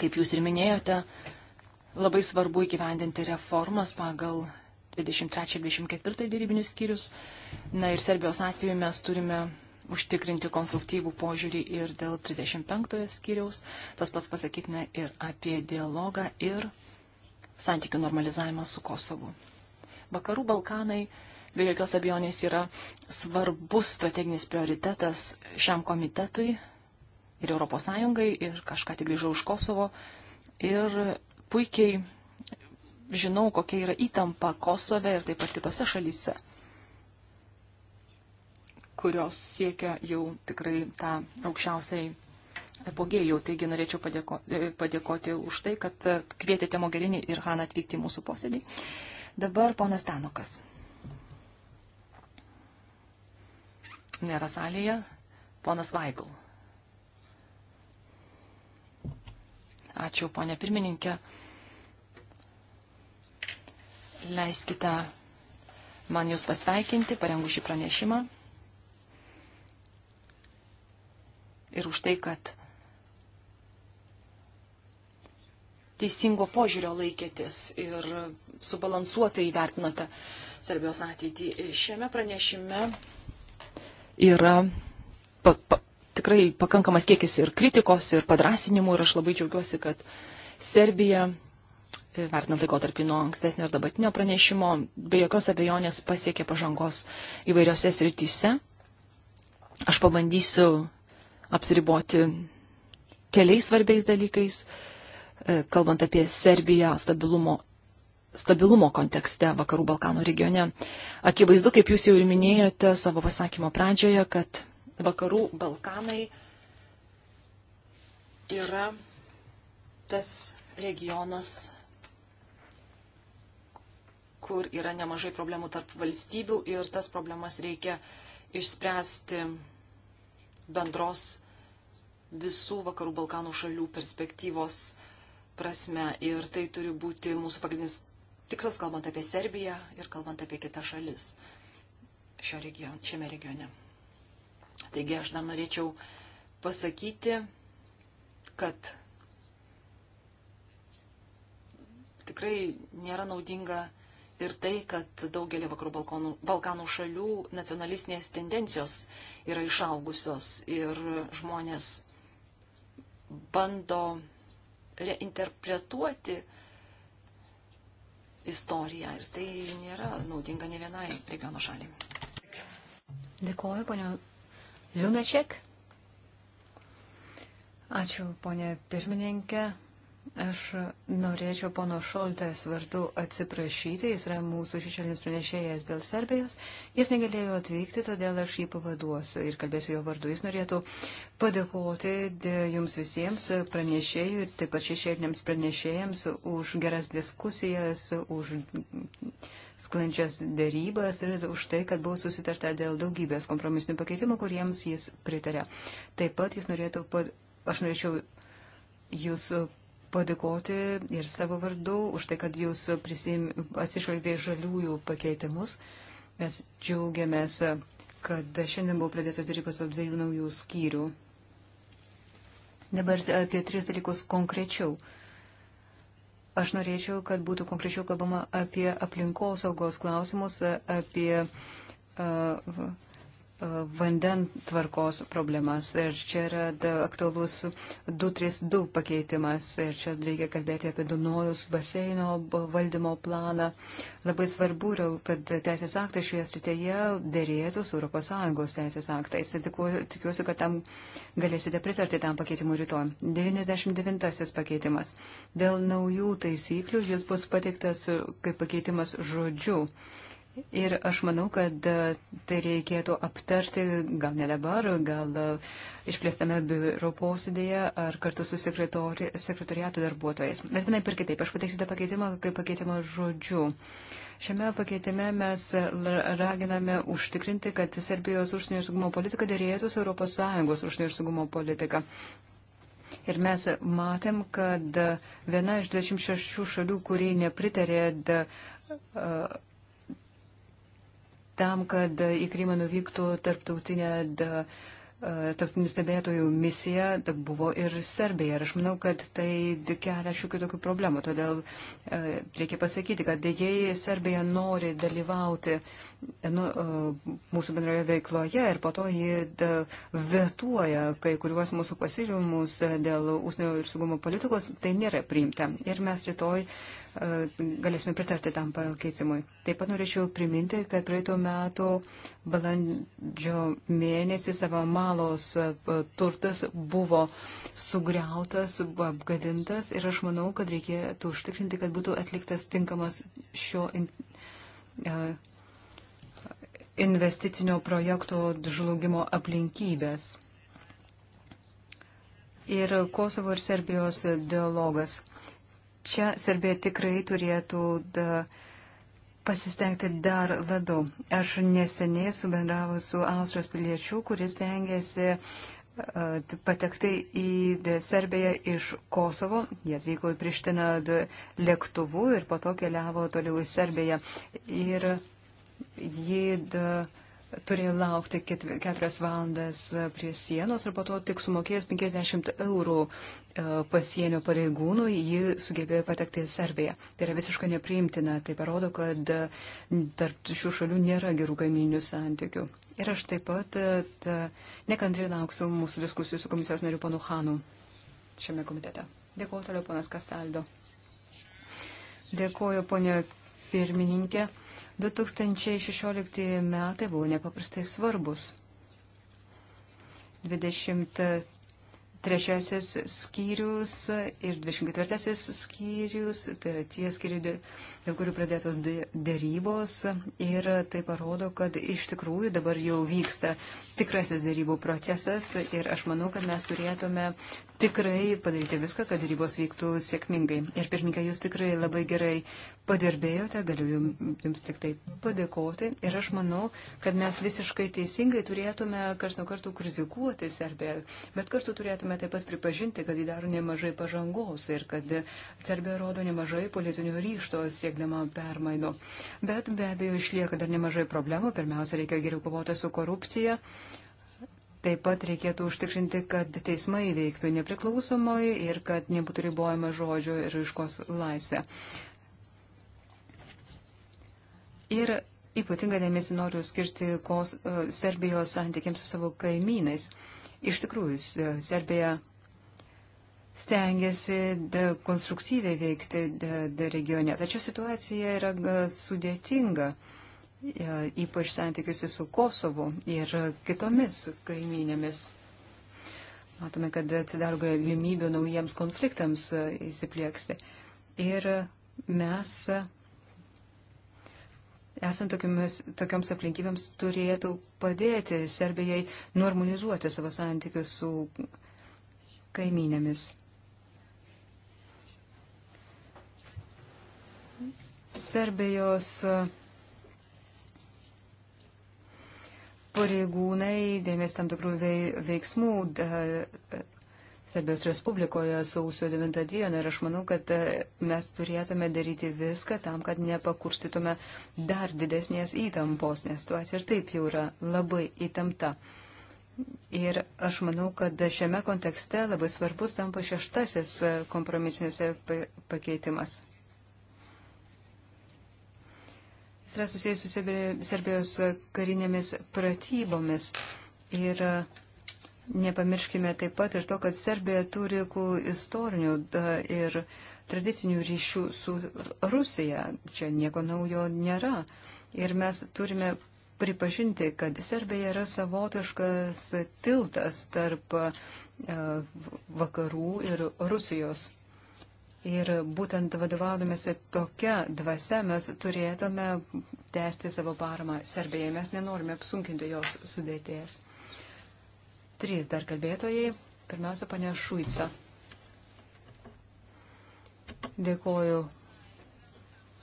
Kaip jūs ir minėjote, labai svarbu įgyvendinti reformas pagal 23-24 dėrybinius skyrius. Na ir Serbijos atveju mes turime užtikrinti konstruktyvų požiūrį ir dėl 35 skyriaus. Tas pats pasakytina ir apie dialogą ir santykių normalizavimą su Kosovu. Vakarų Balkanai be jokios abejonės yra svarbus strateginis prioritetas šiam komitetui ir ES, ir kažką tik grįžau iš Kosovo. Ir puikiai žinau, kokia yra įtampa Kosove ir taip pat kitose šalyse, kurios siekia jau tikrai tą aukščiausiai apogėjau. Taigi norėčiau padėko, e, padėkoti už tai, kad kvietėte Mogerinį ir Haną atvykti į mūsų posėdį. Dabar ponas Tanokas. nėra salėje. Ponas Vaigl. Ačiū, ponė pirmininkė. Leiskite man jūs pasveikinti, parengu šį pranešimą. Ir už tai, kad teisingo požiūrio laikėtės ir subalansuotai įvertinote Serbijos ateitį. Šiame pranešime yra pa, pa, tikrai pakankamas kiekis ir kritikos, ir padrasinimų, ir aš labai džiaugiuosi, kad Serbija, e, vertinant laikotarpį nuo ankstesnio ir dabartinio pranešimo, be jokios abejonės pasiekė pažangos įvairiose srityse. Aš pabandysiu apsiriboti keliais svarbiais dalykais, e, kalbant apie Serbiją stabilumo stabilumo kontekste Vakarų Balkanų regione. Akivaizdu, kaip jūs jau ir minėjote savo pasakymo pradžioje, kad Vakarų Balkanai yra tas regionas, kur yra nemažai problemų tarp valstybių ir tas problemas reikia išspręsti bendros visų Vakarų Balkanų šalių perspektyvos prasme. Ir tai turi būti mūsų pagrindinis tikslas, kalbant apie Serbiją ir kalbant apie kitas šalis šio region, šiame regione. Taigi aš dar norėčiau pasakyti, kad tikrai nėra naudinga ir tai, kad daugelį vakarų Balkonų, Balkanų šalių nacionalistinės tendencijos yra išaugusios ir žmonės bando reinterpretuoti uh, istoriją ir tai nėra naudinga ne vienai regiono šaliai. Dėkuoju, ponio Lunačiek. Ačiū, ponė pirmininkė. Aš norėčiau pono Šoltės vardu atsiprašyti, jis yra mūsų šešėlinis pranešėjas dėl Serbijos. Jis negalėjo atvykti, todėl aš jį pavaduosiu ir kalbėsiu jo vardu. Jis norėtų padėkoti jums visiems pranešėjų ir taip pat šešėliniams pranešėjams už geras diskusijas, už sklandžias dėrybas ir už tai, kad buvo susitarta dėl daugybės kompromisinių pakeitimų, kuriems jis pritarė. Taip pat jis norėtų, pad... aš norėčiau jūsų padėkoti ir savo vardu už tai, kad jūs atsižvelgėte į žaliųjų pakeitimus. Mes džiaugiamės, kad šiandien buvo pradėtos darybos su dviejų naujų skyrių. Dabar apie tris dalykus konkrečiau. Aš norėčiau, kad būtų konkrečiau kalbama apie aplinkosaugos klausimus, apie uh, E, vandentvarkos problemas. Ir čia yra aktualus 232 pakeitimas. Ir čia reikia kalbėti apie Dunojus baseino valdymo planą. Labai svarbu yra, kad teisės aktai šioje srityje dėrėtų su ES teisės aktais. Ir tikiuosi, kad tam galėsite pritarti tam pakeitimu rytoj. 99 pakeitimas. Dėl naujų taisyklių jis bus pateiktas kaip pakeitimas žodžiu. Ir aš manau, kad e, tai reikėtų aptarti, gal ne dabar, gal e, išplėstame biuro posėdėje ar kartu su sekretori, sekretoriato darbuotojais. Bet vienai per kitaip, aš pateiksiu tą pakeitimą kaip pakeitimą žodžių. Šiame pakeitime mes raginame užtikrinti, kad Serbijos užsienio ir saugumo politika dėrėtų su ES užsienio ir saugumo politika. Ir mes matėm, kad viena iš 26 šalių, kuriai nepritarė. Da, uh, tam, kad į Krymą nuvyktų tarptautinė tarptautinių stebėtojų misija, buvo ir Serbija. Ir aš manau, kad tai kelia šiokių tokių problemų. Todėl reikia pasakyti, kad jei Serbija nori dalyvauti nu, mūsų bendroje veikloje ir po to jį vetuoja kai kuriuos mūsų pasiūlymus dėl užsienio ir saugumo politikos, tai nėra priimta. Ir mes rytoj uh, galėsime pritarti tam pakeitimui. Taip pat norėčiau priminti, kad praeitų metų balandžio mėnesį savo malos e, turtas buvo sugriautas, buvo apgadintas ir aš manau, kad reikėtų užtikrinti, kad būtų atliktas tinkamas šio in, e, investicinio projekto žlugimo aplinkybės. Ir Kosovo ir Serbijos dialogas čia Serbija tikrai turėtų da, pasistengti dar labiau. Aš neseniai subendravau su Austrijos piliečiu, kuris tengiasi uh, patekti į Serbiją iš Kosovo. Jie atvyko į Prištiną lėktuvu ir po to keliavo toliau į Serbiją. Ir jį da, turėjo laukti keturias valandas prie sienos ir po to tik sumokėjus 50 eurų E, pasienio pareigūnų, ji sugebėjo patekti į Serbiją. Tai yra visiškai nepriimtina. Tai parodo, kad tarp šių šalių nėra gerų kaiminių santykių. Ir aš taip pat e, ta, nekantriai lauksiu mūsų diskusijų su komisijos nariu panu Hanu šiame komitete. Dėkuoju toliau, ponas Kastaldo. Dėkuoju, ponė pirmininkė. 2016 metai buvo nepaprastai svarbus. 23 trečiasis skyrius ir 24 skyrius, tai yra tie skyriai, dėl kurių pradėtos dėrybos ir tai parodo, kad iš tikrųjų dabar jau vyksta tikrasis dėrybų procesas ir aš manau, kad mes turėtume tikrai padaryti viską, kad darybos vyktų sėkmingai. Ir pirmininkai, jūs tikrai labai gerai padirbėjote, galiu jums tik tai padėkoti. Ir aš manau, kad mes visiškai teisingai turėtume kars nuo kartų kritikuoti Serbiją, bet kartu turėtume taip pat pripažinti, kad jį daro nemažai pažangos ir kad Serbija rodo nemažai politinių ryšto siekdama permainų. Bet be abejo išlieka dar nemažai problemų. Pirmiausia, reikia geriau kovoti su korupcija. Taip pat reikėtų užtikrinti, kad teismai veiktų nepriklausomai ir kad nebūtų ribojama žodžio ir iškos laisvė. Ir ypatingą dėmesį noriu skirti kos, e, Serbijos santykiams su savo kaimynais. Iš tikrųjų, e, Serbija stengiasi konstruktyviai veikti de, de regione, tačiau situacija yra e, sudėtinga. E, ypač santykiusi su Kosovu ir kitomis kaiminėmis. Matome, kad atsidaro galimybių naujiems konfliktams e, įsiplėksti. Ir mes, esant tokioms, tokioms aplinkybėms, turėtų padėti Serbijai normalizuoti savo santykius su kaiminėmis. Serbijos uh, pareigūnai dėmesį tam tikrų veiksmų Serbijos Respublikoje sausio 9 dieną ir aš manau, kad e, mes turėtume daryti viską tam, kad nepakurstytume dar didesnės įtampos, nes situacija ir taip jau yra labai įtempta. Ir aš manau, kad šiame kontekste labai svarbus tampa šeštasis e, kompromisinis e, pakeitimas. Jis yra susijęs su Serbijos karinėmis pratybomis. Ir e, nepamirškime taip pat ir to, kad Serbija turi istorinių ir tradicinių ryšių su Rusija. Čia nieko naujo nėra. Ir mes turime pripažinti, kad Serbija yra savotiškas tiltas tarp e, vakarų ir Rusijos. Ir būtent vadovaudomėsi tokia dvasia mes turėtume tęsti savo paramą Serbijai. Mes nenorime apsunkinti jos sudėties. Trys dar kalbėtojai. Pirmiausia, panė Šuica. Dėkoju,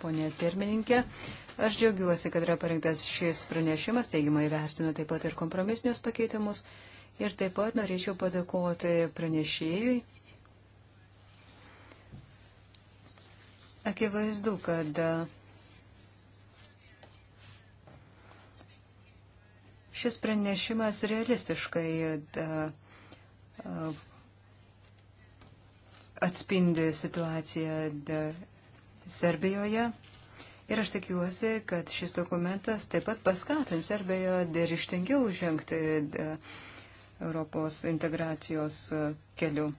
ponė pirmininkė. Aš džiaugiuosi, kad yra parinktas šis pranešimas, teigiamai vertinu taip pat ir kompromisinius pakeitimus. Ir taip pat norėčiau padėkoti pranešėjui Akivaizdu, kad e, šis pranešimas realistiškai e, e, atspindi situaciją Serbijoje. Ir aš tikiuosi, kad šis dokumentas taip pat paskatins Serbiją ryštingiau žengti Europos integracijos keliu.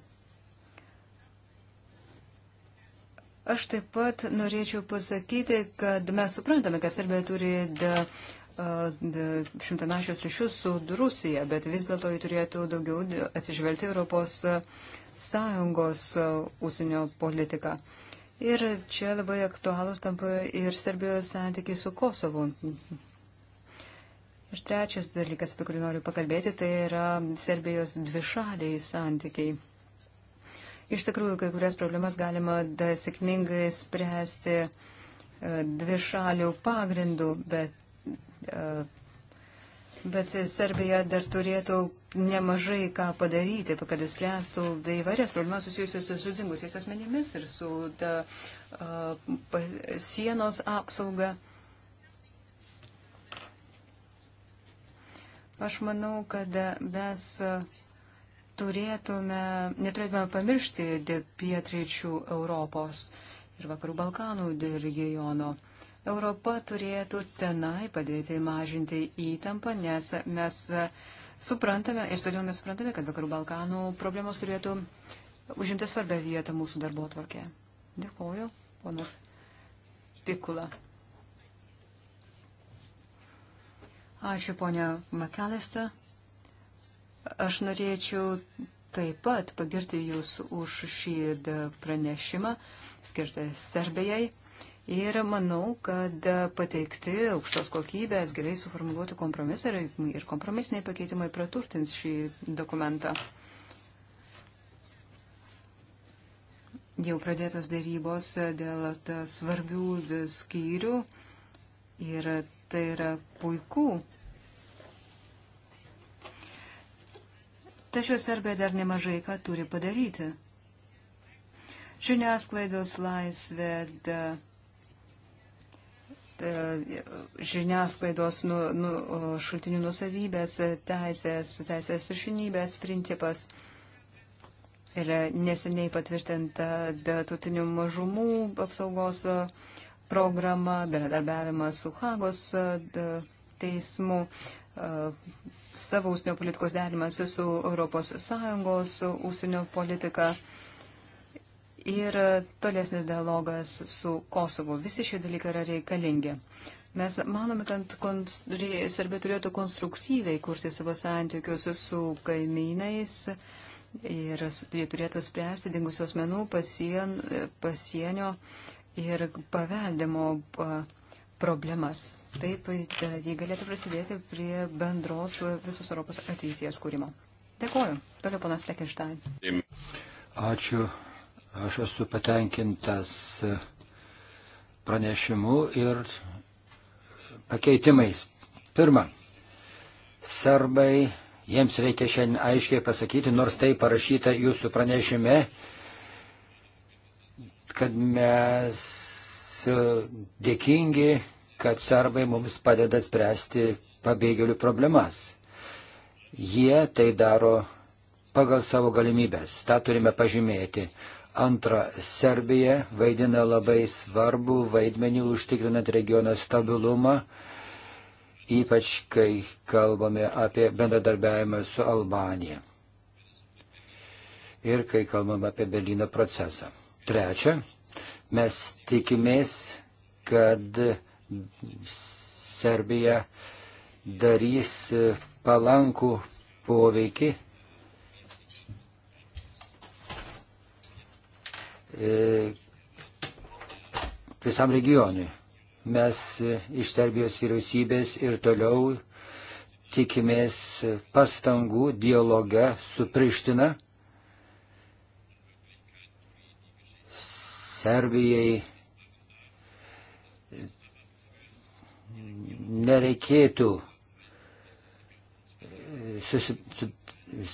Aš taip pat norėčiau pasakyti, kad mes suprantame, kad Serbija turi šimtamečius ryšius su Rusija, bet vis dėlto jį turėtų daugiau atsižvelgti Europos Sąjungos užsienio politiką. Ir čia labai aktualūs tampa ir Serbijos santykiai su Kosovu. Ir trečias dalykas, apie kurį noriu pakalbėti, tai yra Serbijos dvišaliai santykiai. Iš tikrųjų, kai kurias problemas galima sėkmingai spręsti e, dvi šalių pagrindų, bet, e, bet Serbija dar turėtų nemažai ką padaryti, kad jis spręstų įvairias problemas susijusius su dingusiais asmenimis ir su ta, uh, e, sienos apsauga. Aš manau, kad mes. Uh, turėtume, neturėtume pamiršti dėl pietryčių Europos ir vakarų Balkanų regiono. Europa turėtų tenai padėti mažinti įtampą, nes mes e, suprantame ir todėl mes suprantame, kad vakarų Balkanų problemos turėtų užimti svarbę vietą mūsų darbo tvarkė. Dėkuoju, ponas Pikula. Ačiū, ponia Makelista. Aš norėčiau taip pat pagirti Jūs už šį pranešimą skirtą Serbijai. Ir manau, kad pateikti aukštos kokybės, gerai suformuoluoti kompromisai ir kompromisiniai pakeitimai praturtins šį dokumentą. Jau pradėtos dėrybos dėl svarbių skyrių ir tai yra puiku Tačiau Serbija dar nemažai ką turi padaryti. Žiniasklaidos laisvė, da, da, žiniasklaidos nu, nu, šaltinių nusavybės, teisės, teisės viršinybės principas yra neseniai patvirtinta tautinių mažumų apsaugos programa, bendradarbiavimas su Hagos da, teismu. E, savo užsienio politikos derimas su ES užsienio politika ir tolesnis dialogas su Kosovu. Visi šie dalykai yra reikalingi. Mes manome, kad Serbija turėtų konstruktyviai kurti savo santykius su kaimynais ir jie turėtų spręsti dingusios menų pasien, pasienio ir paveldimo. Uh, problemas. Taip, e, jie galėtų prisidėti prie bendros visos Europos ateities kūrimo. Dėkuoju. Toliau ponas Lekinštain. Ačiū. Aš esu patenkintas pranešimu ir pakeitimais. Pirma, serbai, jiems reikia šiandien aiškiai pasakyti, nors tai parašyta jūsų pranešime, kad mes dėkingi, kad serbai mums padeda spręsti pabėgėlių problemas. Jie tai daro pagal savo galimybės. Ta turime pažymėti. Antra, Serbija vaidina labai svarbų vaidmenį užtikrinant regiono stabilumą, ypač kai kalbame apie bendradarbiavimą su Albanija ir kai kalbame apie Berlyno procesą. Trečia, Mes tikimės, kad Serbija darys palankų poveikį e, visam regionui. Mes iš Serbijos vyriausybės ir toliau tikimės pastangų dialoge su Priština, Serbijai nereikėtų e, susi, su,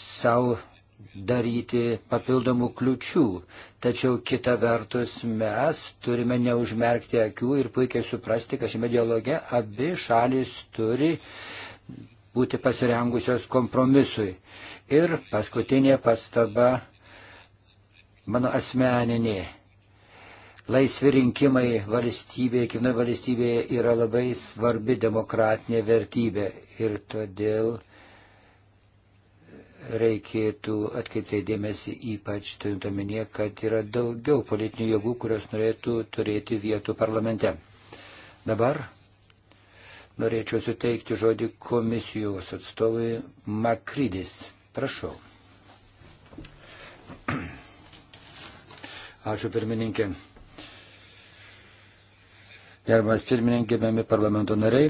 savo daryti papildomų kliučių. Tačiau kita vertus mes turime neužmerkti akių ir puikiai suprasti, kad šiame dialoge abi šalis turi būti pasirengusios kompromisui. Ir paskutinė pastaba mano asmeninė Laisvi rinkimai valstybėje, kiekvienoje valstybėje yra labai svarbi demokratinė vertybė ir todėl reikėtų atkreipti dėmesį ypač turint omenyje, kad yra daugiau politinių jėgų, kurios norėtų turėti vietų parlamente. Dabar norėčiau suteikti žodį komisijos atstovui Makrydis. Prašau. (clears throat) Ačiū pirmininkė. Gerbamas pirmininkė, gerbiami parlamento nariai.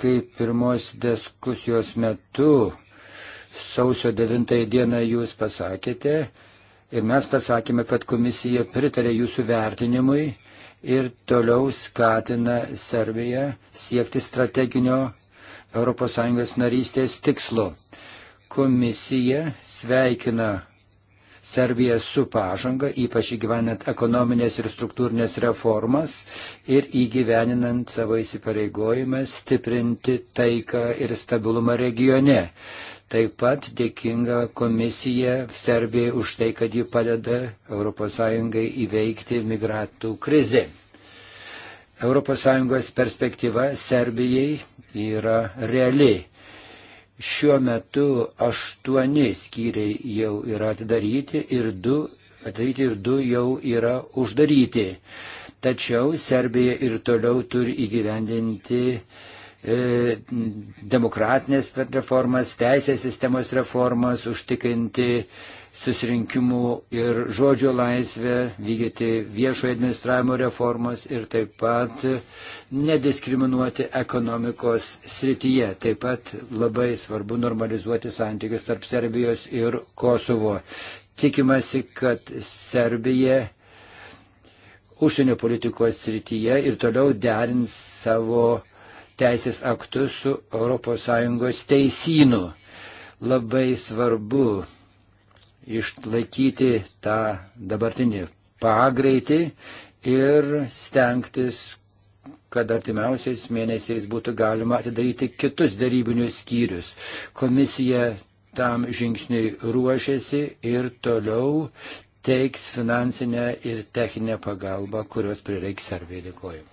Kaip pirmos diskusijos metu sausio 9 dieną jūs pasakėte ir mes pasakėme, kad komisija pritarė jūsų vertinimui ir toliau skatina Serbiją siekti strateginio ES narystės tikslo. Komisija sveikina Serbiją su pažanga, ypač įgyvenant ekonominės ir struktūrinės reformas ir įgyveninant savo įsipareigojimą stiprinti taiką ir stabilumą regione. Taip pat dėkinga komisija Serbijai už tai, kad ji padeda ES įveikti migratų krizę. ES perspektyva Serbijai yra reali. Šiuo metu aštuoni skyriai jau yra atidaryti ir du, atidaryti ir du jau yra uždaryti. Tačiau Serbija ir toliau turi įgyvendinti e, demokratinės reformas, teisės sistemos reformas, užtikrinti susirinkimų ir žodžio laisvę, vykdyti viešojo administravimo reformas ir taip pat nediskriminuoti ekonomikos srityje. Taip pat labai svarbu normalizuoti santykius tarp Serbijos ir Kosovo. Tikimasi, kad Serbija užsienio politikos srityje ir toliau derins savo teisės aktus su ES teisynu. Labai svarbu išlaikyti tą dabartinį pagreitį ir stengtis kad artimiausiais mėnesiais būtų galima atidaryti kitus darybinius skyrius. Komisija tam žingsniui ruošiasi ir toliau teiks finansinę ir techninę pagalbą, kurios prireiks Serbijai.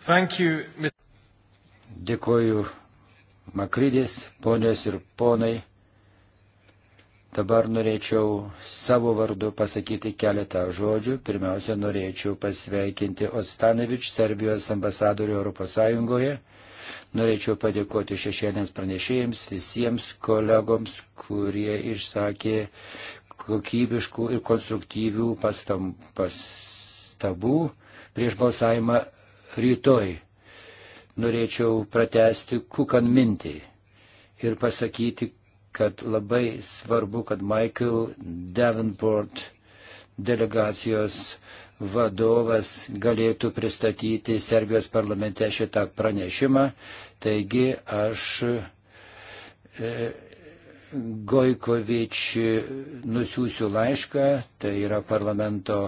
Dėkoju. You, Dėkoju, Makrydis, ponios ir ponai. Dabar norėčiau savo vardu pasakyti keletą žodžių. Pirmiausia, norėčiau pasveikinti Ostanovič, Serbijos ambasadorių ES. Norėčiau padėkoti šešėlėms pranešėjams, visiems kolegoms, kurie išsakė kokybiškų ir konstruktyvių pastam, pastabų prieš balsavimą rytoj. Norėčiau pratesti kukan mintį ir pasakyti, kad labai svarbu, kad Michael Davenport delegacijos vadovas galėtų pristatyti Serbijos parlamente šitą pranešimą. Taigi aš e, Gojkovič nusiųsiu laišką, tai yra parlamento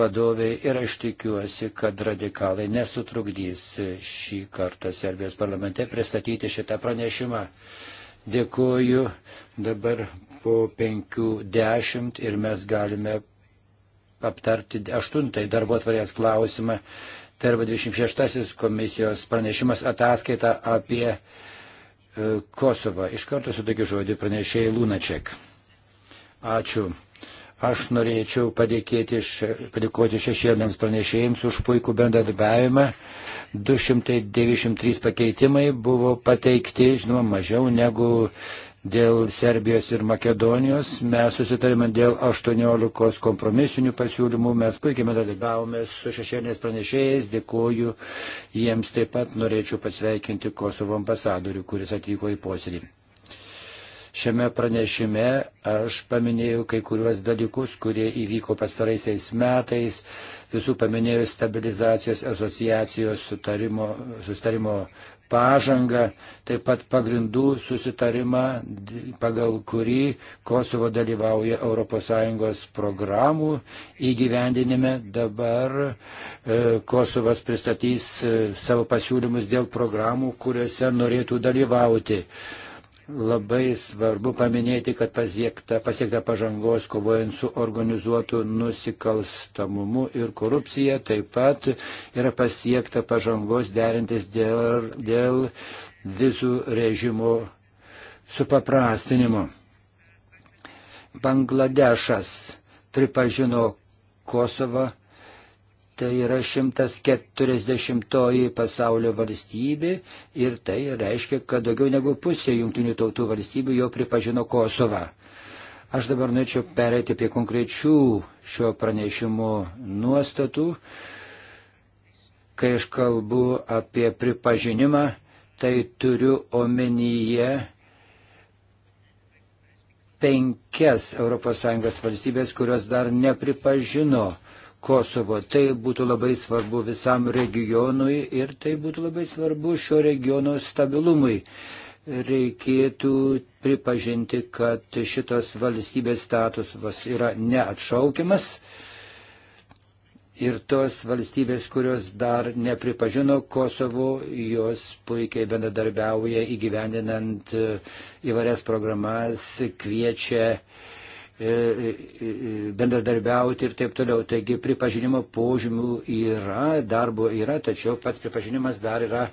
vadoviai ir aš tikiuosi, kad radikalai nesutrukdys šį kartą Serbijos parlamente pristatyti šitą pranešimą. Dėkuoju. Dabar po penkių dešimt ir mes galime aptarti aštuntąjį darbo atvarės klausimą. Tai yra 26 komisijos pranešimas ataskaita apie e, Kosovą. Iš karto sutikiu žodį pranešėjai Lunaček. Ačiū. Aš norėčiau padėkėti, padėkoti šešėlėms pranešėjams už puikų bendradarbiavimą. 293 pakeitimai buvo pateikti, žinoma, mažiau negu dėl Serbijos ir Makedonijos. Mes susitarėme dėl 18 kompromisinių pasiūlymų. Mes puikiai bendradarbiavome su šešėlėmis pranešėjais. Dėkuoju jiems taip pat norėčiau pasveikinti Kosovo ambasadorių, kuris atvyko į posėdį. Šiame pranešime aš paminėjau kai kuriuos dalykus, kurie įvyko pastaraisiais metais. Visų paminėjau stabilizacijos asociacijos sutarimo, sustarimo pažangą, taip pat pagrindų susitarimą, pagal kurį Kosovo dalyvauja ES programų įgyvendinime. Dabar e, Kosovas pristatys e, savo pasiūlymus dėl programų, kuriuose norėtų dalyvauti. Labai svarbu paminėti, kad pasiekta, pasiekta pažangos kovojant su organizuotu nusikalstamumu ir korupcija. Taip pat yra pasiekta pažangos derintis dėl, dėl vizų režimo supaprastinimo. Bangladešas pripažino Kosovą Tai yra 140 pasaulio valstybė ir tai reiškia, kad daugiau negu pusė jungtinių tautų valstybių jau pripažino Kosovą. Aš dabar norėčiau perėti prie konkrečių šio pranešimo nuostatų. Kai aš kalbu apie pripažinimą, tai turiu omenyje penkias ES valstybės, kurios dar nepripažino uh, Kosovo. Tai būtų labai svarbu visam regionui ir tai būtų labai svarbu šio regiono stabilumui. Reikėtų pripažinti, kad šitos valstybės statusas yra neatšaukiamas. Ir tos valstybės, kurios dar nepripažino Kosovo, jos puikiai bendradarbiauja įgyvendinant įvairias programas, kviečia uh, E, e, e, bendradarbiauti ir taip toliau. Taigi pripažinimo požymių yra, darbo yra, tačiau pats pripažinimas dar yra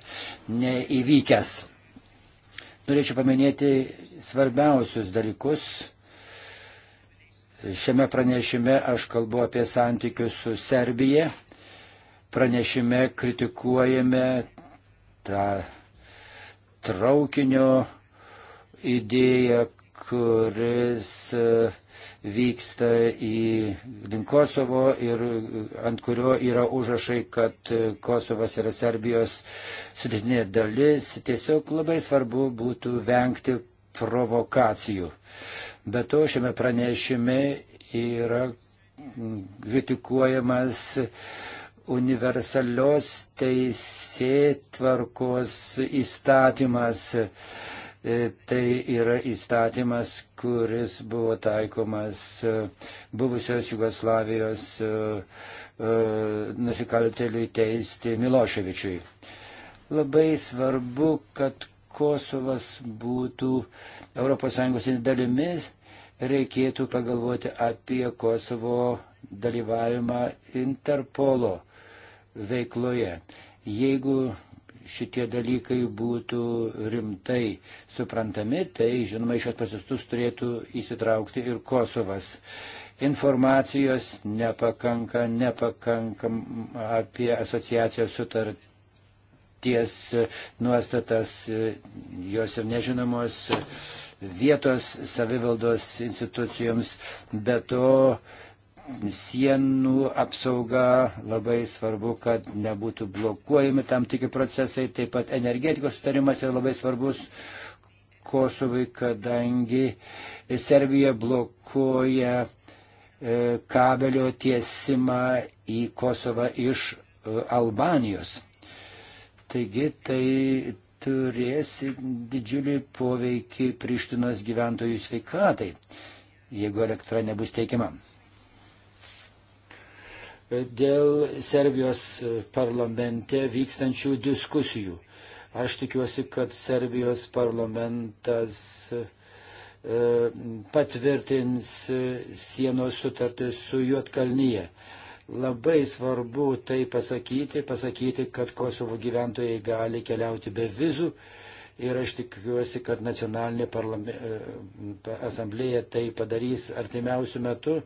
neįvykęs. Norėčiau paminėti svarbiausius dalykus. Šiame pranešime aš kalbu apie santykius su Serbija. Pranešime kritikuojame tą traukinio idėją, kuris uh, vyksta į link Kosovo ir ant kurio yra užrašai, kad Kosovas yra Serbijos sudėtinė dalis. Tiesiog labai svarbu būtų vengti provokacijų. Be to šiame pranešime yra kritikuojamas universalios teisėtvarkos įstatymas E, tai yra įstatymas, kuris buvo taikomas e, buvusios Jugoslavijos e, nusikalteliui teisti Miloševičiui. Labai svarbu, kad Kosovas būtų ES dalimis, reikėtų pagalvoti apie Kosovo dalyvavimą Interpolo veikloje. Jeigu šitie dalykai būtų rimtai suprantami, tai žinoma, šios pasistus turėtų įsitraukti ir Kosovas. Informacijos nepakanka, nepakankam apie asociacijos sutarties nuostatas, jos ir nežinomos vietos savivaldos institucijoms, bet to sienų apsauga, labai svarbu, kad nebūtų blokuojami tam tikri procesai, taip pat energetikos sutarimas yra labai svarbus Kosovui, kadangi Serbija blokuoja e, kabelio tiesimą į Kosovą iš e, Albanijos. Taigi tai turės didžiulį poveikį Prištinos gyventojų sveikatai, jeigu elektra nebus teikiama dėl Serbijos parlamente vykstančių diskusijų. Aš tikiuosi, kad Serbijos parlamentas e, patvirtins sienos sutartį su Juotkalnyje. Labai svarbu tai pasakyti, pasakyti, kad Kosovo gyventojai gali keliauti be vizų ir aš tikiuosi, kad nacionalinė e, asamblėja tai padarys artimiausių metų,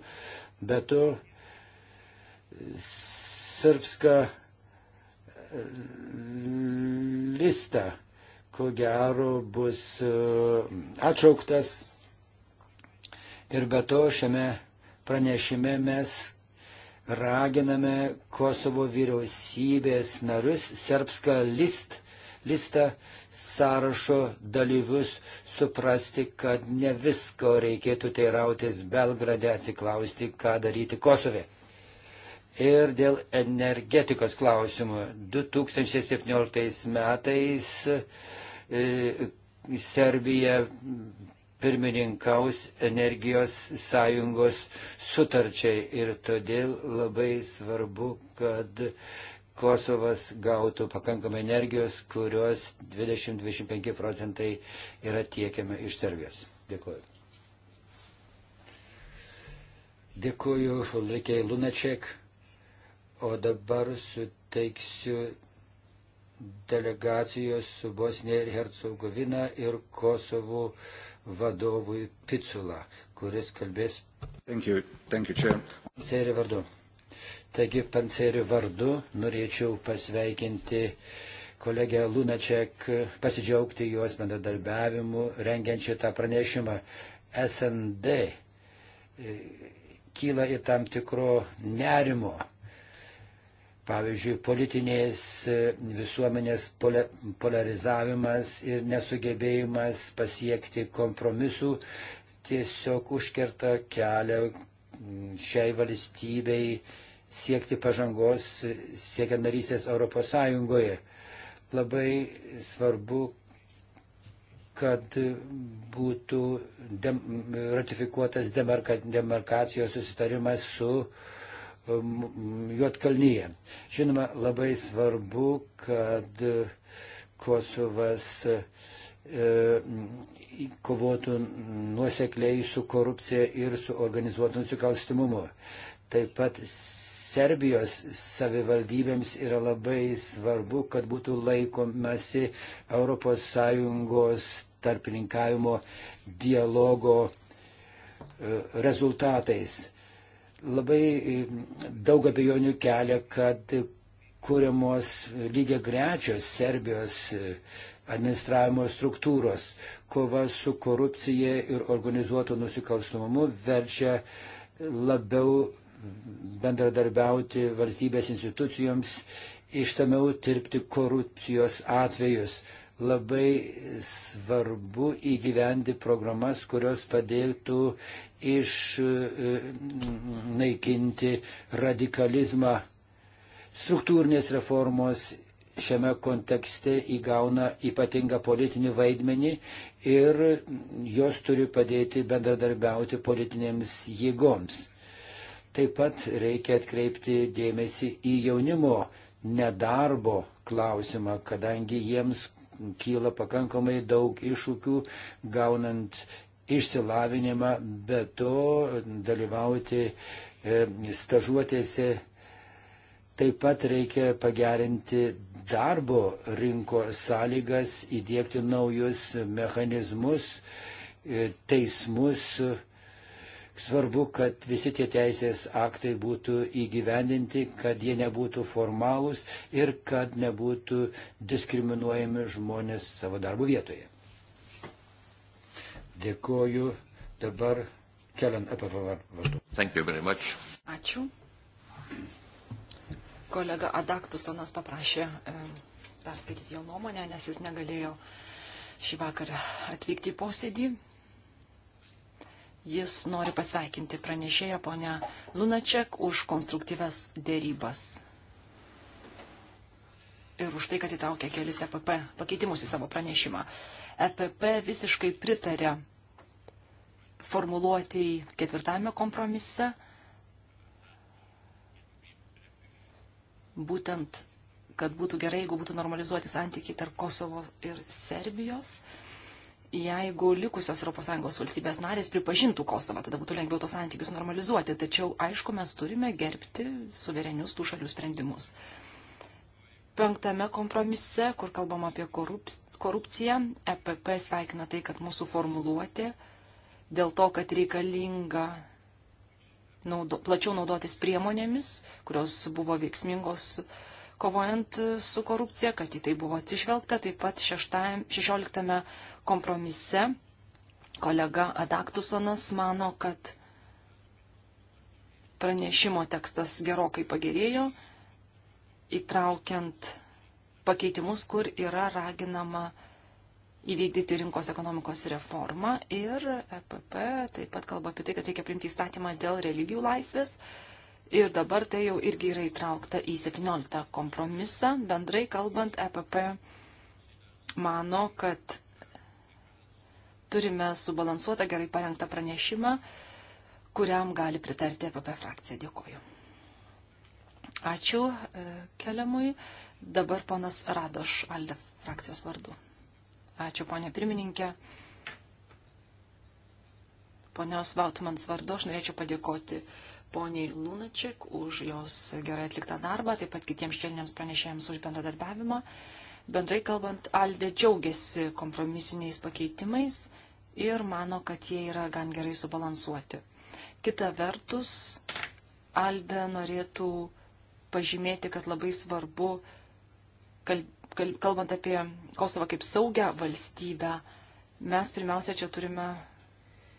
bet to Sirpska e, lista, ko gero, bus e, atšauktas. Ir be to šiame pranešime mes raginame Kosovo vyriausybės narius Serbska list, listą sąrašo dalyvius suprasti, kad ne visko reikėtų teirautis Belgrade atsiklausti, ką daryti Kosove ir dėl energetikos klausimų. 2017 metais e, Serbija pirmininkaus energijos sąjungos sutarčiai ir todėl labai svarbu, kad Kosovas gautų pakankamai energijos, kurios 20-25 procentai yra tiekiama iš Serbijos. Dėkuoju. Dėkuoju Ulrikei Lunačiek. O dabar suteiksiu delegacijos su Bosnija ir Hercegovina ir Kosovu vadovui Picula, kuris kalbės. Thank you. Thank you, Chair. Panserių vardu. Taigi, Panserių vardu norėčiau pasveikinti kolegę Lunačiak, pasidžiaugti juos bendradarbiavimu, rengiant šitą pranešimą. SND e, kyla į tam tikro nerimo Pavyzdžiui, politinės e, visuomenės polarizavimas ir nesugebėjimas pasiekti kompromisų tiesiog užkerta kelią šiai valstybei siekti pažangos siekiant narysės Europos Sąjungoje. Labai svarbu, kad būtų dem, ratifikuotas demarka, demarkacijos susitarimas su uh, Juotkalnyje. Žinoma, labai svarbu, kad Kosovas e, kovotų nuosekliai su korupcija ir su organizuotų nusikalstimumu. Taip pat Serbijos savivaldybėms yra labai svarbu, kad būtų laikomasi ES tarpininkavimo dialogo e, rezultatais. Labai e, daug abejonių kelia, kad kūriamos lygiai grečios Serbijos e, administravimo struktūros. Kova su korupcija ir organizuotu nusikalstumumu verčia labiau bendradarbiauti valstybės institucijoms, išsameu tirpti korupcijos atvejus. Labai svarbu įgyvendi programas, kurios padėtų išnaikinti e, radikalizmą. Struktūrinės reformos šiame kontekste įgauna ypatingą politinį vaidmenį ir jos turi padėti bendradarbiauti politinėms jėgoms. Taip pat reikia atkreipti dėmesį į jaunimo nedarbo klausimą, kadangi jiems kyla pakankamai daug iššūkių gaunant išsilavinimą, bet to dalyvauti e, stažuotėse. Taip pat reikia pagerinti darbo rinkos sąlygas, įdėkti naujus mechanizmus, e, teismus. Svarbu, kad visi tie teisės aktai būtų įgyvendinti, kad jie nebūtų formalūs ir kad nebūtų diskriminuojami žmonės savo darbo vietoje. Dėkoju dabar keliant EPP vardu. Ačiū. Kolega Adaktusonas paprašė e, perskaityti jo nuomonę, nes jis negalėjo šį vakarą atvykti į posėdį. Jis nori pasveikinti pranešėją ponę Lunaček už konstruktyves dėrybas. Ir už tai, kad įtraukė kelis EPP pakeitimus į savo pranešimą. E, EPP visiškai pritarė formuluotėjai ketvirtame kompromise, būtent, kad būtų gerai, jeigu būtų normalizuoti santykiai tarp Kosovo ir Serbijos. Jeigu likusios ES valstybės narės pripažintų Kosovą, tada būtų lengviau tos santykius normalizuoti. Tačiau, aišku, mes turime gerbti suverenius tų šalių sprendimus. Penktame kompromise, kur kalbama apie korups, korupciją. EPP sveikina tai, kad mūsų formuluoti dėl to, kad reikalinga naudo, plačiau naudotis priemonėmis, kurios buvo veiksmingos kovojant su korupcija, kad į tai buvo atsižvelgta. Taip pat 16 kompromise kolega Adaktusonas mano, kad pranešimo tekstas gerokai pagerėjo, įtraukiant pakeitimus, kur yra raginama įvykdyti rinkos ekonomikos reformą ir EPP taip pat kalba apie tai, kad reikia priimti įstatymą dėl religijų laisvės. Ir dabar tai jau irgi yra įtraukta į 17 kompromisą. Bendrai kalbant, EPP mano, kad turime subalansuotą, gerai parengtą pranešimą, kuriam gali pritarti EPP frakcija. Dėkoju. Ačiū e, Keliamui. Dabar ponas Radoš Alde frakcijos vardu. Ačiū, ponė pirmininkė. Ponios Vautmans vardu aš norėčiau padėkoti poniai Lunačik už jos gerai atliktą darbą, taip pat kitiems šelniams pranešėjams už bendradarbiavimą. Bendrai kalbant, Aldė džiaugiasi kompromisiniais pakeitimais ir mano, kad jie yra gan gerai subalansuoti. Kita vertus, Alde norėtų pažymėti, kad labai svarbu kalbant apie Kosovą kaip saugią valstybę, mes pirmiausia čia turime,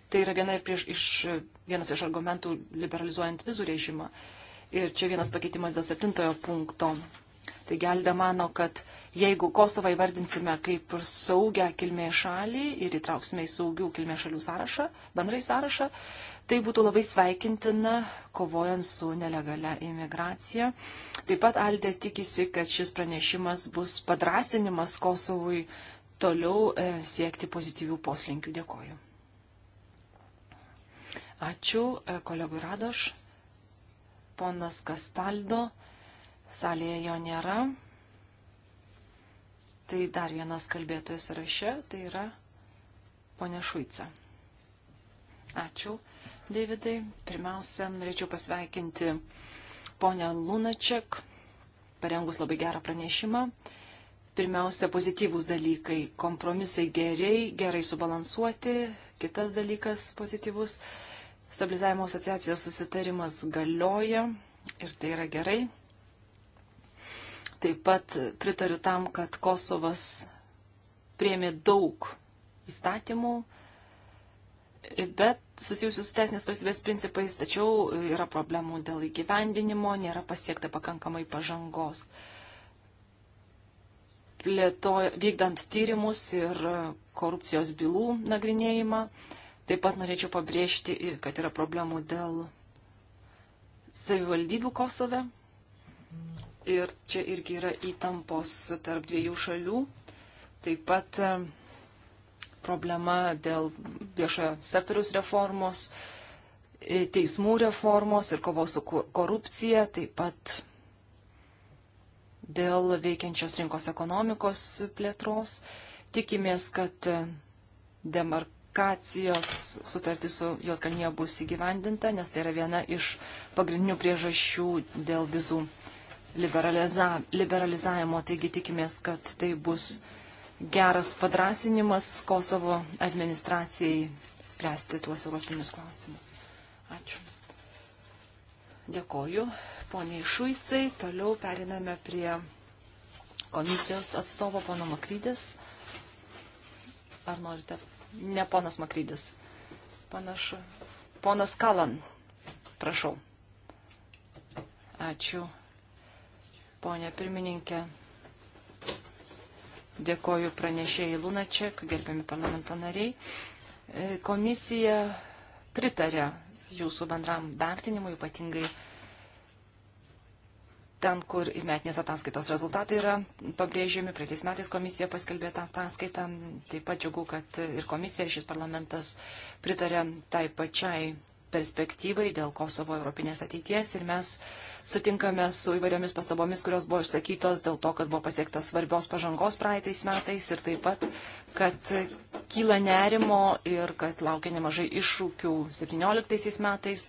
tai yra viena prieš, iš, vienas iš argumentų liberalizuojant vizų režimą. Ir čia vienas pakeitimas dėl septintojo punkto. Taigi Alda mano, kad jeigu Kosovą įvardinsime kaip saugią kilmės šalį ir įtrauksime į saugių kilmės šalių sąrašą, bendrai sąrašą, Tai būtų labai sveikintina, kovojant su nelegalia imigracija. Taip pat Aldė tikisi, kad šis pranešimas bus padrastinimas Kosovui toliau e, siekti pozityvių poslinkių. Dėkoju. Ačiū e, kolegui Radoš. Ponas Kastaldo. Salėje jo nėra. Tai dar vienas kalbėtojas raše, tai yra ponė Šuica. Ačiū. Davidai. Pirmiausia, norėčiau pasveikinti ponę Lunaček, parengus labai gerą pranešimą. Pirmiausia, pozityvūs dalykai. Kompromisai geriai, gerai subalansuoti. Kitas dalykas pozityvus. Stabilizavimo asociacijos susitarimas galioja ir tai yra gerai. Taip pat pritariu tam, kad Kosovas priemė daug įstatymų, bet susijusių su teisinės valstybės principais, tačiau yra problemų dėl įgyvendinimo, nėra pasiekta pakankamai pažangos. Plėto, vykdant tyrimus ir korupcijos bylų nagrinėjimą, taip pat norėčiau pabrėžti, kad yra problemų dėl savivaldybių Kosove. Ir čia irgi yra įtampos tarp dviejų šalių. Taip pat problema dėl viešojo sektoriaus reformos, teismų reformos ir kovos su korupcija, taip pat dėl veikiančios rinkos ekonomikos plėtros. Tikimės, kad demarkacijos sutartis su Jotkalnyje bus įgyvendinta, nes tai yra viena iš pagrindinių priežasčių dėl vizų liberalizavimo. Taigi tikimės, kad tai bus. Mm geras padrasinimas Kosovo administracijai spręsti tuos europinius klausimus. Ačiū. Dėkoju, poniai Šuicai. Toliau periname prie komisijos atstovo, pono Makrydis. Ar norite? Ne ponas Makrydis. Panašu. Ponas Kalan. Prašau. Ačiū. Pone pirmininkė, Dėkoju pranešėjai Lunačiak, gerbiami parlamento nariai. E, komisija pritarė jūsų bendram vertinimui, ypatingai ten, kur metinės ataskaitos rezultatai yra pabrėžiami. Praeitais metais komisija paskelbė tą ataskaitą. Taip pat džiugu, kad ir komisija, ir šis parlamentas pritarė tai pačiai perspektyvai, dėl Kosovo europinės ateities ir mes sutinkame su įvairiomis pastabomis, kurios buvo išsakytos dėl to, kad buvo pasiektas svarbios pažangos praeitais metais ir taip pat, kad kyla nerimo ir kad laukia nemažai iššūkių 17 metais,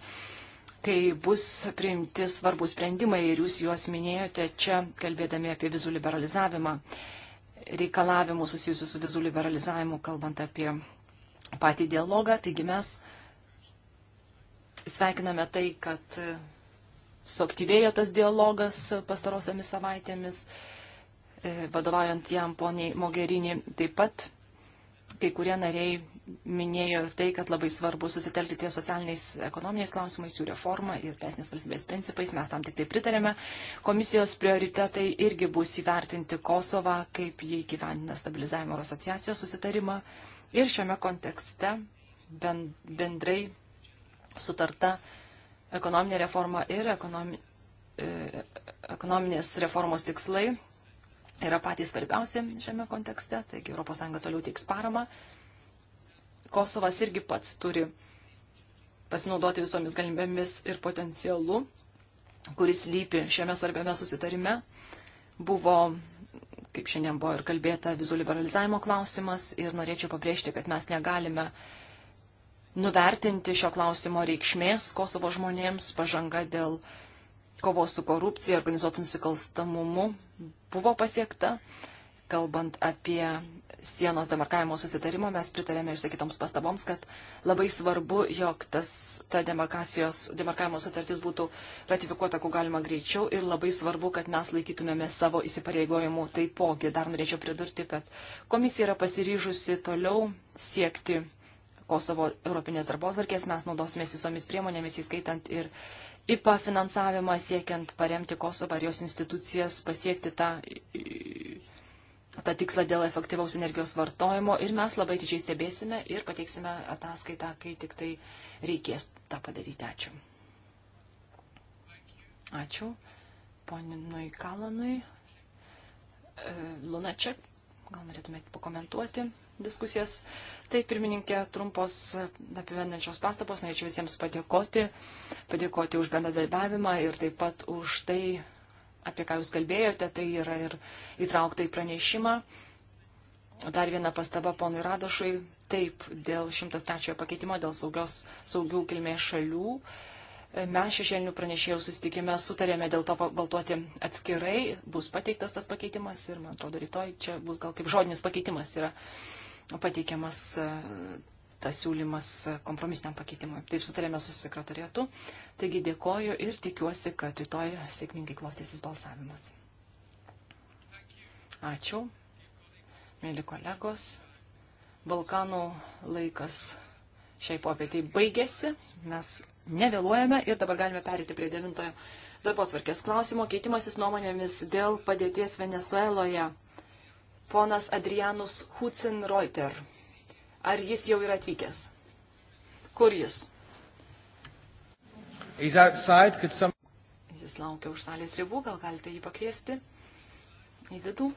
kai bus priimti svarbus sprendimai ir jūs juos minėjote čia, kalbėdami apie vizų liberalizavimą, reikalavimų susijusių su vizų liberalizavimu, kalbant apie patį dialogą. Taigi mes Sveikiname tai, kad suaktyvėjo tas dialogas pastarosiamis savaitėmis, e, vadovaujant jam poniai Mogerinį taip pat. Kai kurie nariai minėjo ir tai, kad labai svarbu susitelkti ties socialiniais ekonominiais klausimais, jų reforma ir teisinės valstybės principais. Mes tam tik tai pritarėme. Komisijos prioritetai irgi bus įvertinti Kosovą, kaip jį gyvendina stabilizavimo ir asociacijos susitarimą. Ir šiame kontekste bendrai sutarta ekonominė reforma ir ekonomi, e, ekonominės reformos tikslai yra patys svarbiausi šiame kontekste, taigi ES toliau teiks paramą. Kosovas irgi pats turi pasinaudoti visomis galimybėmis ir potencialu, kuris lypi šiame svarbiame susitarime. Buvo, kaip šiandien buvo ir kalbėta, vizų liberalizavimo klausimas ir norėčiau pabrėžti, kad mes negalime uh, nuvertinti šio klausimo reikšmės Kosovo žmonėms, pažanga dėl kovos su korupcija, organizuotų nusikalstamumu buvo pasiekta. Kalbant apie sienos demarkavimo susitarimo, mes pritarėme išsakytoms pastaboms, kad labai svarbu, jog tas, ta demarkavimo sutartis būtų ratifikuota, kuo galima greičiau ir labai svarbu, kad mes laikytumėme savo įsipareigojimų. Taipogi dar norėčiau pridurti, kad komisija yra pasiryžusi toliau siekti Kosovo Europinės darbo atvarkės. Mes naudosimės visomis priemonėmis, įskaitant ir IPA finansavimą, siekiant paremti Kosovą ir jos institucijas, pasiekti tą, tą tikslą dėl efektyvaus energijos vartojimo. Ir mes labai didžiai stebėsime ir pateiksime ataskaitą, kai tik tai reikės tą padaryti. Ačiū. Ačiū. Poninui Kalanui. E, Lunaček Gal norėtumėte pakomentuoti diskusijas? Tai, pirmininkė, trumpos apivendinčios pastabos. Norėčiau visiems padėkoti. Padėkoti už bendradarbiavimą ir taip pat už tai, apie ką jūs kalbėjote. Tai yra ir įtraukta į pranešimą. Dar viena pastaba ponui Radošui. Taip, dėl 103 pakeitimo, dėl saugios, saugių kilmės šalių. Uh, Mes šešėlinių pranešėjų susitikime sutarėme dėl to baltuoti atskirai, bus pateiktas tas pakeitimas ir, man atrodo, rytoj čia bus gal kaip žodinis pakeitimas yra pateikiamas e, tas siūlymas kompromisiniam pakeitimui. Taip sutarėme su sekretariatu. Taigi dėkoju ir tikiuosi, kad rytoj sėkmingai klostysis balsavimas. Ačiū, mėly kolegos. Balkanų laikas šiai popietiai baigėsi. Mes nevėluojame ir dabar galime perėti prie devintojo darbo tvarkės klausimo. Keitimasis nuomonėmis dėl padėties Venezueloje. Ponas Adrianus Hudson Reuter. Ar jis jau yra atvykęs? Kur jis? Some... Jis laukia už salės ribų, gal galite jį pakviesti į vidų?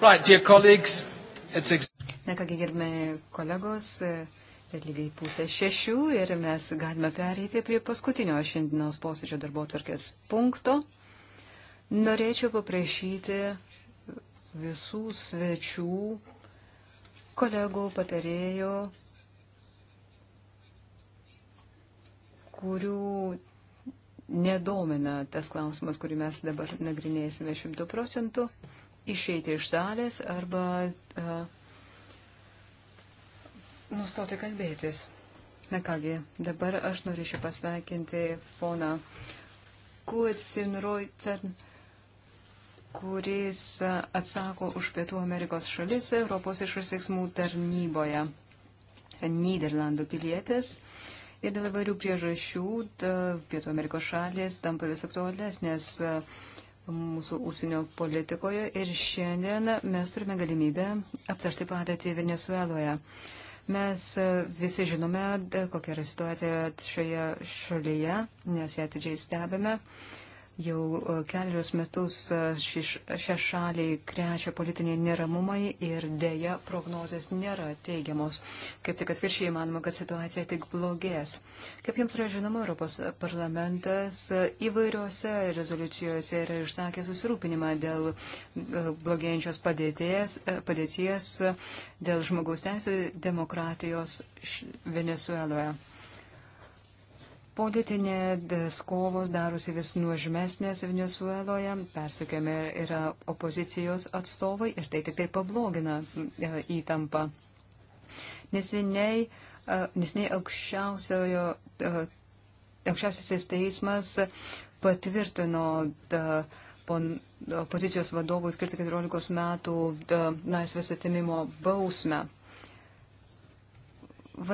Right, dear colleagues, it's ex... Na kągi, gerbėjai kolegos, bet lygiai pusė šešių ir mes galime pereiti prie paskutinio šiandienos posėdžio darbo tvarkės punkto. Norėčiau paprašyti visų svečių, kolegų, patarėjų, kurių nedomina tas klausimas, kurį mes dabar nagrinėsime šimtų procentų išeiti iš salės arba uh, nustoti kalbėtis. Na kągi, dabar aš norėčiau pasveikinti poną Kuetsinroitsen, kuris atsako už Pietų Amerikos šalis Europos išorės veiksmų tarnyboje. Yra Niderlandų pilietis. Ir dėl įvairių priežasčių Pietų Amerikos šalės tampa vis aktualesnės. Uh, mūsų užsienio politikoje ir šiandien mes turime galimybę aptarti padėtį Venezueloje. Mes e, visi žinome, kokia yra situacija šioje šalyje, nes ją atidžiai stebime. Uh, Jau e, kelius metus e, šią šalį krečia politiniai neramumai ir dėja prognozijas nėra teigiamos. Kaip tik atviršiai manoma, kad situacija tik blogės. Kaip jums yra žinoma, Europos parlamentas e, įvairiuose rezoliucijose yra išsakė susirūpinimą dėl blogėjančios padėties, padėties dėl žmogaus teisų demokratijos Venezueloje. Politinės kovos darosi vis nuožmesnės Venezueloje, persukiami yra opozicijos atstovai ir tai tik tai pablogina e, įtampą. Neseniai, e, neseniai aukščiausiojo, e, aukščiausiasis teismas patvirtino da, pon, opozicijos vadovų skirti 14 metų laisvės atimimo bausmę.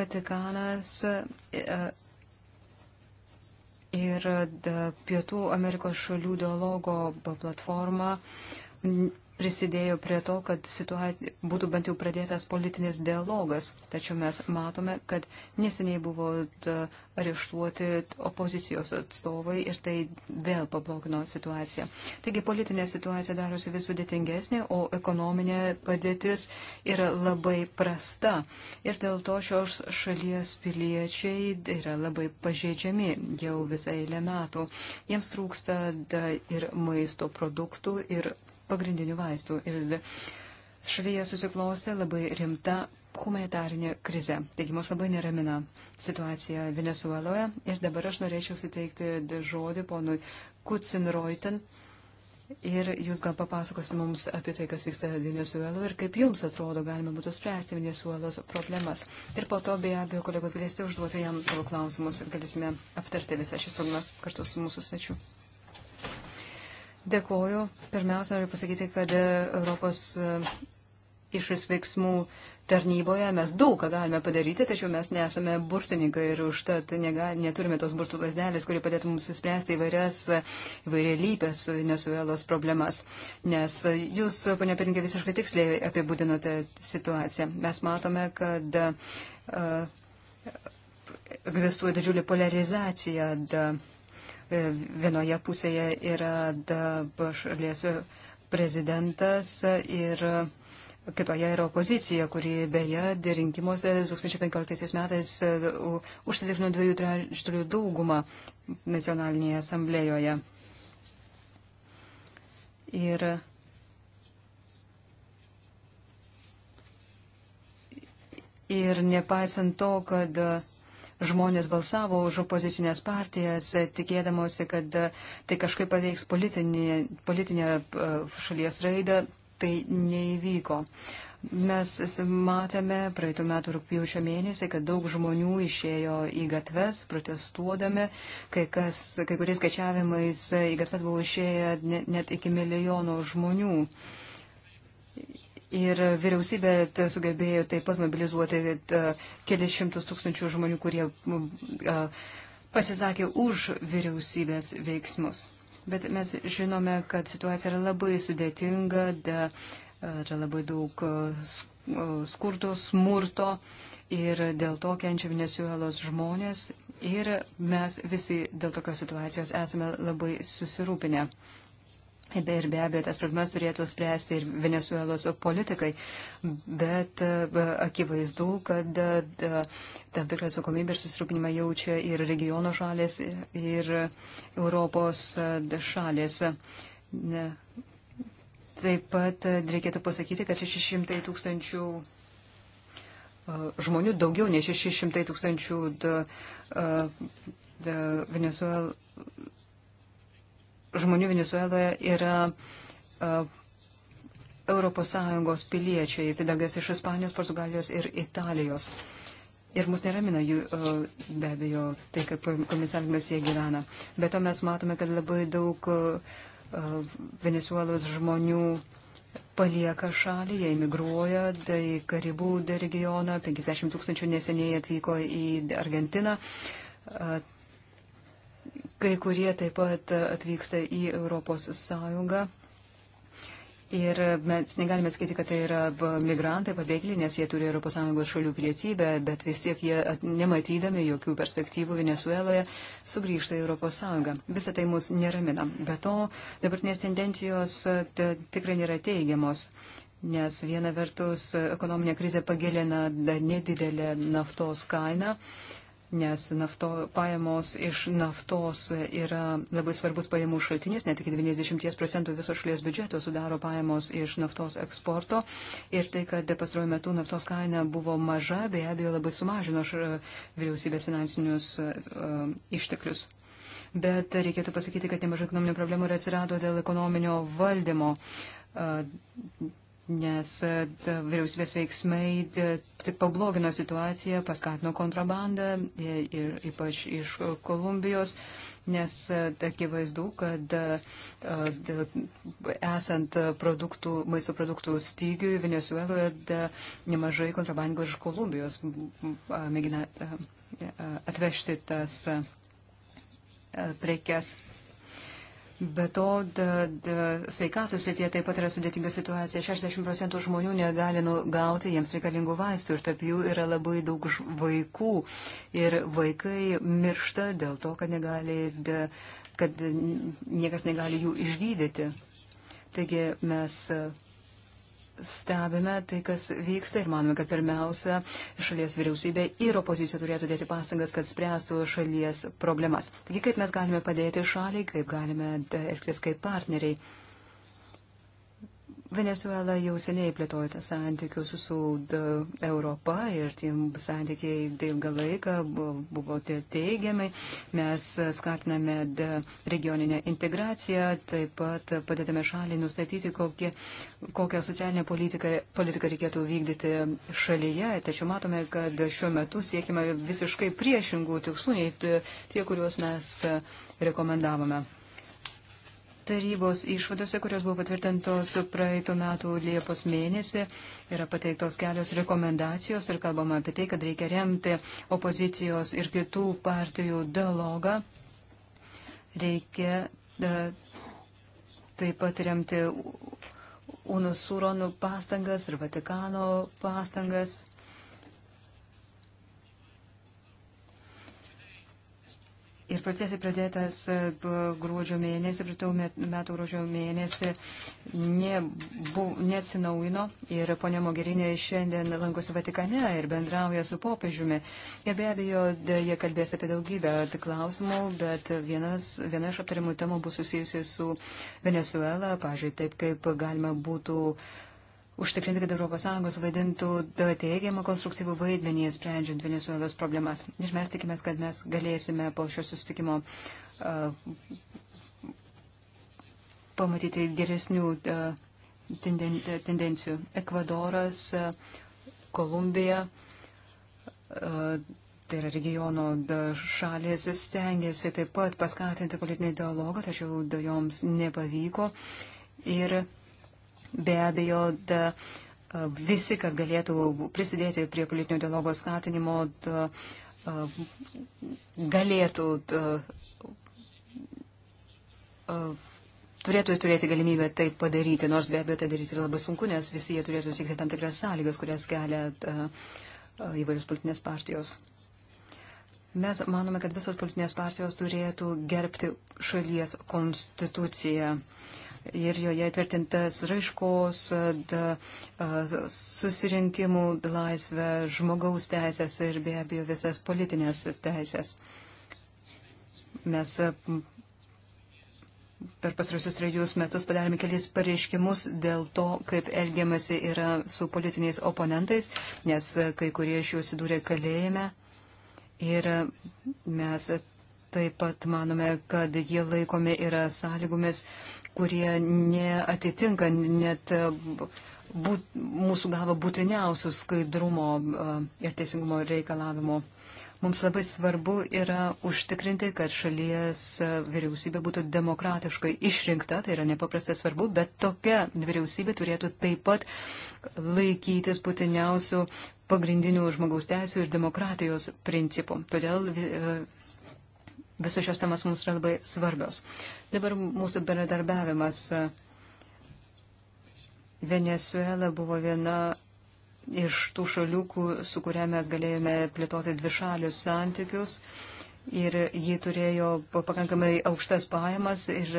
Vatikanas ir Pietų Amerikos šalių dialogo platforma prisidėjo prie to, kad būtų bent jau pradėtas politinis dialogas. Tačiau mes matome, kad neseniai buvo areštuoti opozicijos atstovai ir tai vėl pablogino situaciją. Taigi politinė situacija darosi vis sudėtingesnė, o ekonominė padėtis yra labai prasta. Ir dėl to šios šalies piliečiai yra labai pažeidžiami jau visą eilę metų. Jiems trūksta ir maisto produktų, ir pagrindinių vaistų. Ir šalyje susiklostė labai rimta humanitarinė krize. Taigi mus labai neramina situacija Venezueloje. Ir dabar aš norėčiau suteikti žodį ponui Kutsin Reuten. Ir jūs gal papasakosite mums apie tai, kas vyksta Venezueloje ir kaip jums atrodo galima būtų spręsti Venezuelos problemas. Ir po to be abejo kolegos galėsite užduoti jam savo klausimus ir galėsime aptarti visą šis problemas kartu su mūsų svečiu. Dėkuoju. Pirmiausia, noriu pasakyti, kad e, Europos e, išorės veiksmų tarnyboje mes daug ką galime padaryti, tačiau mes nesame burtininkai ir užtat neturime tos burtų lasdelės, kuri padėtų mums spręsti įvairias e, įvairialypės Venezuelos problemas. Nes jūs, ponia Pirinkė, visiškai tiksliai apibūdinote situaciją. Mes matome, kad uh, egzistuoja didžiulė polarizacija. Da, uh, E, vienoje pusėje yra šalies prezidentas ir kitoje yra opozicija, kuri beje rinkimuose 2015 metais e, užsitikrino dviejų trečdalių daugumą nacionalinėje asamblėjoje. Ir Ir nepaisant to, kad žmonės balsavo už opozicinės partijas, e, tikėdamosi, kad e, tai kažkaip paveiks politinį, politinę e, šalies raidą, tai neįvyko. Mes matėme praeitų metų rūpjūčio mėnesį, kad daug žmonių išėjo į gatves protestuodami, kai, kas, kai kuriais skaičiavimais į gatves buvo išėję net iki milijono žmonių. Uh, Ir vyriausybė sugebėjo taip pat mobilizuoti kelis šimtus tūkstančių žmonių, kurie pasisakė už vyriausybės veiksmus. Bet mes žinome, kad situacija yra labai sudėtinga, da, yra labai daug skurdo, smurto ir dėl to kenčia Venezuelos žmonės ir mes visi dėl tokios situacijos esame labai susirūpinę. Ir be abejo, tas problemas turėtų spręsti ir Venezuelos politikai, bet e, akivaizdu, kad e, tam tikrą atsakomybę ir susirūpinimą jaučia ir regiono šalės, ir Europos e, šalės. Taip pat reikėtų pasakyti, kad 600 tūkstančių žmonių, daugiau nei 600 tūkstančių Venezuelos žmonių Venezueloje yra ES piliečiai, vidagas iš Ispanijos, Portugalijos ir Italijos. Ir mus neramina jų, e, be abejo, tai, kaip komisarėmis jie gyvena. Bet to mes matome, kad labai daug e, Venezuelos žmonių palieka šalį, jie emigruoja į tai Karibų regioną, 50 tūkstančių neseniai atvyko į Argentiną. E, Kai kurie taip pat atvyksta į Europos Sąjungą. Ir mes negalime sakyti, kad tai yra migrantai, pabėgėliai, nes jie turi ES šalių pilietybę, bet vis tiek jie, nematydami jokių perspektyvų Venezueloje, sugrįžta į ES. Visą tai mus neramina. Be to, dabartinės tendencijos tikrai nėra teigiamos, nes viena vertus ekonominė krizė pagilina nedidelę naftos kainą nes nafto, pajamos iš naftos yra labai svarbus pajamų šaltinis, net iki 90 procentų viso šalies biudžeto sudaro pajamos iš naftos eksporto. Ir tai, kad pastaruoju metu naftos kaina buvo maža, be abejo labai sumažino vyriausybės finansinius uh, išteklius. Bet reikėtų pasakyti, kad nemažai ekonominių problemų ir atsirado dėl ekonominio valdymo. Uh, nes e, vyriausybės veiksmai tik pablogino situaciją, paskatino kontrabandą e, ir ypač iš Kolumbijos, nes e, akivaizdu, kad esant produktų, maisto produktų stygiui Venezueloje nemažai kontrabandų iš Kolumbijos mėgina atvežti tas prekes. Be to, da, da, sveikatos srityje taip pat yra sudėtinga situacija. 60 procentų žmonių negali nu, gauti jiems reikalingų vaistų ir tarp jų yra labai daug vaikų. Ir vaikai miršta dėl to, kad, negali, da, kad niekas negali jų išgydyti. Taigi mes. Uh, stebime tai, kas vyksta ir manome, kad pirmiausia šalies vyriausybė ir opozicija turėtų dėti pastangas, kad spręstų šalies problemas. Taigi, kaip mes galime padėti šaliai, kaip galime elgtis kaip partneriai. Venezuela jau seniai plėtojate santykius su Europa ir tie santykiai tai ilgą laiką buvo teigiamai. Mes skatiname regioninę integraciją, taip pat padedame šaliai nustatyti, kokie, kokią socialinę politiką, politiką reikėtų vykdyti šalyje. Tačiau matome, kad šiuo metu siekime visiškai priešingų tikslų nei tie, kuriuos mes rekomendavome tarybos išvadose, kurios buvo patvirtintos praeitų metų Liepos mėnesį, yra pateiktos kelios rekomendacijos ir kalbama apie tai, kad reikia remti opozicijos ir kitų partijų dialogą. Reikia da, e, taip pat remti UNUSURONų pastangas ir Vatikano pastangas. Ir procesai pradėtas e, gruodžio mėnesį, pritau metų gruodžio mėnesį, neatsinaujino. Ir ponė Mogerinė šiandien lankosi Vatikane ir bendrauja su popiežiumi. Ir be abejo, jie kalbės apie daugybę klausimų, bet vienas, viena iš aptariamų temų bus susijusi su Venezuela, pažiūrėjau, taip kaip galima būtų. Uh, užtikrinti, kad ES vaidintų teigiamą konstruktyvų vaidmenį, sprendžiant Venezuelos problemas. Ir mes tikimės, kad mes galėsime po šio sustikimo uh, pamatyti geresnių uh, tenden, tendencijų. Ekvadoras, uh, Kolumbija. Uh, Tai yra regiono šalis stengiasi taip pat paskatinti politinį dialogą, tačiau joms nepavyko. Ir Be abejo, da, visi, kas galėtų prisidėti prie politinio dialogo skatinimo, da, galėtų, da, turėtų turėti galimybę tai padaryti, nors be abejo tai daryti yra labai sunku, nes visi jie turėtų tikti tam tikras sąlygas, kurias kelia įvairios politinės partijos. Mes manome, kad visos politinės partijos turėtų gerbti šalies konstituciją. Uh, ir joje tvirtintas raiškos, susirinkimų laisvę, žmogaus teisės ir be abejo visas politinės teisės. Mes per pasrusius trejus metus padarėme kelis pareiškimus dėl to, kaip elgiamasi yra su politiniais oponentais, nes kai kurie iš jų atsidūrė kalėjime. Ir mes taip pat manome, kad jie laikomi yra sąlygomis, kurie neatitinka net e, būt, mūsų galva būtiniausių skaidrumo e, ir teisingumo reikalavimų. Mums labai svarbu yra užtikrinti, kad šalies e, vyriausybė būtų demokratiškai išrinkta, tai yra nepaprastai svarbu, bet tokia vyriausybė turėtų taip pat laikytis būtiniausių pagrindinių žmogaus teisų ir demokratijos principų. Todėl visos šios temas mums yra labai svarbios. Dabar mūsų bendradarbiavimas. E, Venezuela buvo viena iš tų šalių, su kuria mes galėjome plėtoti dvišalius santykius ir ji turėjo pakankamai aukštas pajamas ir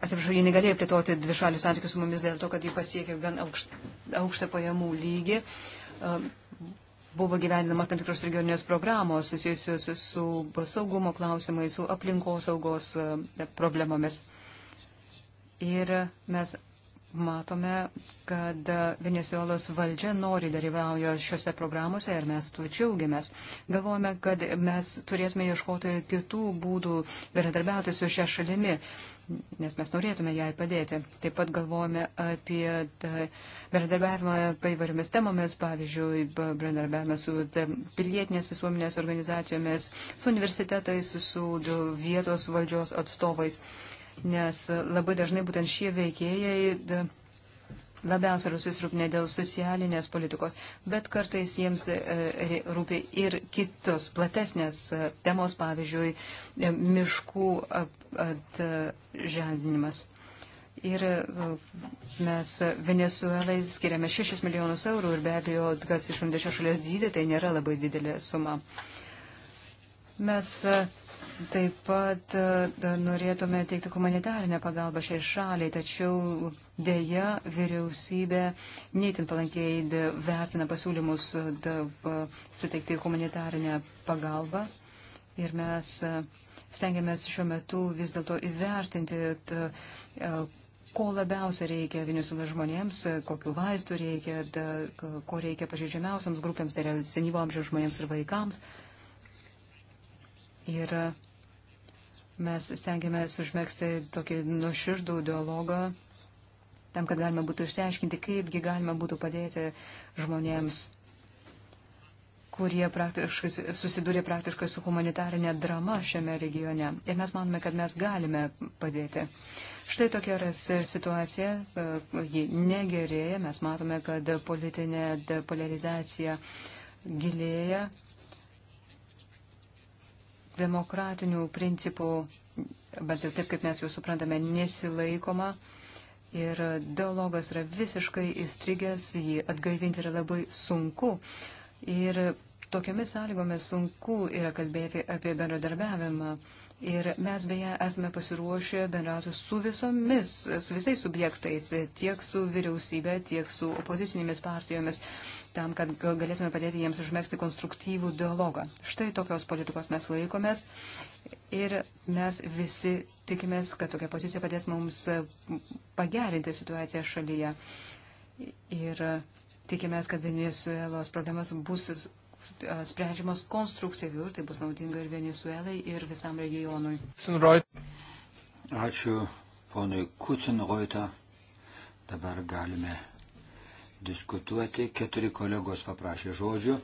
atsiprašau, ji negalėjo plėtoti dvišalių santykių su mumis dėl to, kad ji pasiekė gan aukštą, aukštą pajamų lygį. E, buvo gyvendinamos tam tikros regioninės programos susijusios su saugumo klausimais, su aplinkosaugos e, problemomis. Ir mes matome, kad Venezuelos valdžia nori dalyvauja šiuose programuose ir mes tuo džiaugiamės. Galvojame, kad mes turėtume ieškoti kitų būdų bendradarbiauti su šia šalimi nes mes norėtume jai padėti. Taip pat galvojame apie bendradarbiavimą įvairiomis temomis, pavyzdžiui, bendradarbiavimą su pilietinės visuomenės organizacijomis, su universitetais, su vietos valdžios atstovais, nes labai dažnai būtent šie veikėjai. Da, labiausiai yra susirūpinę dėl socialinės politikos, bet kartais jiems e, rūpi ir kitos platesnės e, temos, pavyzdžiui, e, miškų atželdinimas. Ir mes Venezuelai skiriame 6 milijonus eurų ir be abejo, kas išvandė šios šalies dydį, tai nėra labai didelė suma. Mes uh, Taip pat e, norėtume teikti humanitarinę pagalbą šiai šaliai, tačiau dėja vyriausybė neįtin palankiai vertina pasiūlymus e, suteikti humanitarinę pagalbą. Ir mes e, stengiamės šiuo metu vis dėlto įvertinti, ko labiausia reikia Venezuelos žmonėms, kokiu vaistu reikia, da, ko reikia pažeidžiamiausiams grupėms, tai yra senyvo amžiaus žmonėms ir vaikams. Ir e, mes stengiamės užmėgsti tokį nuširdų dialogą, tam, kad galima būtų išsiaiškinti, kaipgi galima būtų padėti žmonėms, kurie praktiškai susidūrė praktiškai su humanitarinė drama šiame regione. Ir mes manome, kad mes galime padėti. Štai tokia yra situacija, e, ji negerėja, mes matome, kad politinė polarizacija gilėja demokratinių principų, bent jau taip, kaip mes jų suprantame, nesilaikoma. Ir dialogas yra visiškai įstrigęs, jį atgaivinti yra labai sunku. Ir tokiamis sąlygomis sunku yra kalbėti apie bendradarbiavimą. Uh, Ir mes beje esame pasiruošę bendrauti su visomis, su visais subjektais, tiek su vyriausybė, tiek su opozicinėmis partijomis, tam, kad galėtume padėti jiems užmėgsti konstruktyvų dialogą. Štai tokios politikos mes laikomės ir mes visi tikimės, kad tokia pozicija padės mums pagerinti situaciją šalyje. Ir tikimės, kad Venezuelos problemas bus sprendžiamas konstruktyvių ir tai bus naudinga ir Venezuelai, ir visam regionui. Ačiū ponui Kucinroitą. Dabar galime diskutuoti. Keturi kolegos paprašė žodžių.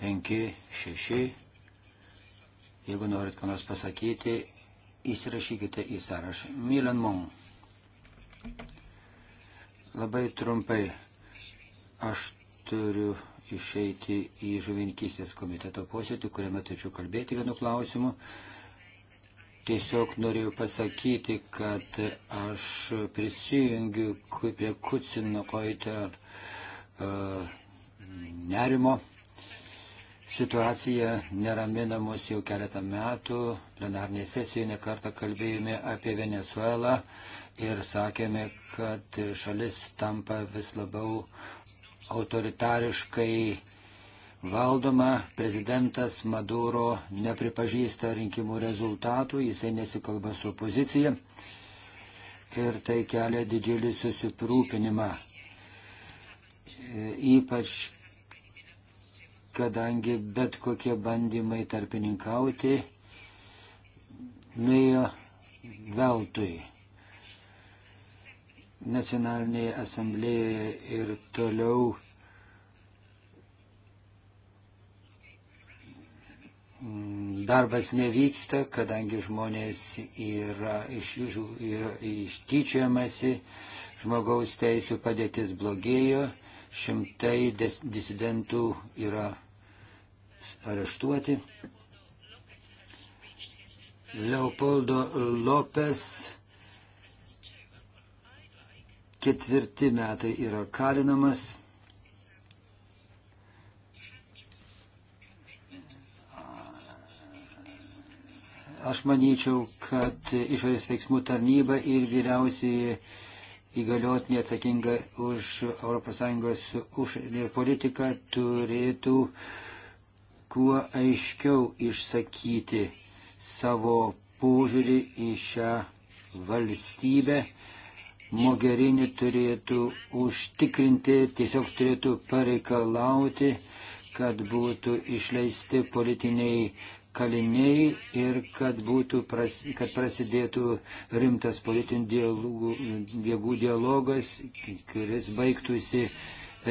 Penki, šeši. Jeigu norit ką nors pasakyti, įsirašykite į sąrašą. Mylan Mong. Labai trumpai. Aš turiu išeiti į žuvininkystės komiteto posėdį, kuriame turėčiau kalbėti vienu klausimu. Tiesiog norėjau pasakyti, kad aš prisijungiu prie Kucino koitę uh, e, nerimo. Situacija neramina mus jau keletą metų. Plenarnėje sesijoje nekartą kalbėjome apie Venezuelą ir sakėme, kad šalis tampa vis labiau autoritariškai valdoma, prezidentas Maduro nepripažįsta rinkimų rezultatų, jisai nesikalba su opozicija ir tai kelia didžiulį susiprūpinimą. Ypač, kadangi bet kokie bandymai tarpininkauti nuėjo veltui nacionalinėje asamblėje ir toliau darbas nevyksta, kadangi žmonės yra, iš, yra ištyčiojamasi, žmogaus teisų padėtis blogėjo, šimtai des, disidentų yra areštuoti. Leopoldo Lopes ketvirti metai yra kalinamas. Aš manyčiau, kad išorės veiksmų tarnyba ir vyriausiai įgaliotinė atsakinga už ES užsienio politiką turėtų kuo aiškiau išsakyti savo požiūrį į šią valstybę Mogherini turėtų užtikrinti, tiesiog turėtų pareikalauti, kad būtų išleisti politiniai kaliniai ir kad, būtų, kad prasidėtų rimtas politinių dialogų, jėgų dialogas, kuris baigtųsi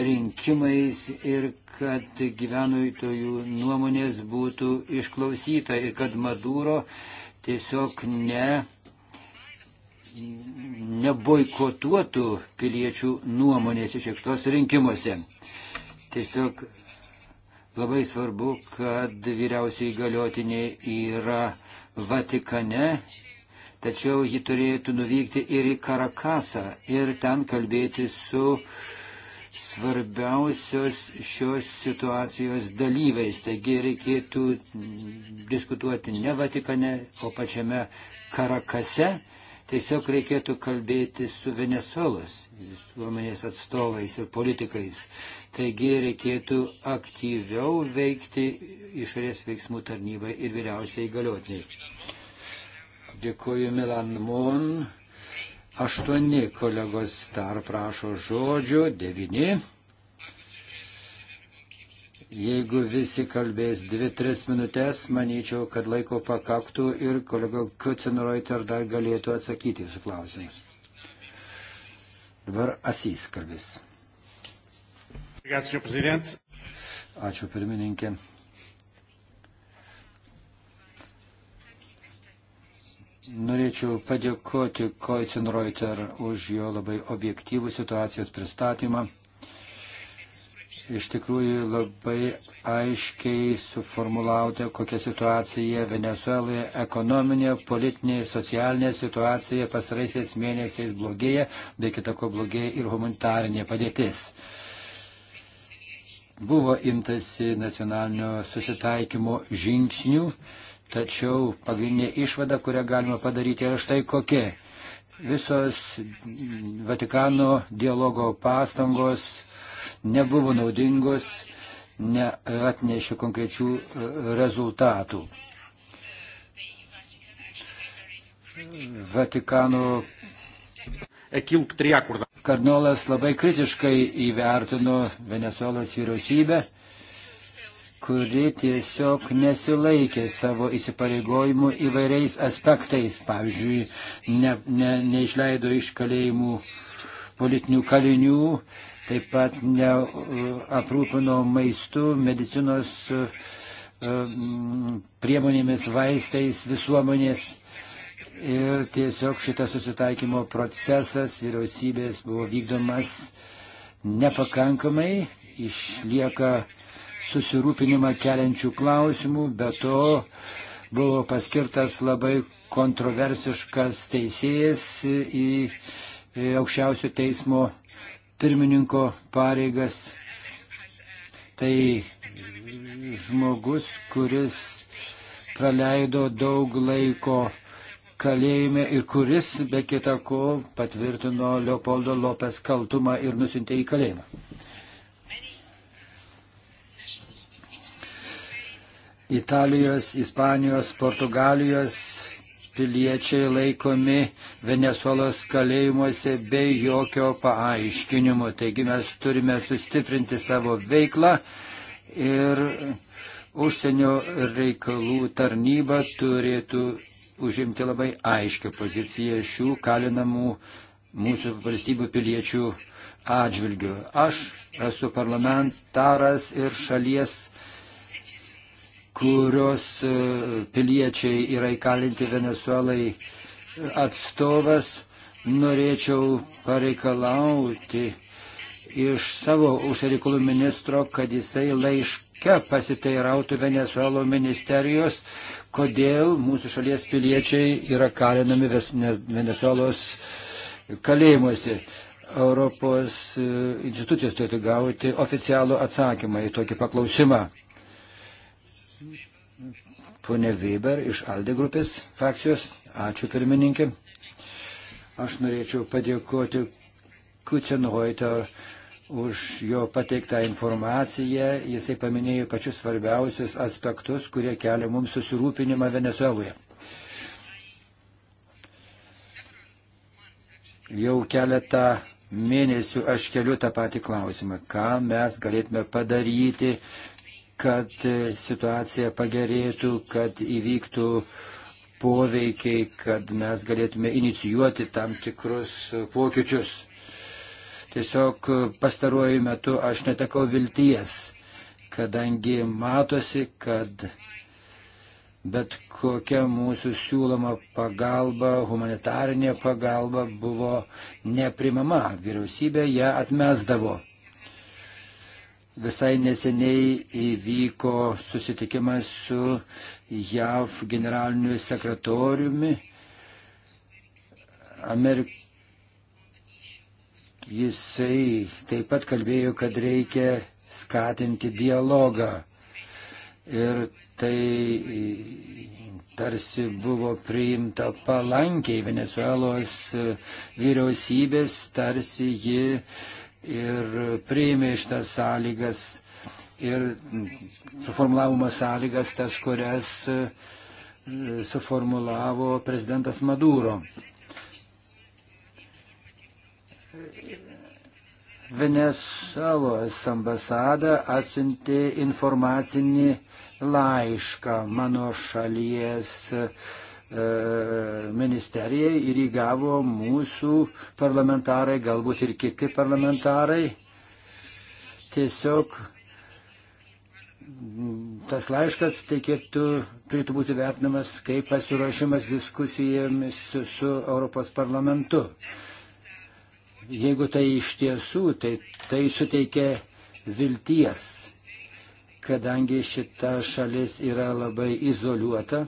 rinkimais ir kad gyventojų nuomonės būtų išklausyta ir kad Maduro tiesiog ne neboikotuotų piliečių nuomonės išėkštos rinkimuose. Tiesiog labai svarbu, kad vyriausiai galiotinė yra Vatikane, tačiau ji turėtų nuvykti ir į Karakasą ir ten kalbėti su svarbiausios šios situacijos dalyviais. Taigi reikėtų diskutuoti ne Vatikane, o pačiame Karakase Tiesiog reikėtų kalbėti su Venezuelos visuomenės atstovais ir politikais. Taigi reikėtų aktyviau veikti išorės veiksmų tarnybai ir vyriausiai įgaliotiniai. Dėkuoju Milan Mon. Aštuoni kolegos dar prašo žodžio, devini. Jeigu visi kalbės 2-3 minutės, manyčiau, kad laiko pakaktų ir kolega Kucinreuter dar galėtų atsakyti jūsų klausimus. Dabar Asys kalbės. Ačiū pirmininkė. Norėčiau padėkoti Koicinreuter už jo labai objektyvų situacijos pristatymą iš tikrųjų labai aiškiai suformulavote, kokia situacija Venezuelai ekonominė, politinė, socialinė situacija pasaraisiais mėnesiais blogėja, be kitako blogėja ir humanitarinė padėtis. Buvo imtasi nacionalinio susitaikymo žingsnių, tačiau pagrindinė išvada, kurią galima padaryti, yra štai kokia. Visos Vatikano dialogo pastangos nebuvo naudingos, neatnešė konkrečių e, rezultatų. Vatikano kardinolas labai kritiškai įvertino Venezuelos vyriausybę, kuri tiesiog nesilaikė savo įsipareigojimų įvairiais aspektais. Pavyzdžiui, ne, ne, neišleido iš kalėjimų politinių kalinių, taip pat neaprūpino maistu, medicinos e, priemonėmis, vaistais visuomonės. Ir tiesiog šitas susitaikymo procesas vyriausybės buvo vykdomas nepakankamai, išlieka susirūpinimą keliančių klausimų, bet to buvo paskirtas labai kontroversiškas teisėjas į aukščiausio teismo pirmininko pareigas. Tai žmogus, kuris praleido daug laiko kalėjime ir kuris, be kita ko, patvirtino Leopoldo Lopes kaltumą ir nusintė į kalėjimą. Italijos, Ispanijos, Portugalijos piliečiai laikomi Venezuelos kalėjimuose be jokio paaiškinimo. Taigi mes turime sustiprinti savo veiklą ir užsienio reikalų tarnyba turėtų užimti labai aiškę poziciją šių kalinamų mūsų valstybių piliečių atžvilgių. Aš esu parlamentaras ir šalies kurios e, piliečiai yra įkalinti Venezuelai e, atstovas, norėčiau pareikalauti iš savo užsireikalų ministro, kad jisai laiške pasiteirautų Venezuelo ministerijos, kodėl mūsų šalies piliečiai yra kalinami Venezuelos kalėjimuose. Europos e, institucijos turėtų gauti oficialų atsakymą į tokį paklausimą. Pone Weber iš Alde grupės frakcijos. Ačiū pirmininkė. Aš norėčiau padėkoti Kutenhoiter už jo pateiktą informaciją. Jisai paminėjo pačius svarbiausius aspektus, kurie kelia mums susirūpinimą Venezueloje. Jau keletą mėnesių aš keliu tą patį klausimą, ką mes galėtume padaryti, kad situacija pagerėtų, kad įvyktų poveikiai, kad mes galėtume inicijuoti tam tikrus pokyčius. Tiesiog pastaruoju metu aš netekau vilties, kadangi matosi, kad bet kokia mūsų siūloma pagalba, humanitarinė pagalba buvo neprimama. Vyriausybė ją atmesdavo. Visai neseniai įvyko susitikimas su JAV generaliniu sekretoriumi. Amerik... Jisai taip pat kalbėjo, kad reikia skatinti dialogą. Ir tai tarsi buvo priimta palankiai Venezuelos vyriausybės, tarsi ji uh, ir priėmė šitas sąlygas ir suformulavimo sąlygas tas, kurias e, suformulavo prezidentas Maduro. Venezuelos ambasada atsiuntė informacinį laišką mano šalies uh, E, ministerijai ir įgavo mūsų parlamentarai, galbūt ir kiti parlamentarai. Tiesiog tas laiškas teikėtų, turėtų būti vertinamas kaip pasiruošimas diskusijomis su, su Europos parlamentu. Jeigu tai iš tiesų, tai, tai suteikia vilties, kadangi šita šalis yra labai izoliuota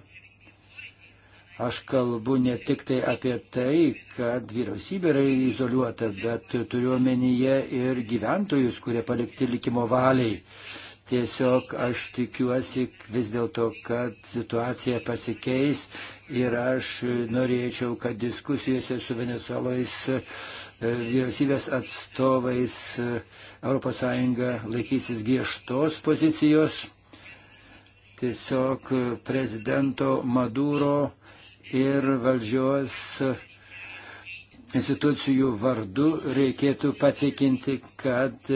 Aš kalbu ne tik tai apie tai, kad vyriausybė yra izoliuota, bet turiuomenyje ir gyventojus, kurie palikti likimo valiai. Tiesiog aš tikiuosi vis dėlto, kad situacija pasikeis ir aš norėčiau, kad diskusijose su Venezuelais e, vyriausybės atstovais ES laikysis griežtos pozicijos. Tiesiog e, prezidento Maduro ir valdžios institucijų vardu reikėtų patikinti, kad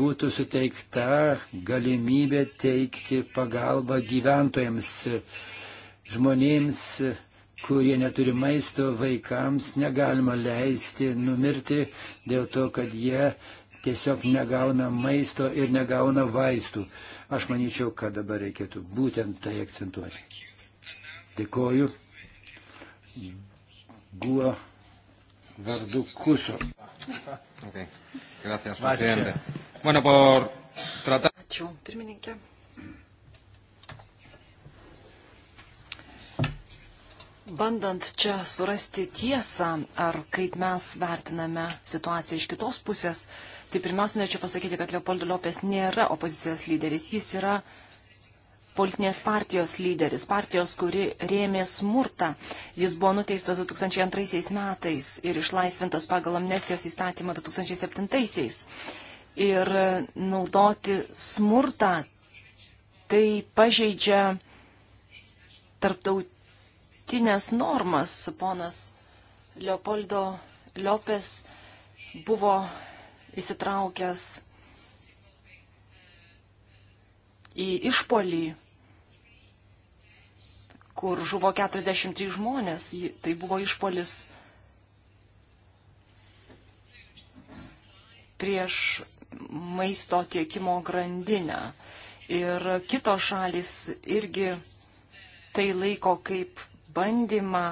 būtų suteikta galimybė teikti pagalbą gyventojams, žmonėms, kurie neturi maisto, vaikams negalima leisti numirti dėl to, kad jie tiesiog negauna maisto ir negauna vaistų. Aš manyčiau, kad dabar reikėtų būtent tai akcentuoti. Dėkoju. Guo vardu Kuso. Okay. Gracias, presidente. Bueno, por tratar. Ačiū, pirmininkė. Bandant čia surasti tiesą, ar kaip mes vertiname situaciją iš kitos pusės, tai pirmiausia, norėčiau pasakyti, kad Leopoldo Lopės nėra opozicijos lyderis. Jis yra uh, politinės partijos lyderis, partijos, kuri rėmė smurtą. Jis buvo nuteistas 2002 metais ir išlaisvintas pagal amnestijos įstatymą 2007. -aisiais. Ir naudoti smurtą tai pažeidžia tarptautinės normas. Ponas Leopoldo Lopes buvo įsitraukęs į išpolį kur žuvo 43 žmonės. Tai buvo išpolis prieš maisto tiekimo grandinę. Ir kitos šalis irgi tai laiko kaip bandymą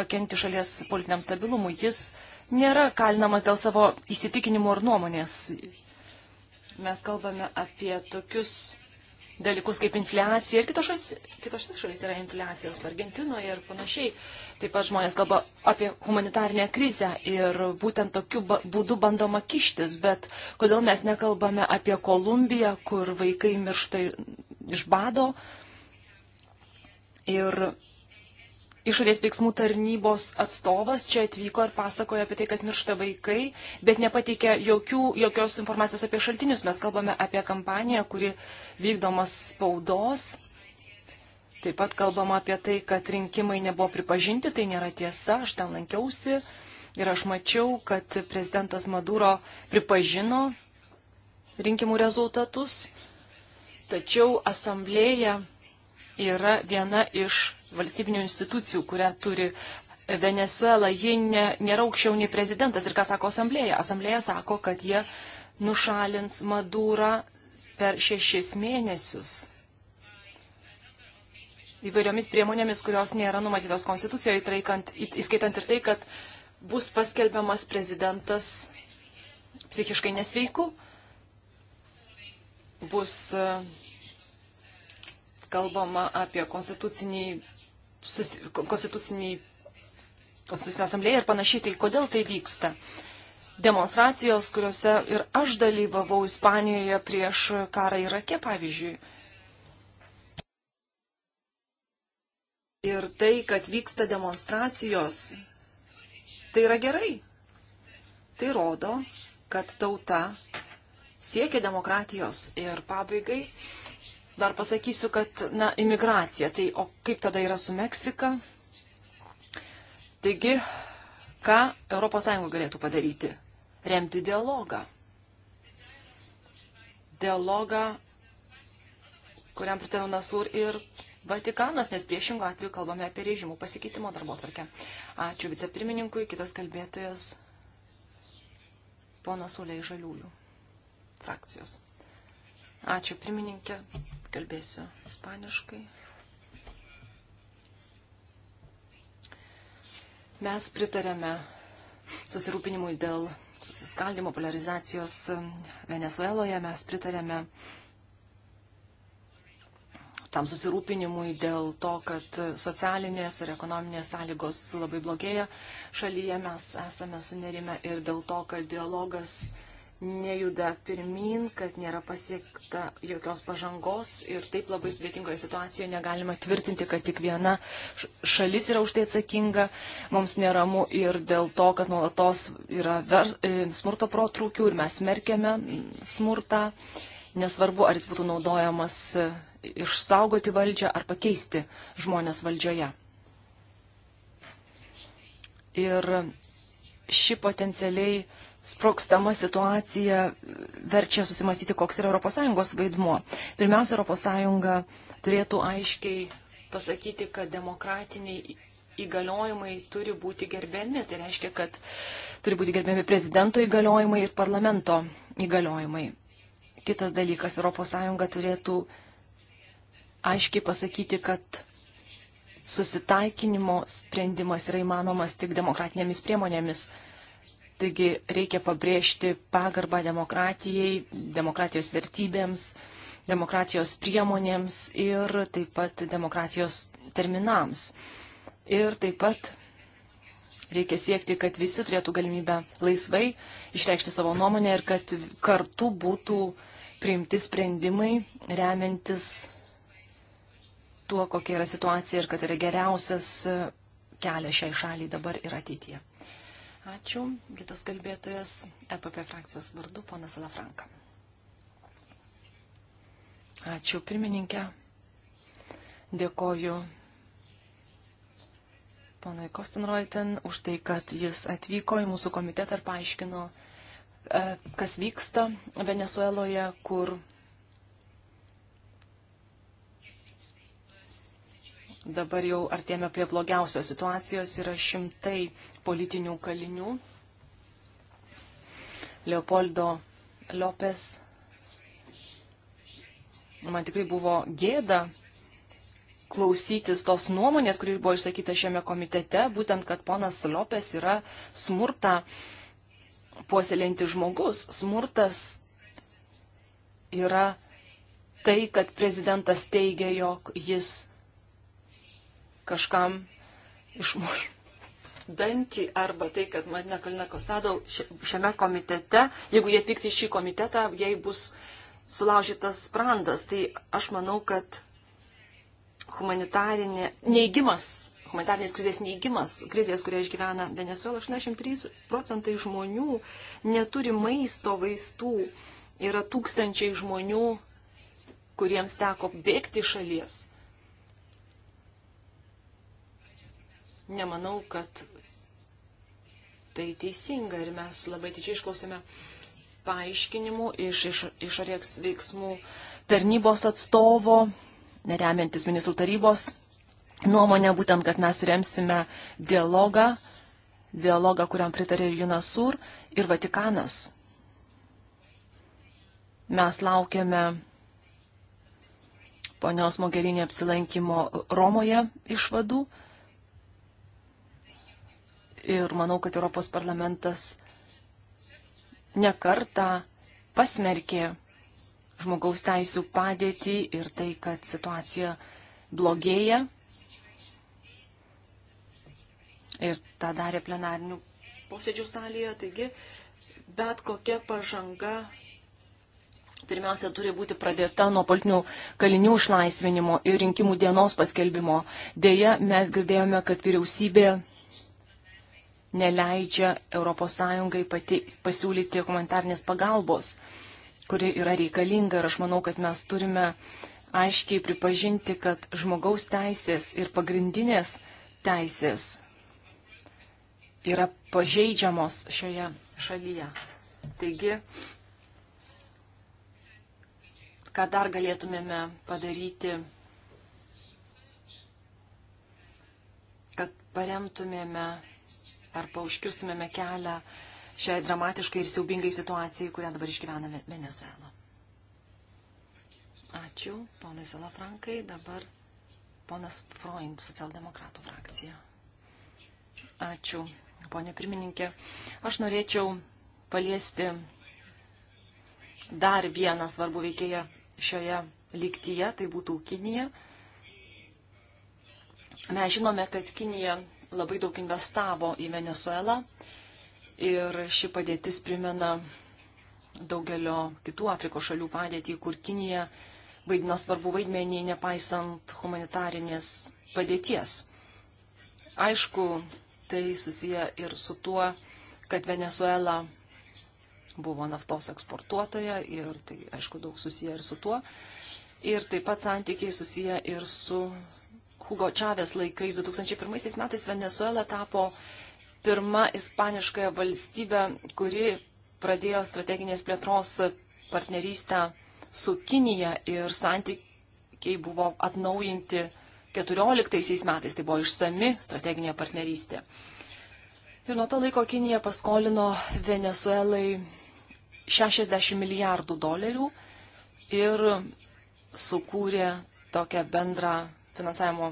pakenti šalies politiniam stabilumui. Jis nėra kalinamas dėl savo įsitikinimų ar nuomonės. Mes kalbame apie tokius dalykus kaip infliacija ir kitos šalis, kitos šalis yra infliacijos Argentinoje ir panašiai. Taip pat žmonės kalba apie humanitarinę krizę ir būtent tokiu būdu bandoma kištis, bet kodėl mes nekalbame apie Kolumbiją, kur vaikai miršta iš bado ir išorės veiksmų tarnybos atstovas čia atvyko ir pasakojo apie tai, kad miršta vaikai, bet nepateikė jokių, jokios informacijos apie šaltinius. Mes kalbame apie kampaniją, kuri vykdomas spaudos. Taip pat kalbama apie tai, kad rinkimai nebuvo pripažinti, tai nėra tiesa, aš ten lankiausi ir aš mačiau, kad prezidentas Maduro pripažino rinkimų rezultatus, tačiau asamblėje yra viena iš valstybinių institucijų, kurią turi Venezuela. Ji ne, nėra aukščiau nei prezidentas. Ir ką sako asamblėja? Asamblėja sako, kad jie nušalins Madurą per šešis mėnesius įvairiomis priemonėmis, kurios nėra numatytos konstitucijoje, įtraikant, įskaitant ir tai, kad bus paskelbiamas prezidentas psichiškai nesveiku, bus uh, kalbama apie konstitucinį, susi, konstitucinį konstitucinę asamblėją ir panašiai, tai kodėl tai vyksta. Demonstracijos, kuriuose ir aš dalyvavau Ispanijoje prieš karą Irake, pavyzdžiui. Ir tai, kad vyksta demonstracijos, tai yra gerai. Tai rodo, kad tauta siekia demokratijos ir pabaigai dar pasakysiu, kad, na, imigracija. Tai o kaip tada yra su Meksika? Taigi, ką ES galėtų padaryti? Remti dialogą. Dialogą, kuriam pritarė Nasur ir Vatikanas, nes priešingų atveju kalbame apie režimų pasikeitimo darbo tvarkę. Ačiū vicepirmininkui, kitas kalbėtojas, ponas Ulė Žaliųjų frakcijos. Ačiū pirmininkė. Kalbėsiu ispaniškai. Mes pritarėme susirūpinimui dėl susiskaldimo polarizacijos Venezueloje. Mes pritarėme tam susirūpinimui dėl to, kad socialinės ir ekonominės sąlygos labai blogėja šalyje, mes esame sunerime ir dėl to, kad dialogas nejuda pirmin, kad nėra pasiekta jokios pažangos ir taip labai sudėtingoje situacijoje negalima tvirtinti, kad tik viena šalis yra už tai atsakinga. Mums neramu ir dėl to, kad nuolatos yra ver, e, smurto protrūkių ir mes smerkiame smurtą, nesvarbu, ar jis būtų naudojamas e, išsaugoti valdžią ar pakeisti žmonės valdžioje. Ir ši potencialiai sprokstama situacija verčia susimastyti, koks yra ES vaidmuo. Pirmiausia, ES turėtų aiškiai pasakyti, kad demokratiniai įgaliojimai turi būti gerbiami. Tai reiškia, kad turi būti gerbiami prezidento įgaliojimai ir parlamento įgaliojimai. Kitas dalykas, ES turėtų aiškiai pasakyti, kad susitaikinimo sprendimas yra įmanomas tik demokratinėmis priemonėmis. Taigi reikia pabrėžti pagarbą demokratijai, demokratijos vertybėms, demokratijos priemonėms ir taip pat demokratijos terminams. Ir taip pat reikia siekti, kad visi turėtų galimybę laisvai išreikšti savo nuomonę ir kad kartu būtų priimti sprendimai remiantis tuo, kokia yra situacija ir kad tai yra geriausias kelias šiai šaliai dabar ir ateityje. Ačiū. Kitas kalbėtojas EPP frakcijos vardu, ponas Alafranka. Ačiū, pirmininkė. Dėkoju ponui Kostinroiten už tai, kad jis atvyko į mūsų komitetą ir paaiškino, e, kas vyksta Venezueloje, kur dabar jau artėme prie blogiausios situacijos, yra šimtai politinių kalinių. Leopoldo Lopes. Man tikrai buvo gėda klausytis tos nuomonės, kuri buvo išsakyta šiame komitete, būtent, kad ponas Lopes yra smurta puoselinti žmogus. Smurtas yra tai, kad prezidentas teigia, jog jis kažkam išmuš dantį arba tai, kad Madina Kalina Kosadau šiame komitete, jeigu jie atvyks į šį komitetą, jei bus sulaužytas sprandas, tai aš manau, kad humanitarinė neįgymas, humanitarinės krizės neįgymas, krizės, kurią išgyvena Venezuela, 83 procentai žmonių neturi maisto vaistų, yra tūkstančiai žmonių, kuriems teko bėgti šalies. Nemanau, kad tai teisinga ir mes labai tyčiai išklausėme paaiškinimų iš, iš išorės veiksmų tarnybos atstovo, neremiantis ministrų tarybos nuomonę, būtent, kad mes remsime dialogą, dialogą, kuriam pritarė ir UNASUR, ir Vatikanas. Mes laukiame ponios Mogerinė apsilankimo Romoje išvadų ir manau, kad Europos parlamentas nekarta pasmerkė žmogaus teisų padėtį ir tai, kad situacija blogėja. Ir tą darė plenarinių posėdžių salėje. Taigi, bet kokia pažanga pirmiausia turi būti pradėta nuo politinių kalinių išlaisvinimo ir rinkimų dienos paskelbimo. Deja, mes girdėjome, kad vyriausybė neleidžia ES pati pasiūlyti humanitarnės pagalbos, kuri yra reikalinga ir aš manau, kad mes turime aiškiai pripažinti, kad žmogaus teisės ir pagrindinės teisės yra pažeidžiamos šioje šalyje. Taigi, ką dar galėtumėme padaryti, kad paremtumėme arba užkirstumėme kelią šiai dramatiškai ir siaubingai situacijai, kurią dabar išgyvena Venezuela. Ačiū, ponai Salafrankai. Dabar ponas Freund, socialdemokratų frakcija. Ačiū, ponė pirmininkė. Aš norėčiau paliesti dar vieną svarbų veikėją šioje lygtyje, tai būtų Kinija. Mes žinome, kad Kinija labai daug investavo į Venezuelą ir ši padėtis primena daugelio kitų Afrikos šalių padėtį, kur Kinija vaidina svarbu vaidmenį, nepaisant humanitarinės padėties. Aišku, tai susiję ir su tuo, kad Venezuela buvo naftos eksportuotoja ir tai, aišku, daug susiję ir su tuo. Ir taip pat santykiai susiję ir su Hugo Čavės laikais 2001 metais Venezuela tapo pirma ispaniškąją valstybę, kuri pradėjo strateginės plėtros partnerystę su Kinija ir santykiai buvo atnaujinti 2014 metais, tai buvo išsami strateginė partnerystė. Ir nuo to laiko Kinija paskolino Venezuelai 60 milijardų dolerių ir sukūrė tokią bendrą finansavimo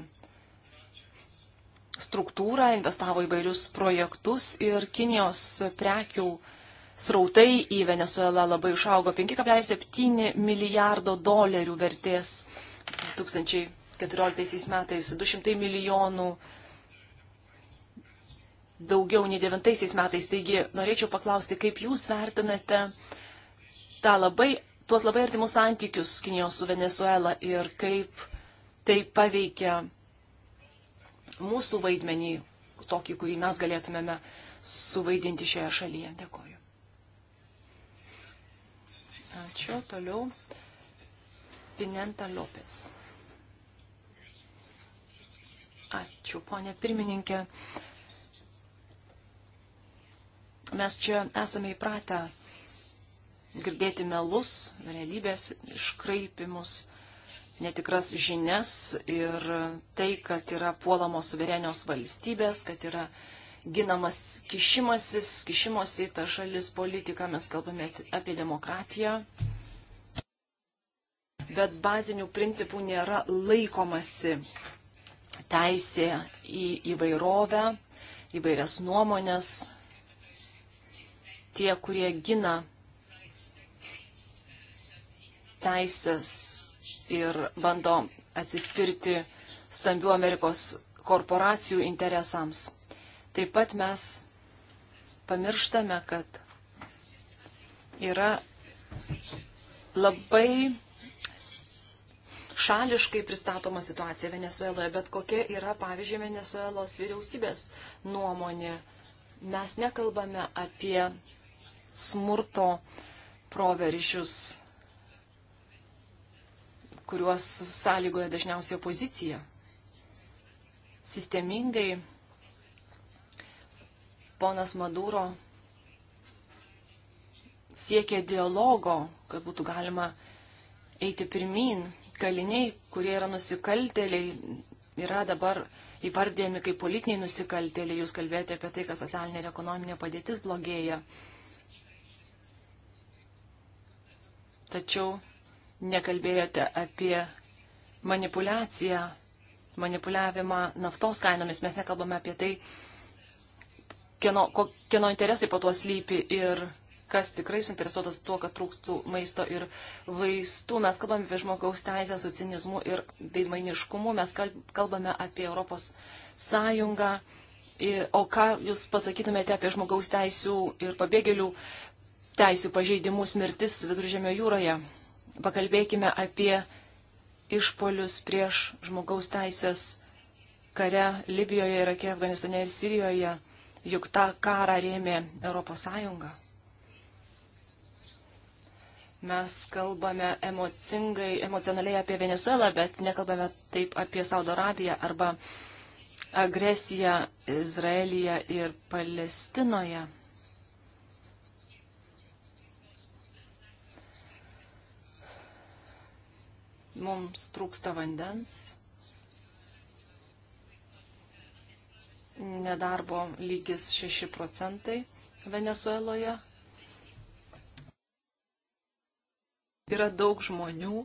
struktūrą, investavo į vairius projektus ir Kinijos prekių srautai į Venezuelą labai išaugo 5,7 milijardo dolerių vertės 2014 metais 200 milijonų daugiau nei 9 metais. Taigi norėčiau paklausti, kaip jūs vertinate tą labai, tuos labai artimus santykius Kinijos su Venezuela ir kaip tai paveikia mūsų vaidmenį, tokį, kurį mes galėtumėme suvaidinti šioje šalyje. Dėkoju. Ačiū. Toliau. Pinenta Lopes. Ačiū, ponė pirmininkė. Mes čia esame įpratę girdėti melus, realybės iškraipimus netikras žinias ir tai, kad yra puolamos suverenios valstybės, kad yra ginamas kišimasis, kišimosi į tą šalis politiką, mes kalbame apie demokratiją. Bet bazinių principų nėra laikomasi teisė į įvairovę, įvairias nuomonės. Tie, kurie gina teisės ir bando atsispirti stambių Amerikos korporacijų interesams. Taip pat mes pamirštame, kad yra labai šališkai pristatoma situacija Venezueloje, bet kokia yra, pavyzdžiui, Venezuelos vyriausybės nuomonė. Mes nekalbame apie smurto proveržius kuriuos sąlygoja dažniausiai opozicija. Sistemingai ponas Maduro siekia dialogo, kad būtų galima eiti pirmin. Kaliniai, kurie yra nusikaltėliai, yra dabar įvardėjami kaip politiniai nusikaltėliai. Jūs kalbėjote apie tai, kad socialinė ir ekonominė padėtis blogėja. Tačiau nekalbėjote apie manipulaciją, manipuliavimą naftos kainomis. Mes nekalbame apie tai, kieno, kieno interesai po tuo slypi ir kas tikrai suinteresuotas tuo, kad trūktų maisto ir vaistų. Mes kalbame apie žmogaus teisę su cinizmu ir veidmainiškumu, mes kalbame apie Europos sąjungą. O ką Jūs pasakytumėte apie žmogaus teisų ir pabėgėlių teisų pažeidimus mirtis Viduržėmio jūroje? pakalbėkime apie išpolius prieš žmogaus teisės kare Libijoje, Irake, Afganistane ir Sirijoje, juk tą karą rėmė ES. Mes kalbame emocingai, emocionaliai apie Venezuelą, bet nekalbame taip apie Saudo Arabiją arba agresiją Izraelyje ir Palestinoje. mums trūksta vandens, nedarbo lygis 6 procentai Venezueloje. Yra daug žmonių,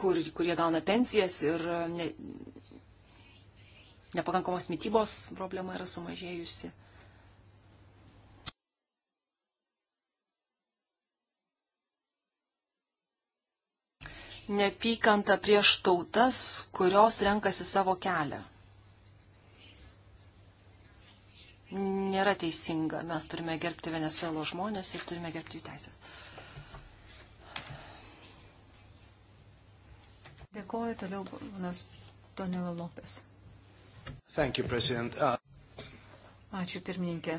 kur, kurie gauna pensijas ir ne, nepakankamos mytybos problema yra sumažėjusi. neapykantą prieš tautas, kurios renkasi savo kelią. Nėra teisinga. Mes turime gerbti Venezuelo žmonės ir turime gerbti jų teisės. Dėkuoju toliau, ponas Tonilo Lopes. Thank you, President. Uh... Ačiū, pirmininkė.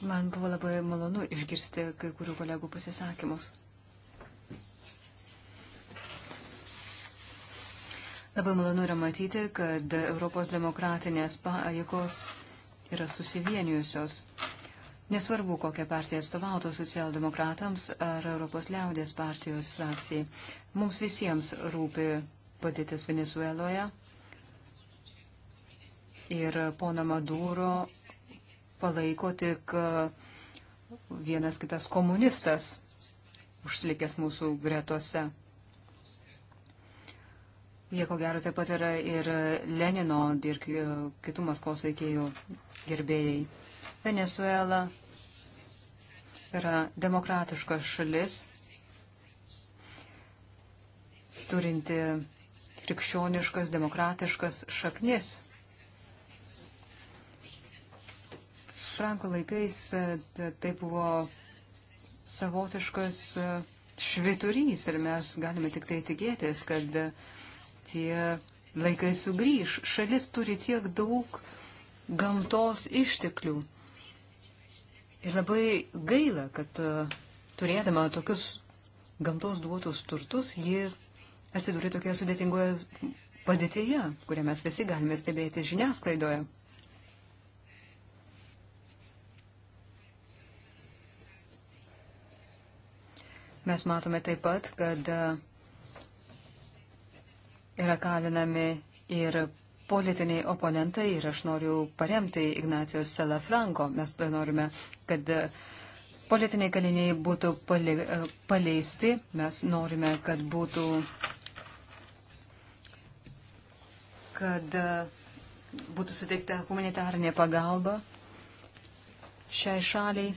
Man buvo labai malonu išgirsti kai kurių kolegų pasisakymus. Labai malonu yra matyti, kad Europos demokratinės pajėgos yra susivienijusios. Nesvarbu, kokią partiją atstovautų socialdemokratams ar Europos liaudės partijos frakcijai. Mums visiems rūpi padėtis Venezueloje ir pono Maduro palaiko tik e, vienas kitas komunistas užsilikęs mūsų gretose. Jie ko gero taip pat yra ir Lenino ir e, kitų Maskvos veikėjų gerbėjai. Venezuela yra demokratiška šalis, turinti krikščioniškas, demokratiškas šaknis. Franko laikais e, tai buvo savotiškas e, šviturys ir mes galime tik tai tikėtis, kad e, tie laikai sugrįž. Šalis turi tiek daug gamtos išteklių. Ir labai gaila, kad turėdama tokius gamtos duotus turtus, ji atsidūrė tokioje sudėtingoje padėtyje, kurią mes visi galime stebėti žiniasklaidoje. Mes matome taip pat, kad e, yra kalinami ir politiniai oponentai ir aš noriu paremti Ignacijos Selafranko. Mes norime, kad e, politiniai kaliniai būtų e, paleisti. Mes norime, kad būtų kad būtų suteikta humanitarinė pagalba šiai šaliai.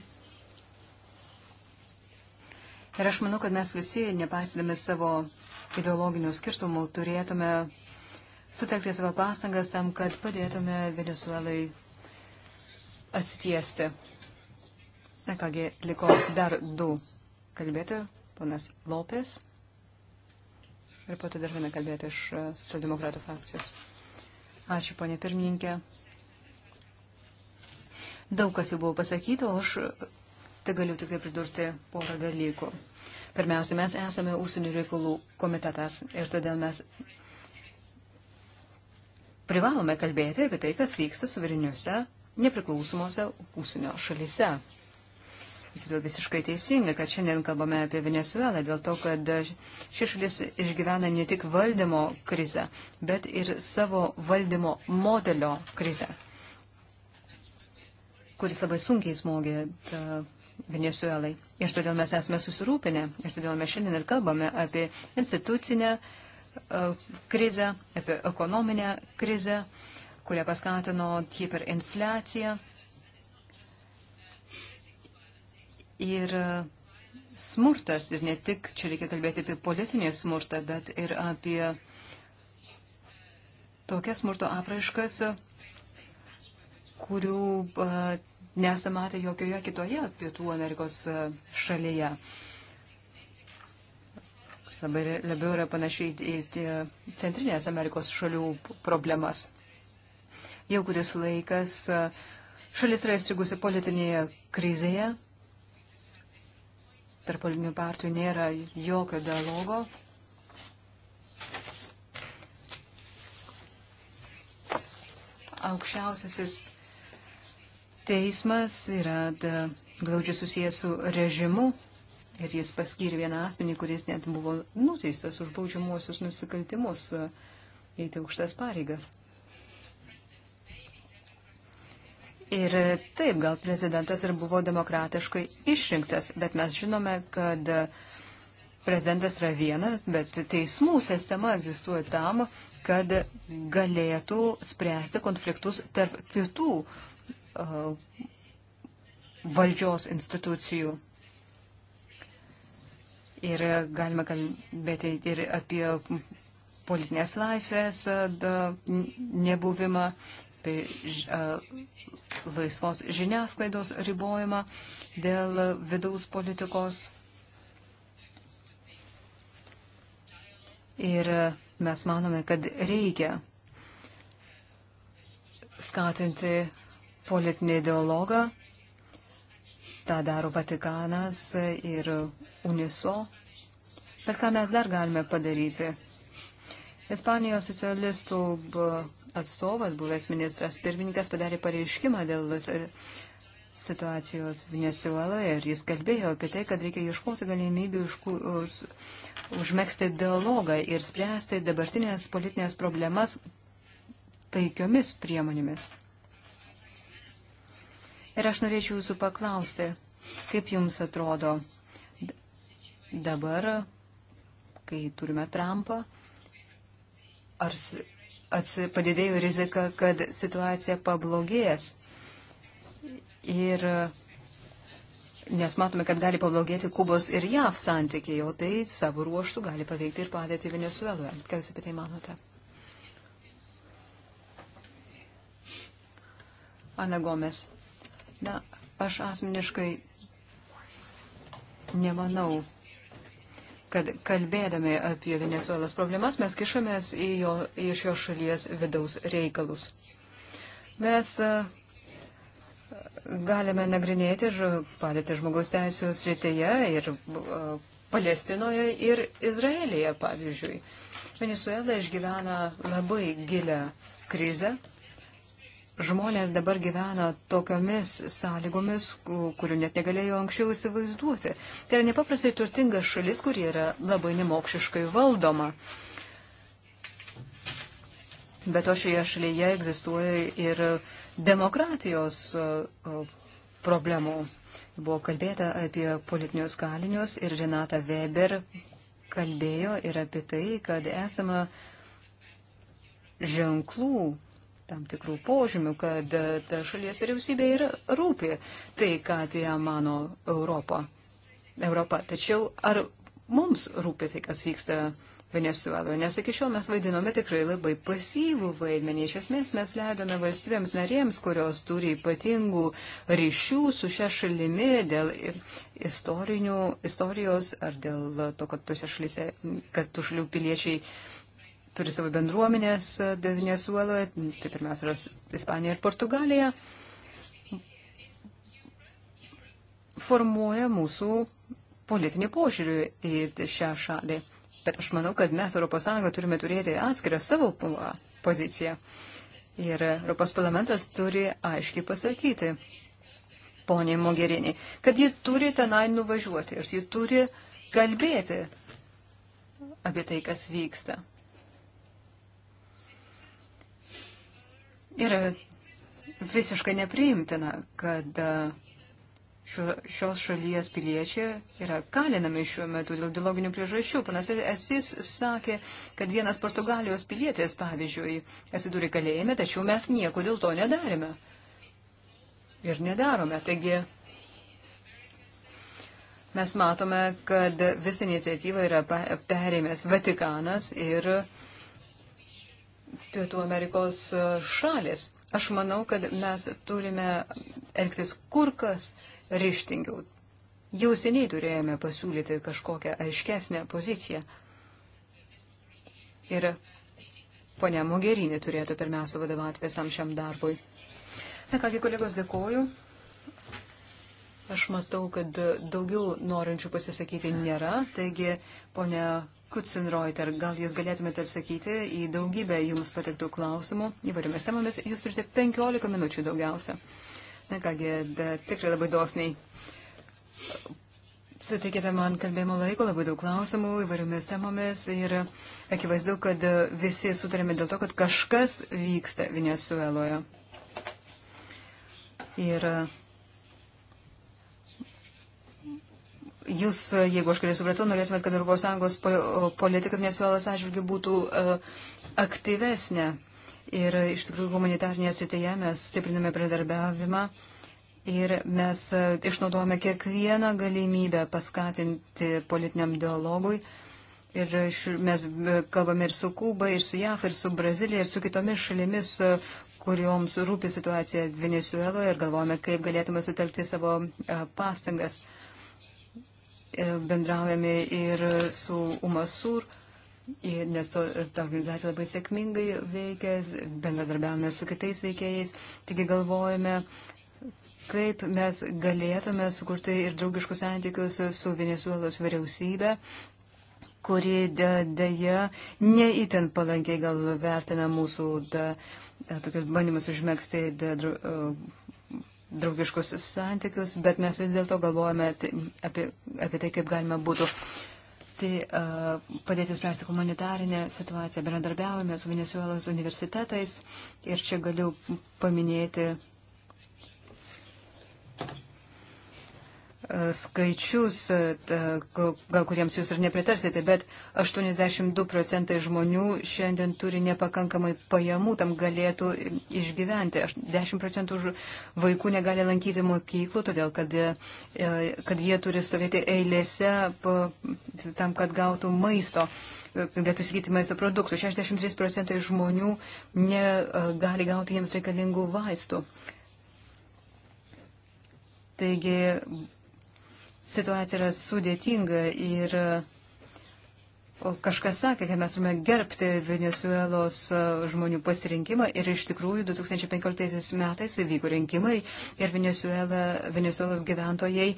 Ir aš manau, kad mes visi, nepasidami savo ideologinių skirtumų, turėtume sutelkti savo pastangas tam, kad padėtume Venezuelai atsitiesti. Na kągi, liko dar du kalbėtojų, ponas Lopės ir po to dar vieną kalbėti iš e, socialdemokratų frakcijos. Ačiū, ponė pirmininkė. Daug kas jau buvo pasakyta, o aš tai galiu tik tai pridurti porą dalykų. Pirmiausia, mes esame ūsinių reikalų komitetas ir todėl mes privalome kalbėti apie tai, kas vyksta suveriniuose, nepriklausomose ūsinio šalise. Jūs vėl visiškai teisinga, kad šiandien kalbame apie Venezuelą, dėl to, kad ši šalis išgyvena ne tik valdymo krizę, bet ir savo valdymo modelio krizę, kuris labai sunkiai smogė Venezuelai. Ir todėl mes esame susirūpinę. Ir todėl mes šiandien ir kalbame apie institucinę e, krizę, apie ekonominę krizę, kurią paskatino hiperinfliacija. Ir e, smurtas, ir ne tik čia reikia kalbėti apie politinį smurtą, bet ir apie tokias smurto apraiškas, kurių e, nesamatę jokioje kitoje Pietų Amerikos e, šalyje. Labai labiau yra panašiai į Centrinės Amerikos šalių problemas. Jau kuris laikas e, šalis yra įstrigusi politinėje krizėje. Tarp politinių partijų nėra jokio dialogo, aukščiausiasis teismas yra glaudžiai susijęs su režimu ir jis paskyrė vieną asmenį, kuris net buvo nuteistas už baudžiamuosius nusikaltimus eiti aukštas pareigas. Ir taip, gal prezidentas ir buvo demokratiškai išrinktas, bet mes žinome, kad prezidentas yra vienas, bet teismų sistema egzistuoja tam, kad galėtų spręsti konfliktus tarp kitų Uh, valdžios institucijų. Ir galime kalbėti ir apie politinės laisvės uh, nebuvimą, uh, laisvos žiniasklaidos ribojimą dėl vidaus politikos. Ir mes manome, kad reikia skatinti politinį dialogą. Ta daro Vatikanas ir UNISO. Bet ką mes dar galime padaryti? Ispanijos socialistų atstovas, buvęs ministras pirmininkas, padarė pareiškimą dėl situacijos Venezueloje ir jis kalbėjo apie tai, kad reikia ieškoti galimybių išku, užmėgsti dialogą ir spręsti dabartinės politinės problemas taikiomis priemonėmis. Ir aš norėčiau jūsų paklausti, kaip jums atrodo dabar, kai turime Trumpą, ar padidėjo rizika, kad situacija pablogės. Ir nes matome, kad gali pablogėti Kubos ir JAV santykiai, o tai savo ruoštų gali paveikti ir padėti Venezueloje. Ką Jūs apie tai manote? Ana Gomes. Na, aš asmeniškai nemanau, kad kalbėdami apie Venezuelos problemas mes kišamės į, jo, į šios šalies vidaus reikalus. Mes e, galime nagrinėti padėti žmogaus teisų srityje ir e, Palestinoje ir Izraelyje, pavyzdžiui. Venezuela išgyvena labai gilę krizę, žmonės dabar gyvena tokiomis sąlygomis, kurių net negalėjo anksčiau įsivaizduoti. Tai yra nepaprastai turtinga šalis, kuri yra labai nemokšiškai valdoma. Bet o šioje šalyje egzistuoja ir demokratijos e, problemų. Buvo kalbėta apie politinius kalinius ir Renata Weber kalbėjo ir apie tai, kad esama ženklų tam tikrų požymių, kad ta šalies vyriausybė ir rūpi tai, ką apie ją mano Europo, Europa. Tačiau ar mums rūpi tai, kas vyksta Venezueloje? Nes iki šiol mes vaidinome tikrai labai pasyvų vaidmenį. Iš esmės mes leidome valstybėms narėms, kurios turi ypatingų ryšių su šia šalimi dėl istorijos ar dėl to, kad, šalyse, kad tų šalių piliečiai turi savo bendruomenės e, Venezueloje, tai pirmiausia yra Ispanija ir Portugalija, formuoja mūsų politinį požiūrį į šią šalį. Bet aš manau, kad mes ES turime turėti atskirą savo poziciją. Ir Europos parlamentas turi aiškiai pasakyti, poniai Mogerinį, kad ji turi tenai nuvažiuoti ir ji turi kalbėti apie tai, kas vyksta. Yra visiškai nepriimtina, kad e, šio, šios šalies piliečiai yra kalinami šiuo metu dėl ideologinių priežasčių. Panas Esis sakė, kad vienas Portugalijos pilietės, pavyzdžiui, atsidūrė kalėjime, tačiau mes nieko dėl to nedarėme. Ir nedarome. Taigi mes matome, kad visą iniciatyvą yra perėmęs Vatikanas ir uh, Pietų Amerikos e, šalis. Aš manau, kad mes turime elgtis kur kas ryštingiau. Jau seniai turėjome pasiūlyti kažkokią aiškesnę poziciją. Ir ponia Mogerinė turėtų pirmiausia vadovauti visam šiam darbui. Na kągi, kolegos, dėkoju. Aš matau, kad daugiau norinčių pasisakyti nėra, taigi ponia Kutsinreuter, gal jūs galėtumėte atsakyti į daugybę jums patektų klausimų įvairiomis temomis. Jūs turite 15 minučių daugiausia. Na kągi, tikrai labai dosniai. Sutikėte man kalbėjimo laiko, labai daug klausimų įvairiomis temomis ir akivaizdu, kad visi sutarėme dėl to, kad kažkas vyksta Venezueloje. Ir uh, Jūs, jeigu aš gerai supratau, norėtumėt, kad ES politika Venezuelos atžvilgių būtų e, aktyvesnė. Ir iš tikrųjų humanitarnėje srityje mes stipriname pradarbiavimą ir mes e, išnaudojame kiekvieną galimybę paskatinti politiniam dialogui. Ir mes e, kalbame ir su Kuba, ir su JAF, ir su Brazilija, ir su kitomis šalimis, kurioms rūpi situacija Venezueloje ir galvojame, kaip galėtume sutelkti savo pastangas. Uh, E, bendraujame ir su UMASUR. Ir nes to, ta organizacija labai sėkmingai veikia, bendradarbiavame su kitais veikėjais, taigi galvojame, kaip mes galėtume sukurti ir draugiškus santykius su Venezuelos vyriausybė, kuri dėja neįtin palankiai gal vertina mūsų da, tokius bandymus užmėgsti da, dra, draugiškus santykius, bet mes vis dėlto galvojame apie, apie tai, kaip galima būtų tai, uh, padėti spręsti humanitarinę situaciją. Bendradarbiavome su Venezuelos universitetais ir čia galiu paminėti skaičius, e, gal kuriems jūs ir nepritarsite, bet 82 procentai žmonių šiandien turi nepakankamai pajamų, tam galėtų išgyventi. 10 procentų vaikų negali lankyti mokyklų, todėl kad, e, kad jie turi stovėti eilėse tam, kad gautų maisto galėtų įsigyti maisto produktų. 63 procentai žmonių negali e, gauti jiems reikalingų vaistų. Taigi situacija yra sudėtinga ir kažkas sakė, kad mes turime gerbti Venezuelos žmonių pasirinkimą ir iš tikrųjų 2015 metais įvyko rinkimai ir Venezuela, Venezuelos gyventojai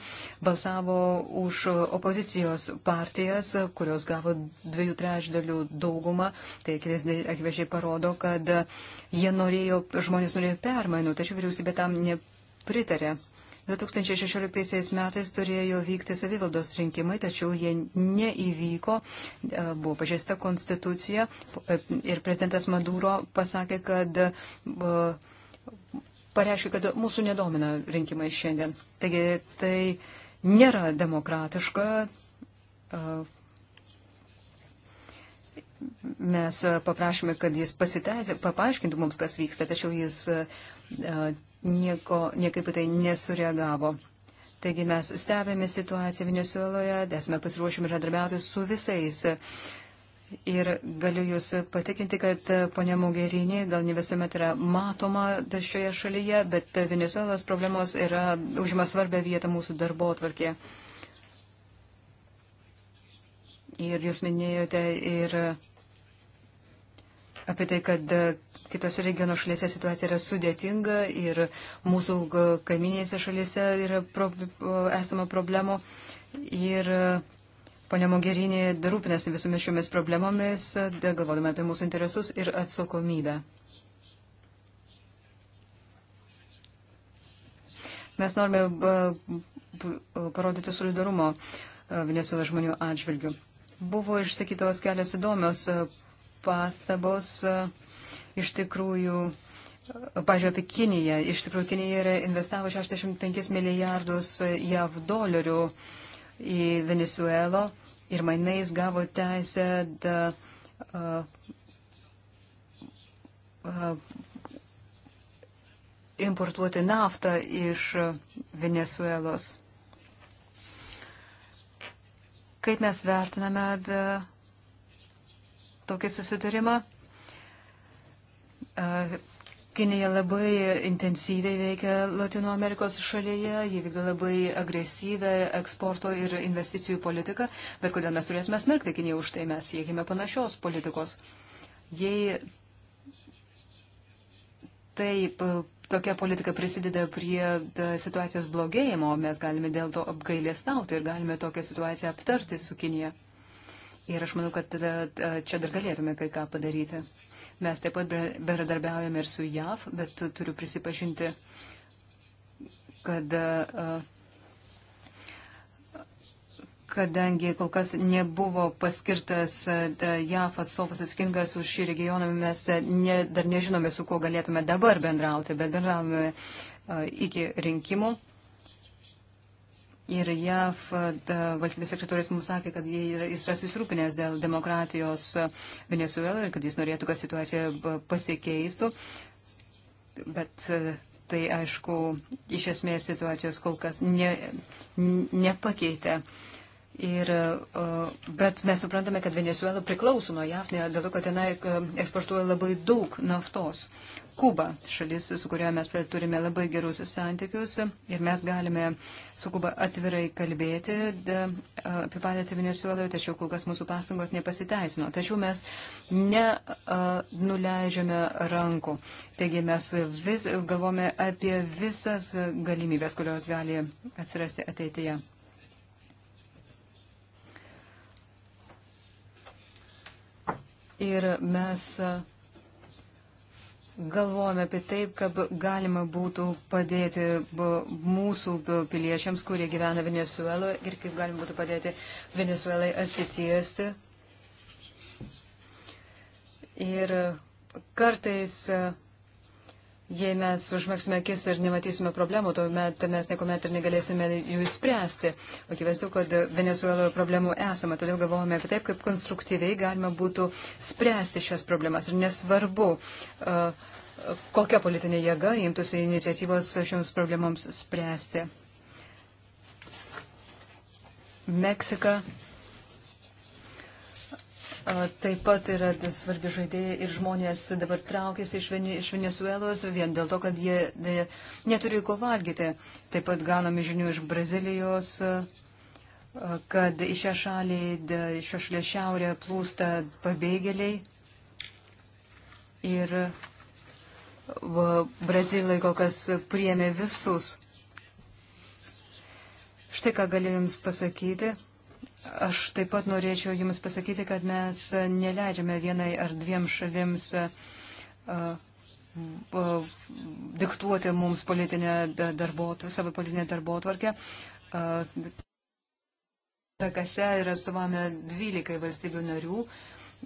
balsavo už opozicijos partijas, kurios gavo dviejų trečdalių daugumą. Tai akivaizdžiai parodo, kad jie norėjo, žmonės norėjo permainų, tačiau vyriausybė tam nepritarė. 2016 metais turėjo vykti savivaldos rinkimai, tačiau jie neįvyko, e, buvo pažįsta konstitucija e, ir prezidentas Maduro pasakė, kad e, pareiškė, kad mūsų nedomina rinkimai šiandien. Taigi tai nėra demokratiška. Mes paprašėme, kad jis pasiteisė, papaiškintų mums, kas vyksta, tačiau jis nieko, niekaip tai nesureagavo. Taigi mes stebėme situaciją Venezueloje, esame pasiruošę bendradarbiauti su visais. Ir galiu Jūs patikinti, kad ponia Mogherini gal ne visuomet yra matoma šioje šalyje, bet Venezuelos problemos yra, užima svarbę vietą mūsų darbo atvarkė. Ir Jūs minėjote ir apie tai, kad Kitose regiono šalyse situacija yra sudėtinga ir mūsų kaiminėse šalyse yra pro, esama problemų. Ir e, ponia Mogerinė rūpinasi visomis šiomis problemomis, e, galvodama apie mūsų interesus ir atsakomybę. Mes norime e, parodyti solidarumo Venezuelos žmonių atžvilgių. Buvo išsakytos kelios įdomios pastabos iš tikrųjų, pažiūrėjau, apie Kiniją. Iš tikrųjų, Kinija yra investavo 65 milijardus JAV dolerių į Venezuelo ir mainais gavo teisę da, uh, uh, importuoti naftą iš Venezuelos. Kaip mes vertiname da, tokį susitarimą? Kinija labai intensyviai veikia Latino Amerikos šalyje, jie vykdo labai agresyvę eksporto ir investicijų politiką, bet kodėl mes turėtume smerkti Kiniją už tai, mes siekime panašios politikos. Jei taip tokia politika prisideda prie situacijos blogėjimo, mes galime dėl to apgailėstauti ir galime tokią situaciją aptarti su Kinija. Ir aš manau, kad tada, čia dar galėtume kai ką padaryti. Mes taip pat bendradarbiaujame ir su JAV, bet turiu prisipažinti, kad e, kadangi kol kas nebuvo paskirtas e, JAF atstovas atsakingas už šį regioną, mes ne, dar nežinome, su kuo galėtume dabar bendrauti, bet bendravome e, iki rinkimų. Ir JAV valstybės sekretorius mums sakė, kad yra, jis yra susirūpinęs dėl demokratijos e, Venezuela ir kad jis norėtų, kad situacija e, pasikeistų. Bet e, tai, aišku, iš esmės situacijos kol kas ne, nepakeitė. Ir, bet mes suprantame, kad Venezuela priklauso nuo JAV, dėl to, kad tenai eksportuoja labai daug naftos. Kuba, šalis, su kuria mes turime labai gerus santykius ir mes galime su Kuba atvirai kalbėti apie padėtį Venezueloje, tačiau kol kas mūsų pastangos nepasiteisino. Tačiau mes nenuleidžiame rankų. Taigi mes vis galvome apie visas galimybės, kurios gali atsirasti ateityje. Ir mes. Uh galvojame apie taip, kad galima būtų padėti mūsų piliečiams, kurie gyvena Venezueloje ir kaip galima būtų padėti Venezuelai atsitiesti. Ir kartais Jei mes užmėgsime akis ir nematysime problemų, tuomet mes niekuomet ir negalėsime jų įspręsti. Akivaizdu, kad Venezueloje problemų esame, todėl galvojame apie taip, kaip konstruktyviai galima būtų spręsti šias problemas. Ir nesvarbu, kokia politinė jėga imtųsi iniciatyvos šioms problemams spręsti. Meksika Taip pat yra svarbi žaidėjai ir žmonės dabar traukiasi iš Venezuelos vien dėl to, kad jie e, neturi ko valgyti. Taip pat gauname žinių iš Brazilijos, e, kad iš šią šalį, iš šią šalį šiaurę plūsta pabėgėliai. Ir Brazilai kol kas priėmė visus. Štai ką galiu Jums pasakyti. Aš taip pat norėčiau Jums pasakyti, kad mes neleidžiame vienai ar dviem šalims diktuoti mums politinę darbo, savo politinę darbo tvarkę. Rakase yra atstovame 12 valstybių narių,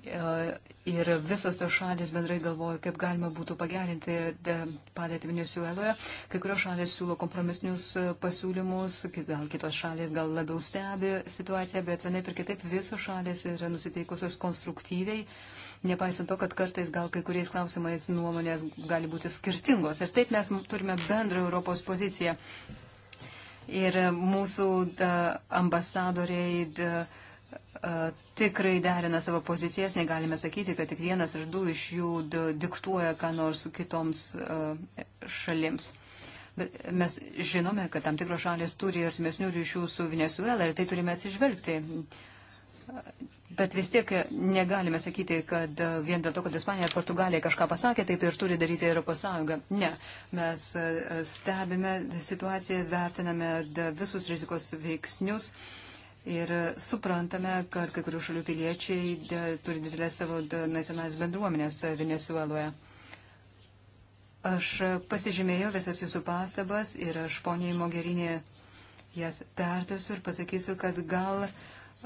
E, ir visos tos šalis bendrai galvoja, kaip galima būtų pagerinti e, padėtį Venezueloje. Kai kurios šalis siūlo kompromisinius e, pasiūlymus, gal kitos šalis gal labiau stebi situaciją, bet vienaip ir kitaip visos šalis yra nusiteikusios konstruktyviai, nepaisant to, kad kartais gal kai kuriais klausimais nuomonės gali būti skirtingos. Ir taip mes turime bendrą Europos poziciją. Ir mūsų ambasadoriai. Da, tikrai derina savo pozicijas, negalime sakyti, kad tik vienas iš du iš jų diktuoja ką nors kitoms šalims. Bet mes žinome, kad tam tikros šalis turi artimesnių ryšių su Venezuela ir tai turime atsižvelgti. Bet vis tiek negalime sakyti, kad vien dėl to, kad Ispanija ar Portugalija kažką pasakė, taip ir turi daryti Europos Sąjunga. Ne, mes stebime situaciją, vertiname visus rizikos veiksnius Ir suprantame, kad kai kurių šalių piliečiai de, turi didelę savo nacionalinės bendruomenės Venezueloje. Aš pasižymėjau visas jūsų pastabas ir aš poniai Mogerinė jas perduosiu ir pasakysiu, kad gal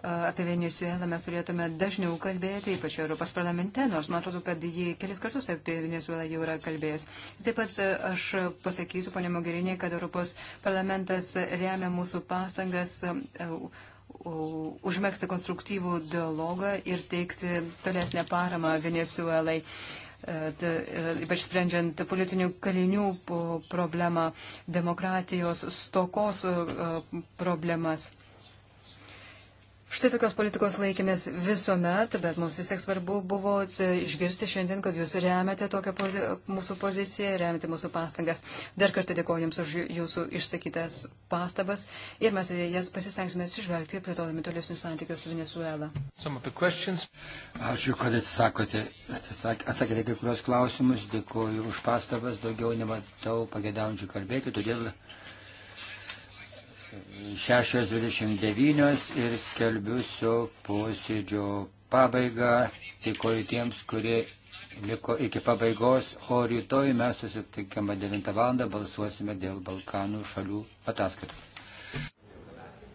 apie Venezuelą mes turėtume dažniau kalbėti, ypač Europos parlamente, nors man atrodo, kad jį kelis kartus apie Venezuelą jau yra kalbėjęs. Taip pat aš pasakysiu, ponė Mogerinė, kad Europos parlamentas remia mūsų pastangas užmėgsti konstruktyvų dialogą ir teikti tolesnę paramą Venezuelai, e, e, ypač sprendžiant politinių kalinių problemą, demokratijos stokos e, problemas. Štai tokios politikos laikėmės visuomet, bet mums vis tiek svarbu buvo išgirsti šiandien, kad jūs remiate tokią pozi mūsų poziciją, remiate mūsų pastangas. Dar kartą dėkoju Jums už Jūsų išsakytas pastabas ir mes jas pasistengsime išvelgti, plėtodami tolesnius santykius su Venezuela. Ačiū, kad atsakote, atsakėte kai kurios klausimus, dėkoju už pastabas, daugiau nematau pagėdaujančių kalbėti, todėl. 6.29 ir skelbiu su posėdžio pabaiga. Tikoju tiems, kurie liko iki pabaigos, o rytoj mes susitikimą 9 val. balsuosime dėl Balkanų šalių ataskaitų.